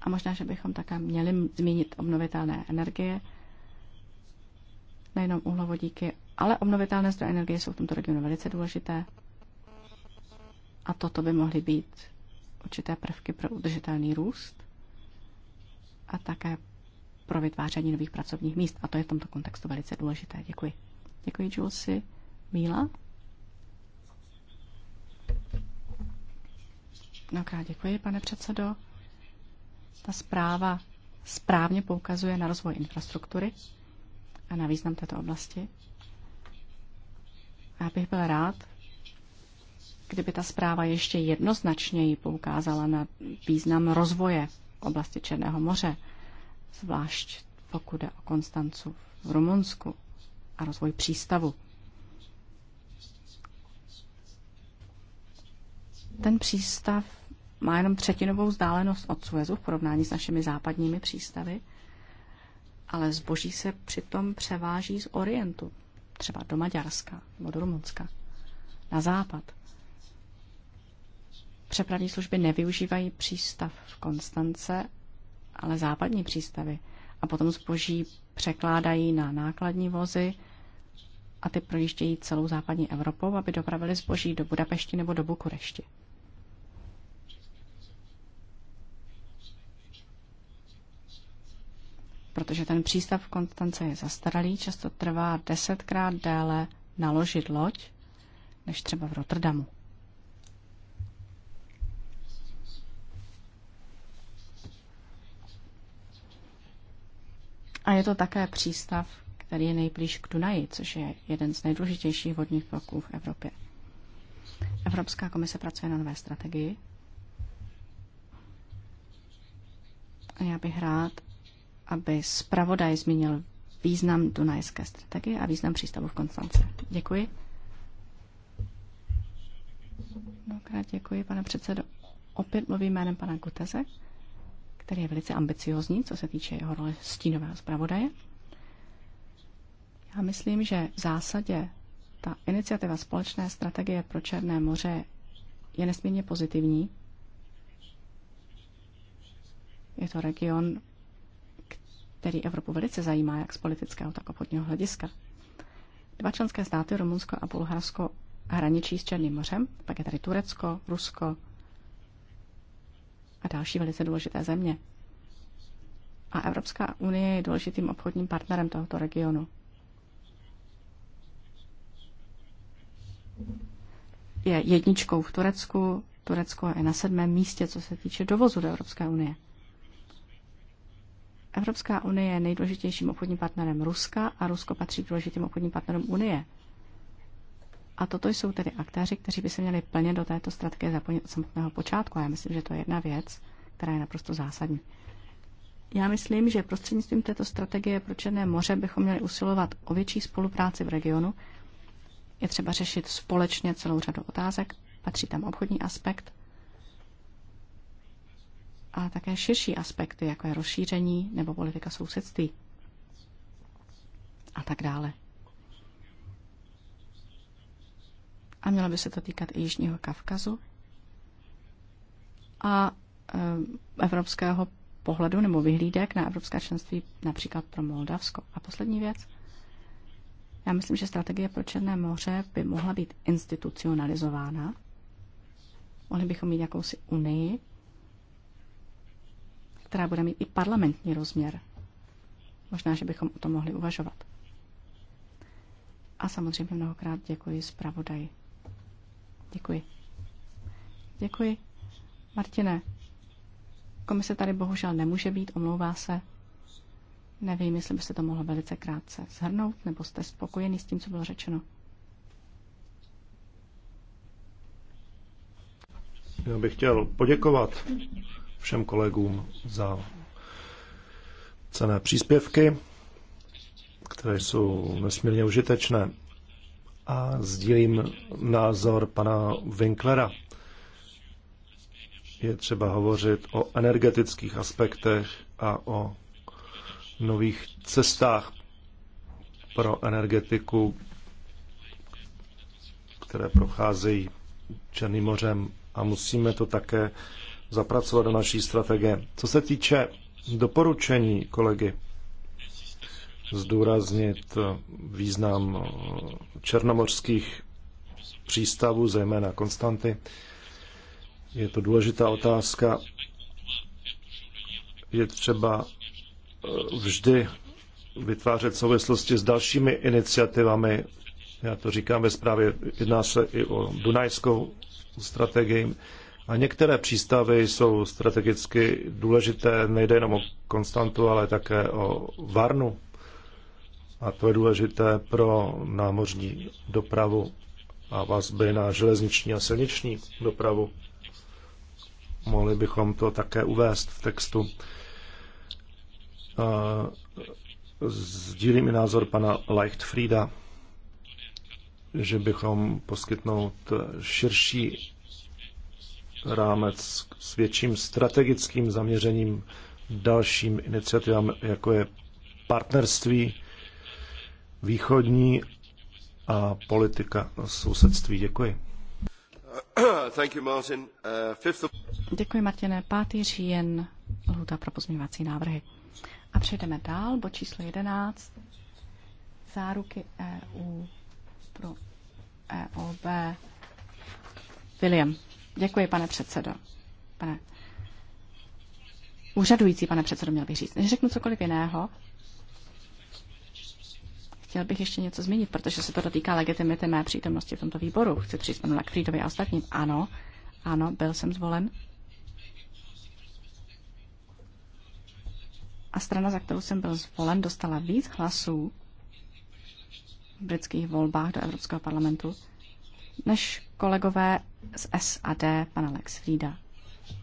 A možná, že bychom také měli zmínit obnovitelné energie, nejenom uhlovodíky, ale obnovitelné zdroje energie jsou v tomto regionu velice důležité. A toto by mohly být určité prvky pro udržitelný růst a také pro vytváření nových pracovních míst. A to je v tomto kontextu velice důležité. Děkuji. Děkuji, Julesi. Míla? Mnohokrát děkuji, pane předsedo. Ta zpráva správně poukazuje na rozvoj infrastruktury a na význam této oblasti. Já bych byl rád, kdyby ta zpráva ještě jednoznačněji poukázala na význam rozvoje v oblasti Černého moře, zvlášť pokud jde o Konstancu v Rumunsku a rozvoj přístavu. Ten přístav má jenom třetinovou vzdálenost od Suezu v porovnání s našimi západními přístavy, ale zboží se přitom převáží z Orientu, třeba do Maďarska nebo do Rumunska, na západ. Přepravní služby nevyužívají přístav v Konstance, ale západní přístavy. A potom zboží překládají na nákladní vozy a ty projíždějí celou západní Evropou, aby dopravili zboží do Budapešti nebo do Bukurešti. protože ten přístav v Konstance je zastaralý, často trvá desetkrát déle naložit loď, než třeba v Rotterdamu. A je to také přístav, který je nejblíž k Dunaji, což je jeden z nejdůležitějších vodních toků v Evropě. Evropská komise pracuje na nové strategii. A já bych rád, aby zpravodaj zmínil význam Dunajské strategie a význam přístavu v Konstance. Děkuji. Mnohokrát děkuji, pane předsedo. Opět mluvím jménem pana Guteze, který je velice ambiciozní, co se týče jeho role stínového zpravodaje. Já myslím, že v zásadě ta iniciativa společné strategie pro Černé moře je nesmírně pozitivní. Je to region, který Evropu velice zajímá, jak z politického, tak obchodního hlediska. Dva členské státy, Rumunsko a Bulharsko, hraničí s Černým mořem, pak je tady Turecko, Rusko a další velice důležité země. A Evropská unie je důležitým obchodním partnerem tohoto regionu. Je jedničkou v Turecku, Turecko je na sedmém místě, co se týče dovozu do Evropské unie. Evropská unie je nejdůležitějším obchodním partnerem Ruska a Rusko patří k důležitým obchodním partnerům Unie. A toto jsou tedy aktéři, kteří by se měli plně do této strategie zapojit od samotného počátku. A já myslím, že to je jedna věc, která je naprosto zásadní. Já myslím, že prostřednictvím této strategie pro Černé moře bychom měli usilovat o větší spolupráci v regionu. Je třeba řešit společně celou řadu otázek. Patří tam obchodní aspekt, a také širší aspekty, jako je rozšíření nebo politika sousedství a tak dále. A mělo by se to týkat i Jižního Kavkazu a eh, evropského pohledu nebo vyhlídek na evropské členství například pro Moldavsko. A poslední věc. Já myslím, že strategie pro Černé moře by mohla být institucionalizována. Mohli bychom mít jakousi unii, která bude mít i parlamentní rozměr. Možná, že bychom o tom mohli uvažovat. A samozřejmě mnohokrát děkuji zpravodaji. Děkuji. Děkuji. Martine, komise tady bohužel nemůže být, omlouvá se. Nevím, jestli byste to mohlo velice krátce zhrnout, nebo jste spokojený s tím, co bylo řečeno. Já bych chtěl poděkovat všem kolegům za cené příspěvky, které jsou nesmírně užitečné. A sdílím názor pana Winklera. Je třeba hovořit o energetických aspektech a o nových cestách pro energetiku, které procházejí Černým mořem a musíme to také zapracovat do naší strategie. Co se týče doporučení kolegy, zdůraznit eh, význam eh, černomorských přístavů, zejména Konstanty. Je to důležitá otázka. Je třeba eh, vždy vytvářet souvislosti s dalšími iniciativami. Já to říkám ve zprávě, jedná se i o dunajskou strategii. A některé přístavy jsou strategicky důležité, nejde jenom o Konstantu, ale také o Varnu. A to je důležité pro námořní dopravu a vazby na železniční a silniční dopravu. Mohli bychom to také uvést v textu. A sdílím i názor pana Leichtfrieda, že bychom poskytnout širší rámec s větším strategickým zaměřením dalším iniciativám, jako je partnerství východní a politika sousedství. Děkuji. Thank you, Martin. Uh, Děkuji, Martine. Pátý říjen lhuta pro pozměňovací návrhy. A přejdeme dál, bod číslo 11. Záruky EU pro EOB. William. Děkuji, pane předsedo. Pane úřadující, pane předsedo, měl bych říct. Než řeknu cokoliv jiného, chtěl bych ještě něco zmínit, protože se to dotýká legitimity mé přítomnosti v tomto výboru. Chci přijít k Fridovi a ostatním. Ano, ano, byl jsem zvolen. A strana, za kterou jsem byl zvolen, dostala víc hlasů v britských volbách do Evropského parlamentu, než kolegové z SAD, pan Alex Frida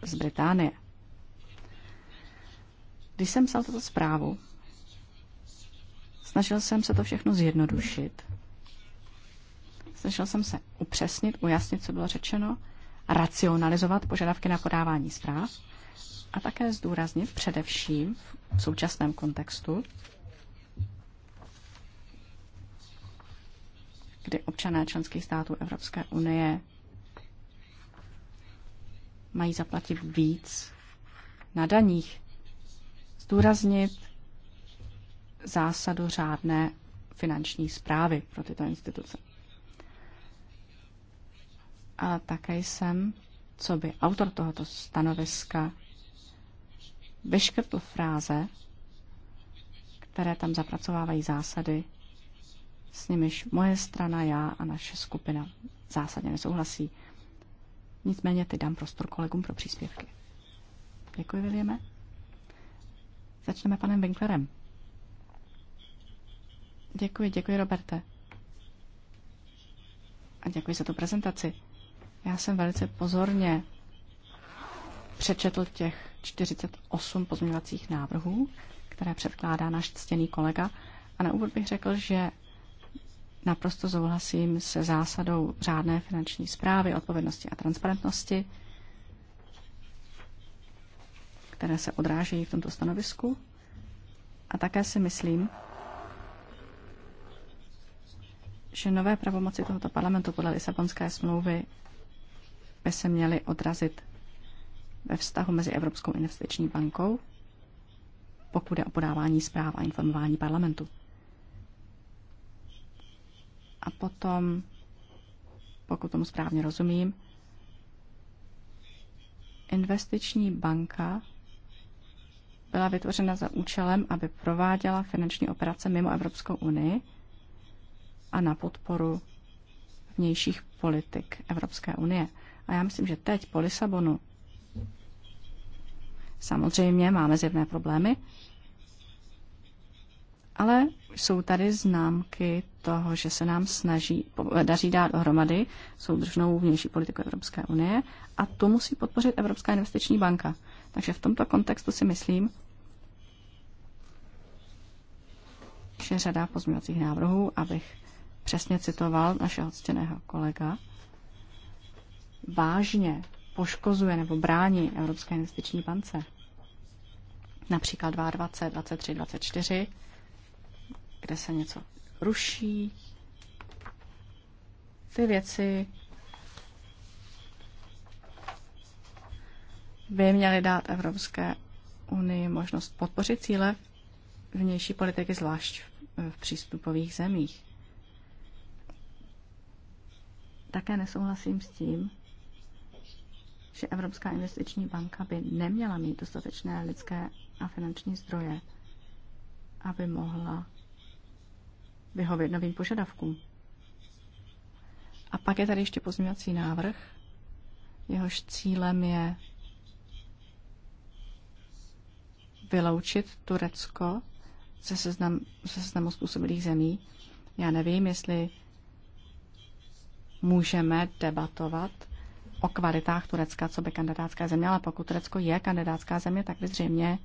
z Británie. Když jsem psal tuto zprávu, snažil jsem se to všechno zjednodušit. Snažil jsem se upřesnit, ujasnit, co bylo řečeno, racionalizovat požadavky na podávání zpráv a také zdůraznit především v současném kontextu, kdy občané členských států Evropské unie mají zaplatit víc na daních. Zdůraznit zásadu řádné finanční zprávy pro tyto instituce. Ale také jsem, co by autor tohoto stanoviska vyškrtl fráze, které tam zapracovávají zásady, s nimiž moje strana, já a naše skupina zásadně nesouhlasí. Nicméně teď dám prostor kolegům pro příspěvky. Děkuji, Viljeme. Začneme panem Winklerem. Děkuji, děkuji, Roberte. A děkuji za tu prezentaci. Já jsem velice pozorně přečetl těch 48 pozměňovacích návrhů, které předkládá náš ctěný kolega. A na úvod bych řekl, že Naprosto souhlasím se zásadou řádné finanční zprávy, odpovědnosti a transparentnosti, které se odrážejí v tomto stanovisku. A také si myslím, že nové pravomoci tohoto parlamentu podle Lisabonské smlouvy by se měly odrazit ve vztahu mezi Evropskou investiční bankou, pokud je o podávání zpráv a informování parlamentu. A potom, pokud tomu správně rozumím, investiční banka byla vytvořena za účelem, aby prováděla finanční operace mimo Evropskou unii a na podporu vnějších politik Evropské unie. A já myslím, že teď po Lisabonu samozřejmě máme zjevné problémy, ale jsou tady známky toho, že se nám snaží, daří dát dohromady soudržnou vnější politiku Evropské unie a to musí podpořit Evropská investiční banka. Takže v tomto kontextu si myslím, že řada pozměňovacích návrhů, abych přesně citoval našeho ctěného kolega, vážně poškozuje nebo brání Evropské investiční bance. Například 22, 23, 24, kde se něco ruší. Ty věci by měly dát Evropské unii možnost podpořit cíle vnější politiky, zvlášť v přístupových zemích. Také nesouhlasím s tím, že Evropská investiční banka by neměla mít dostatečné lidské a finanční zdroje, aby mohla vyhovět novým požadavkům. A pak je tady ještě pozměňovací návrh. Jehož cílem je vyloučit Turecko ze, seznam, ze seznamu způsobilých zemí. Já nevím, jestli můžeme debatovat o kvalitách Turecka, co by kandidátská země, ale pokud Turecko je kandidátská země, tak by zřejmě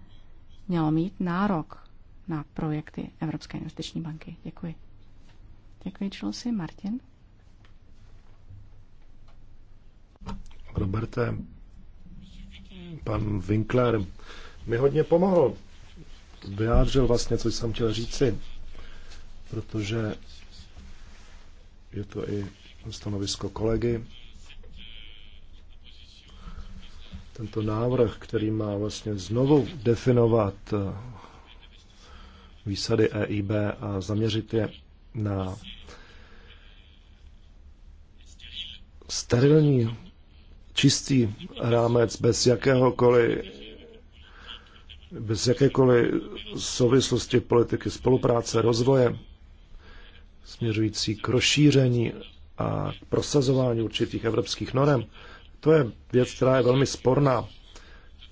mělo mít nárok na projekty Evropské investiční banky. Děkuji. Děkuji, si Martin? Roberte, pan Winkler mi hodně pomohl. Vyjádřil vlastně, co jsem chtěl říci, protože je to i stanovisko kolegy. Tento návrh, který má vlastně znovu definovat výsady EIB a zaměřit je na sterilní, čistý rámec bez jakéhokoliv bez jakékoliv souvislosti politiky spolupráce, rozvoje, směřující k rozšíření a k prosazování určitých evropských norem. To je věc, která je velmi sporná.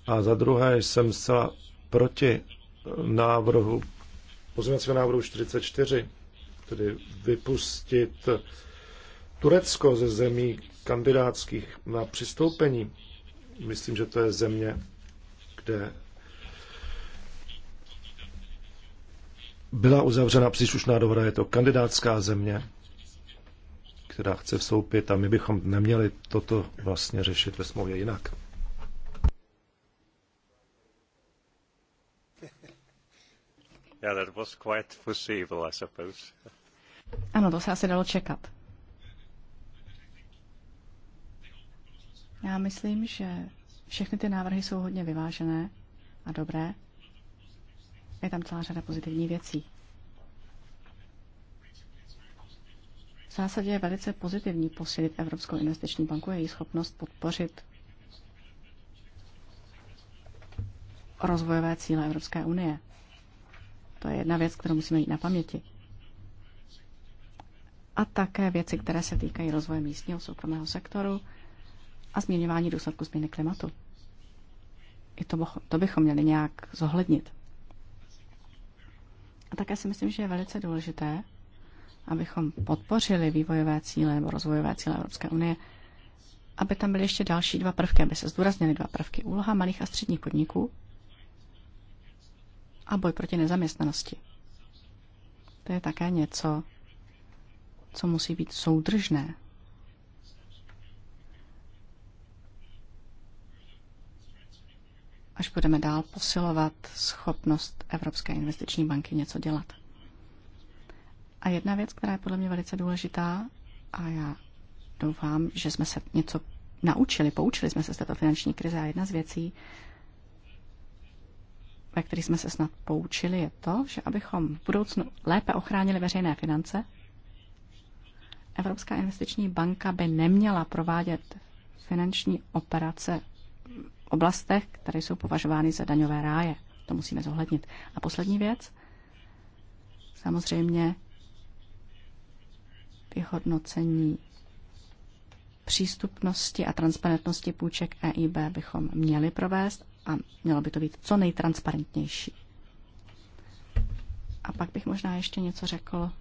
A za druhé jsem zcela proti návrhu pozměňovacího návrhu 44, tedy vypustit Turecko ze zemí kandidátských na přistoupení. Myslím, že to je země, kde byla uzavřena příslušná dohoda, je to kandidátská země, která chce vstoupit a my bychom neměli toto vlastně řešit ve smlouvě jinak. Yeah, that was quite foreseeable, I suppose. Ano, to se asi dalo čekat. Já myslím, že všechny ty návrhy jsou hodně vyvážené a dobré. Je tam celá řada pozitivních věcí. V zásadě je velice pozitivní posílit Evropskou investiční banku a její schopnost podpořit rozvojové cíle Evropské unie. To je jedna věc, kterou musíme mít na paměti. A také věci, které se týkají rozvoje místního soukromého sektoru a změňování důsledku změny klimatu. I to, to bychom měli nějak zohlednit. A také si myslím, že je velice důležité, abychom podpořili vývojové cíle nebo rozvojové cíle Evropské unie, aby tam byly ještě další dva prvky, aby se zdůraznily dva prvky. Úloha malých a středních podniků a boj proti nezaměstnanosti. To je také něco, co musí být soudržné. Až budeme dál posilovat schopnost Evropské investiční banky něco dělat. A jedna věc, která je podle mě velice důležitá, a já doufám, že jsme se něco naučili, poučili jsme se z této finanční krize, a jedna z věcí, ve který jsme se snad poučili, je to, že abychom v budoucnu lépe ochránili veřejné finance, Evropská investiční banka by neměla provádět finanční operace v oblastech, které jsou považovány za daňové ráje. To musíme zohlednit. A poslední věc, samozřejmě vyhodnocení přístupnosti a transparentnosti půjček EIB bychom měli provést a mělo by to být co nejtransparentnější. A pak bych možná ještě něco řekl.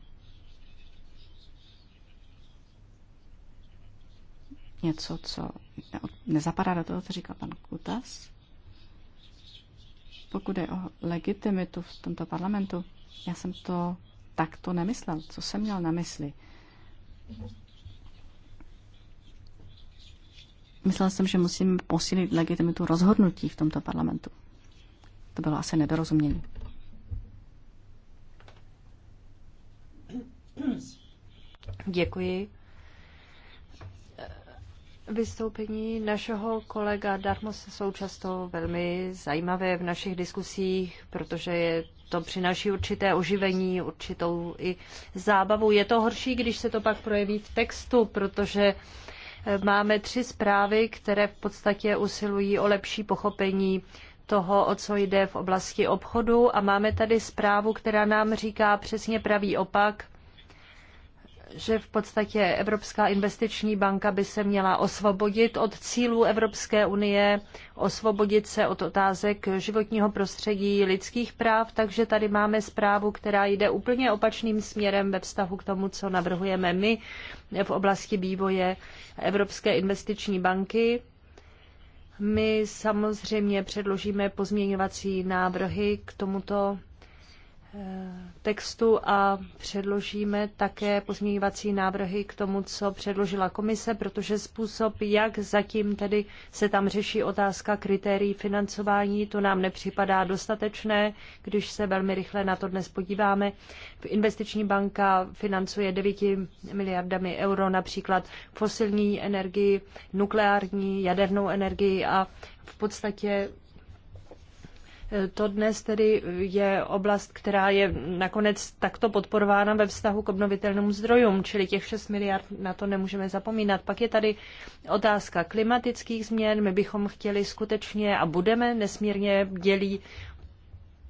Něco, co nezapadá do toho, co říká pan Kutas. Pokud je o legitimitu v tomto parlamentu, já jsem to takto nemyslel. Co jsem měl na mysli? Myslel jsem, že musím posílit legitimitu rozhodnutí v tomto parlamentu. To bylo asi nedorozumění. Děkuji. Vystoupení našeho kolega se jsou často velmi zajímavé v našich diskusích, protože je to přináší určité oživení, určitou i zábavu. Je to horší, když se to pak projeví v textu, protože Máme tři zprávy, které v podstatě usilují o lepší pochopení toho, o co jde v oblasti obchodu a máme tady zprávu, která nám říká přesně pravý opak že v podstatě Evropská investiční banka by se měla osvobodit od cílů Evropské unie, osvobodit se od otázek životního prostředí, lidských práv, takže tady máme zprávu, která jde úplně opačným směrem ve vztahu k tomu, co navrhujeme my v oblasti vývoje Evropské investiční banky. My samozřejmě předložíme pozměňovací návrhy k tomuto textu a předložíme také pozměňovací návrhy k tomu, co předložila komise, protože způsob, jak zatím tedy se tam řeší otázka kritérií financování, to nám nepřipadá dostatečné, když se velmi rychle na to dnes podíváme. Investiční banka financuje 9 miliardami euro například fosilní energii, nukleární, jadernou energii a v podstatě to dnes tedy je oblast, která je nakonec takto podporována ve vztahu k obnovitelným zdrojům, čili těch 6 miliard na to nemůžeme zapomínat. Pak je tady otázka klimatických změn. My bychom chtěli skutečně a budeme nesmírně dělí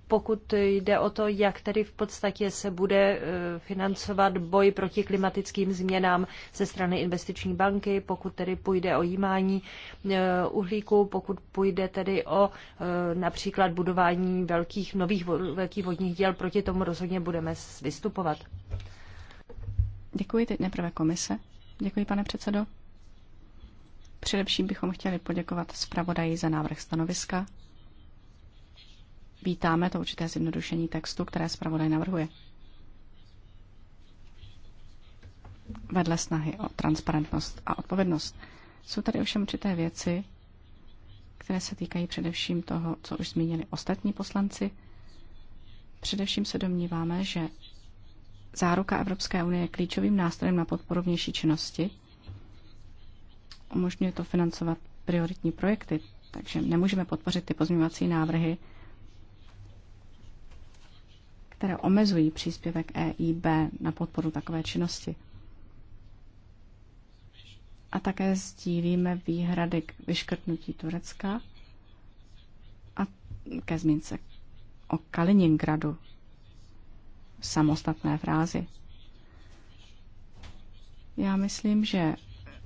pokud jde o to, jak tedy v podstatě se bude e, financovat boj proti klimatickým změnám ze strany investiční banky, pokud tedy půjde o jímání e, uhlíku, pokud půjde tedy o e, například budování velkých nových velkých vodních děl, proti tomu rozhodně budeme vystupovat. Děkuji teď neprve komise. Děkuji, pane předsedo. Především bychom chtěli poděkovat zpravodaji za návrh stanoviska Vítáme to určité zjednodušení textu, které zpravodaj navrhuje. Vedle snahy o transparentnost a odpovědnost. Jsou tady ovšem určité věci, které se týkají především toho, co už zmínili ostatní poslanci. Především se domníváme, že záruka Evropské unie je klíčovým nástrojem na podporu vnější činnosti. Umožňuje to financovat prioritní projekty, takže nemůžeme podpořit ty pozměňovací návrhy, které omezují příspěvek EIB na podporu takové činnosti. A také sdílíme výhrady k vyškrtnutí Turecka a ke zmínce o Kaliningradu v samostatné frázi. Já myslím, že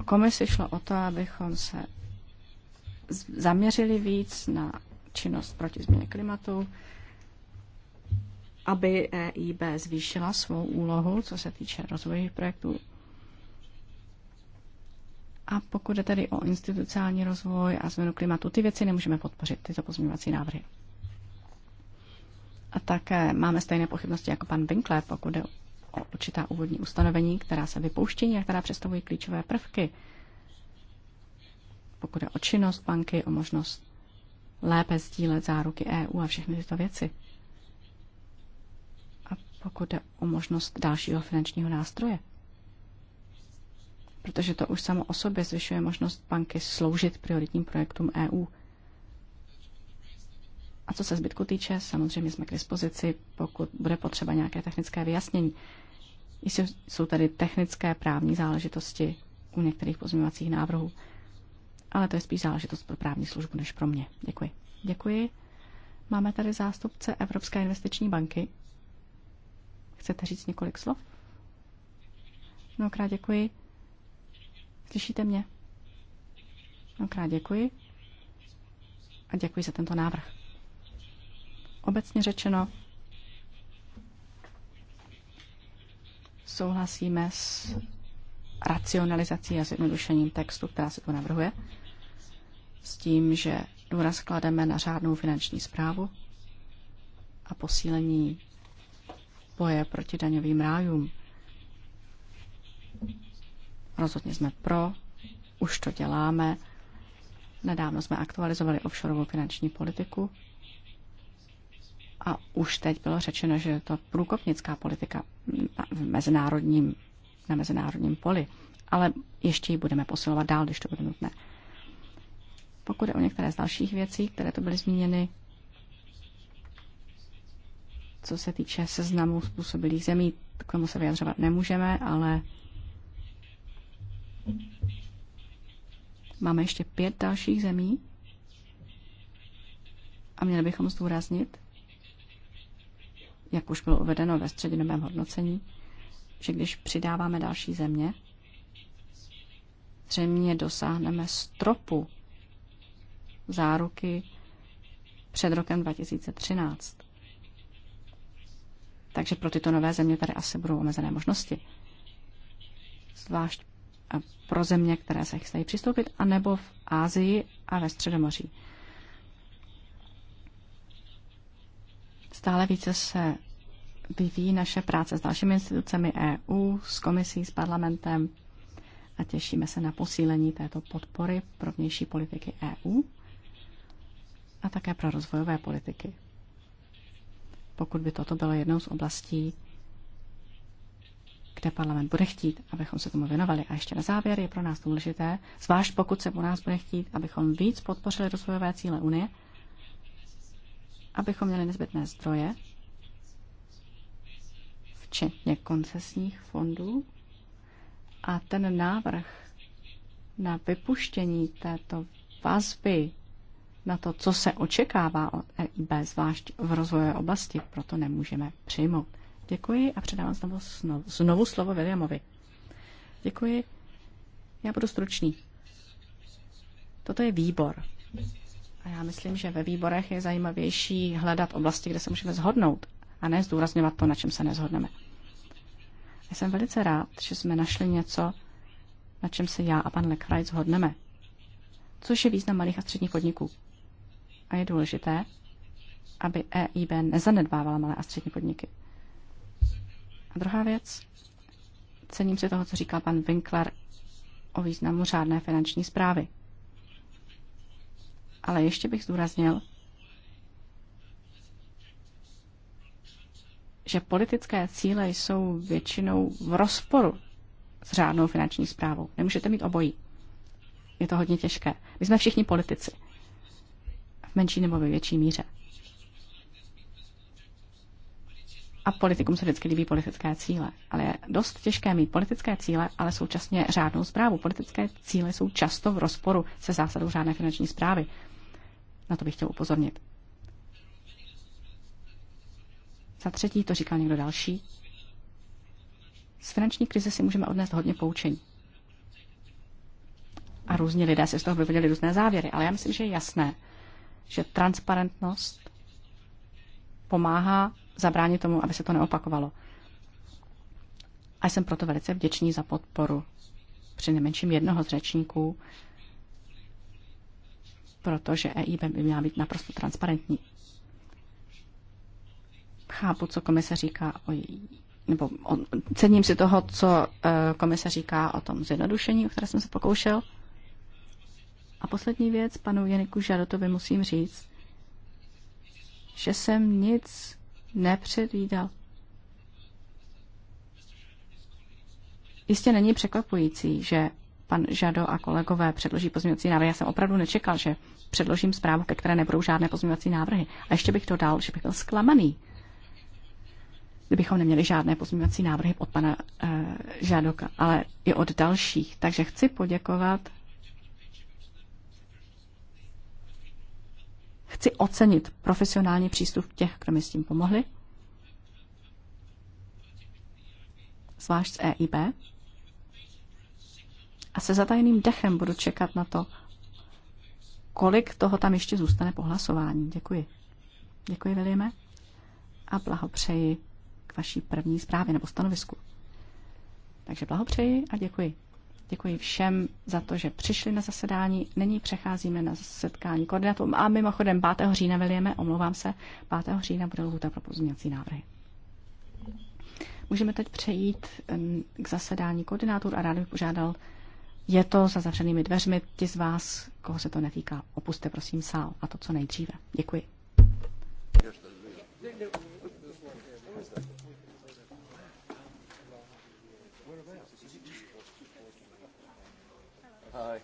komisi šlo o to, abychom se zaměřili víc na činnost proti změně klimatu, aby EIB zvýšila svou úlohu, co se týče rozvojových projektů. A pokud je tedy o institucionální rozvoj a změnu klimatu, ty věci nemůžeme podpořit, tyto pozměňovací návrhy. A také máme stejné pochybnosti jako pan Winkler, pokud je o určitá úvodní ustanovení, která se vypouštění a která představují klíčové prvky. Pokud je o činnost banky, o možnost lépe sdílet záruky EU a všechny tyto věci pokud jde o možnost dalšího finančního nástroje. Protože to už samo o sobě zvyšuje možnost banky sloužit prioritním projektům EU. A co se zbytku týče, samozřejmě jsme k dispozici, pokud bude potřeba nějaké technické vyjasnění. Jestli jsou tady technické právní záležitosti u některých pozměňovacích návrhů, ale to je spíš záležitost pro právní službu než pro mě. Děkuji. Děkuji. Máme tady zástupce Evropské investiční banky. Chcete říct několik slov? Mnohokrát děkuji. Slyšíte mě? Mnohokrát děkuji. A děkuji za tento návrh. Obecně řečeno, souhlasíme s racionalizací a zjednodušením textu, která se tu navrhuje, s tím, že důraz klademe na řádnou finanční zprávu a posílení boje proti daňovým rájům. Rozhodně jsme pro, už to děláme. Nedávno jsme aktualizovali offshoreovou finanční politiku a už teď bylo řečeno, že je to průkopnická politika v mezinárodním, na mezinárodním poli, ale ještě ji budeme posilovat dál, když to bude nutné. Pokud je o některé z dalších věcí, které to byly zmíněny, co se týče seznamu způsobilých zemí, k tomu se vyjadřovat nemůžeme, ale máme ještě pět dalších zemí a měli bychom zdůraznit, jak už bylo uvedeno ve střednědobém hodnocení, že když přidáváme další země, zřejmě dosáhneme stropu záruky před rokem 2013. Takže pro tyto nové země tady asi budou omezené možnosti. Zvlášť eh, pro země, které se chystají přistoupit, anebo v Ázii a ve Středomoří. Stále více se vyvíjí naše práce s dalšími institucemi EU, s komisí, s parlamentem a těšíme se na posílení této podpory pro vnější politiky EU a také pro rozvojové politiky pokud by toto bylo jednou z oblastí, kde parlament bude chtít, abychom se tomu věnovali. A ještě na závěr je pro nás důležité, zvlášť pokud se u nás bude chtít, abychom víc podpořili rozvojové cíle Unie, abychom měli nezbytné zdroje, včetně koncesních fondů. A ten návrh na vypuštění této vazby na to, co se očekává od EIB, zvlášť v rozvojové oblasti, proto nemůžeme přijmout. Děkuji a předávám znovu, znovu, slovo Williamovi. Děkuji. Já budu stručný. Toto je výbor. A já myslím, že ve výborech je zajímavější hledat oblasti, kde se můžeme zhodnout a ne zdůrazňovat to, na čem se nezhodneme. Já jsem velice rád, že jsme našli něco, na čem se já a pan Lekraj zhodneme, což je význam malých a středních podniků. A je důležité, aby EIB nezanedbávala malé a střední podniky. A druhá věc, cením si toho, co říkal pan Winkler o významu řádné finanční zprávy. Ale ještě bych zdůraznil, že politické cíle jsou většinou v rozporu s řádnou finanční zprávou. Nemůžete mít obojí. Je to hodně těžké. My jsme všichni politici menší nebo ve větší míře. A politikům se vždycky líbí politické cíle. Ale je dost těžké mít politické cíle, ale současně řádnou zprávu. Politické cíle jsou často v rozporu se zásadou řádné finanční zprávy. Na to bych chtěl upozornit. Za třetí, to říkal někdo další, z finanční krize si můžeme odnést hodně poučení. A různí lidé si z toho vyvodili různé závěry, ale já myslím, že je jasné, že transparentnost pomáhá zabránit tomu, aby se to neopakovalo. A jsem proto velice vděčný za podporu při nejmenším jednoho z řečníků, protože EIB by měla být naprosto transparentní. Chápu, co komise říká o její, nebo o, cením si toho, co eh, komise říká o tom zjednodušení, o které jsem se pokoušel. A poslední věc, panu Janiku Žadotovi musím říct, že jsem nic nepředvídal. Jistě není překvapující, že pan Žado a kolegové předloží pozměňovací návrhy. Já jsem opravdu nečekal, že předložím zprávu, ke které nebudou žádné pozměňovací návrhy. A ještě bych to dal, že bych byl zklamaný, kdybychom neměli žádné pozměňovací návrhy od pana e, Žádoka, ale i od dalších. Takže chci poděkovat Chci ocenit profesionální přístup těch, kdo mi s tím pomohli, zvlášť z EIB. A se zatajeným dechem budu čekat na to, kolik toho tam ještě zůstane po hlasování. Děkuji. Děkuji, Viljeme. A blahopřeji k vaší první zprávě nebo stanovisku. Takže blahopřeji a děkuji. Děkuji všem za to, že přišli na zasedání. Nyní přecházíme na setkání koordinátů. A mimochodem 5. října, vylijeme, omlouvám se, 5. října bude lhůta pro pozměňovací návrhy. Můžeme teď přejít k zasedání koordinátů a rád bych požádal, je to za zavřenými dveřmi, ti z vás, koho se to netýká, opuste prosím sál a to co nejdříve. Děkuji. Hi.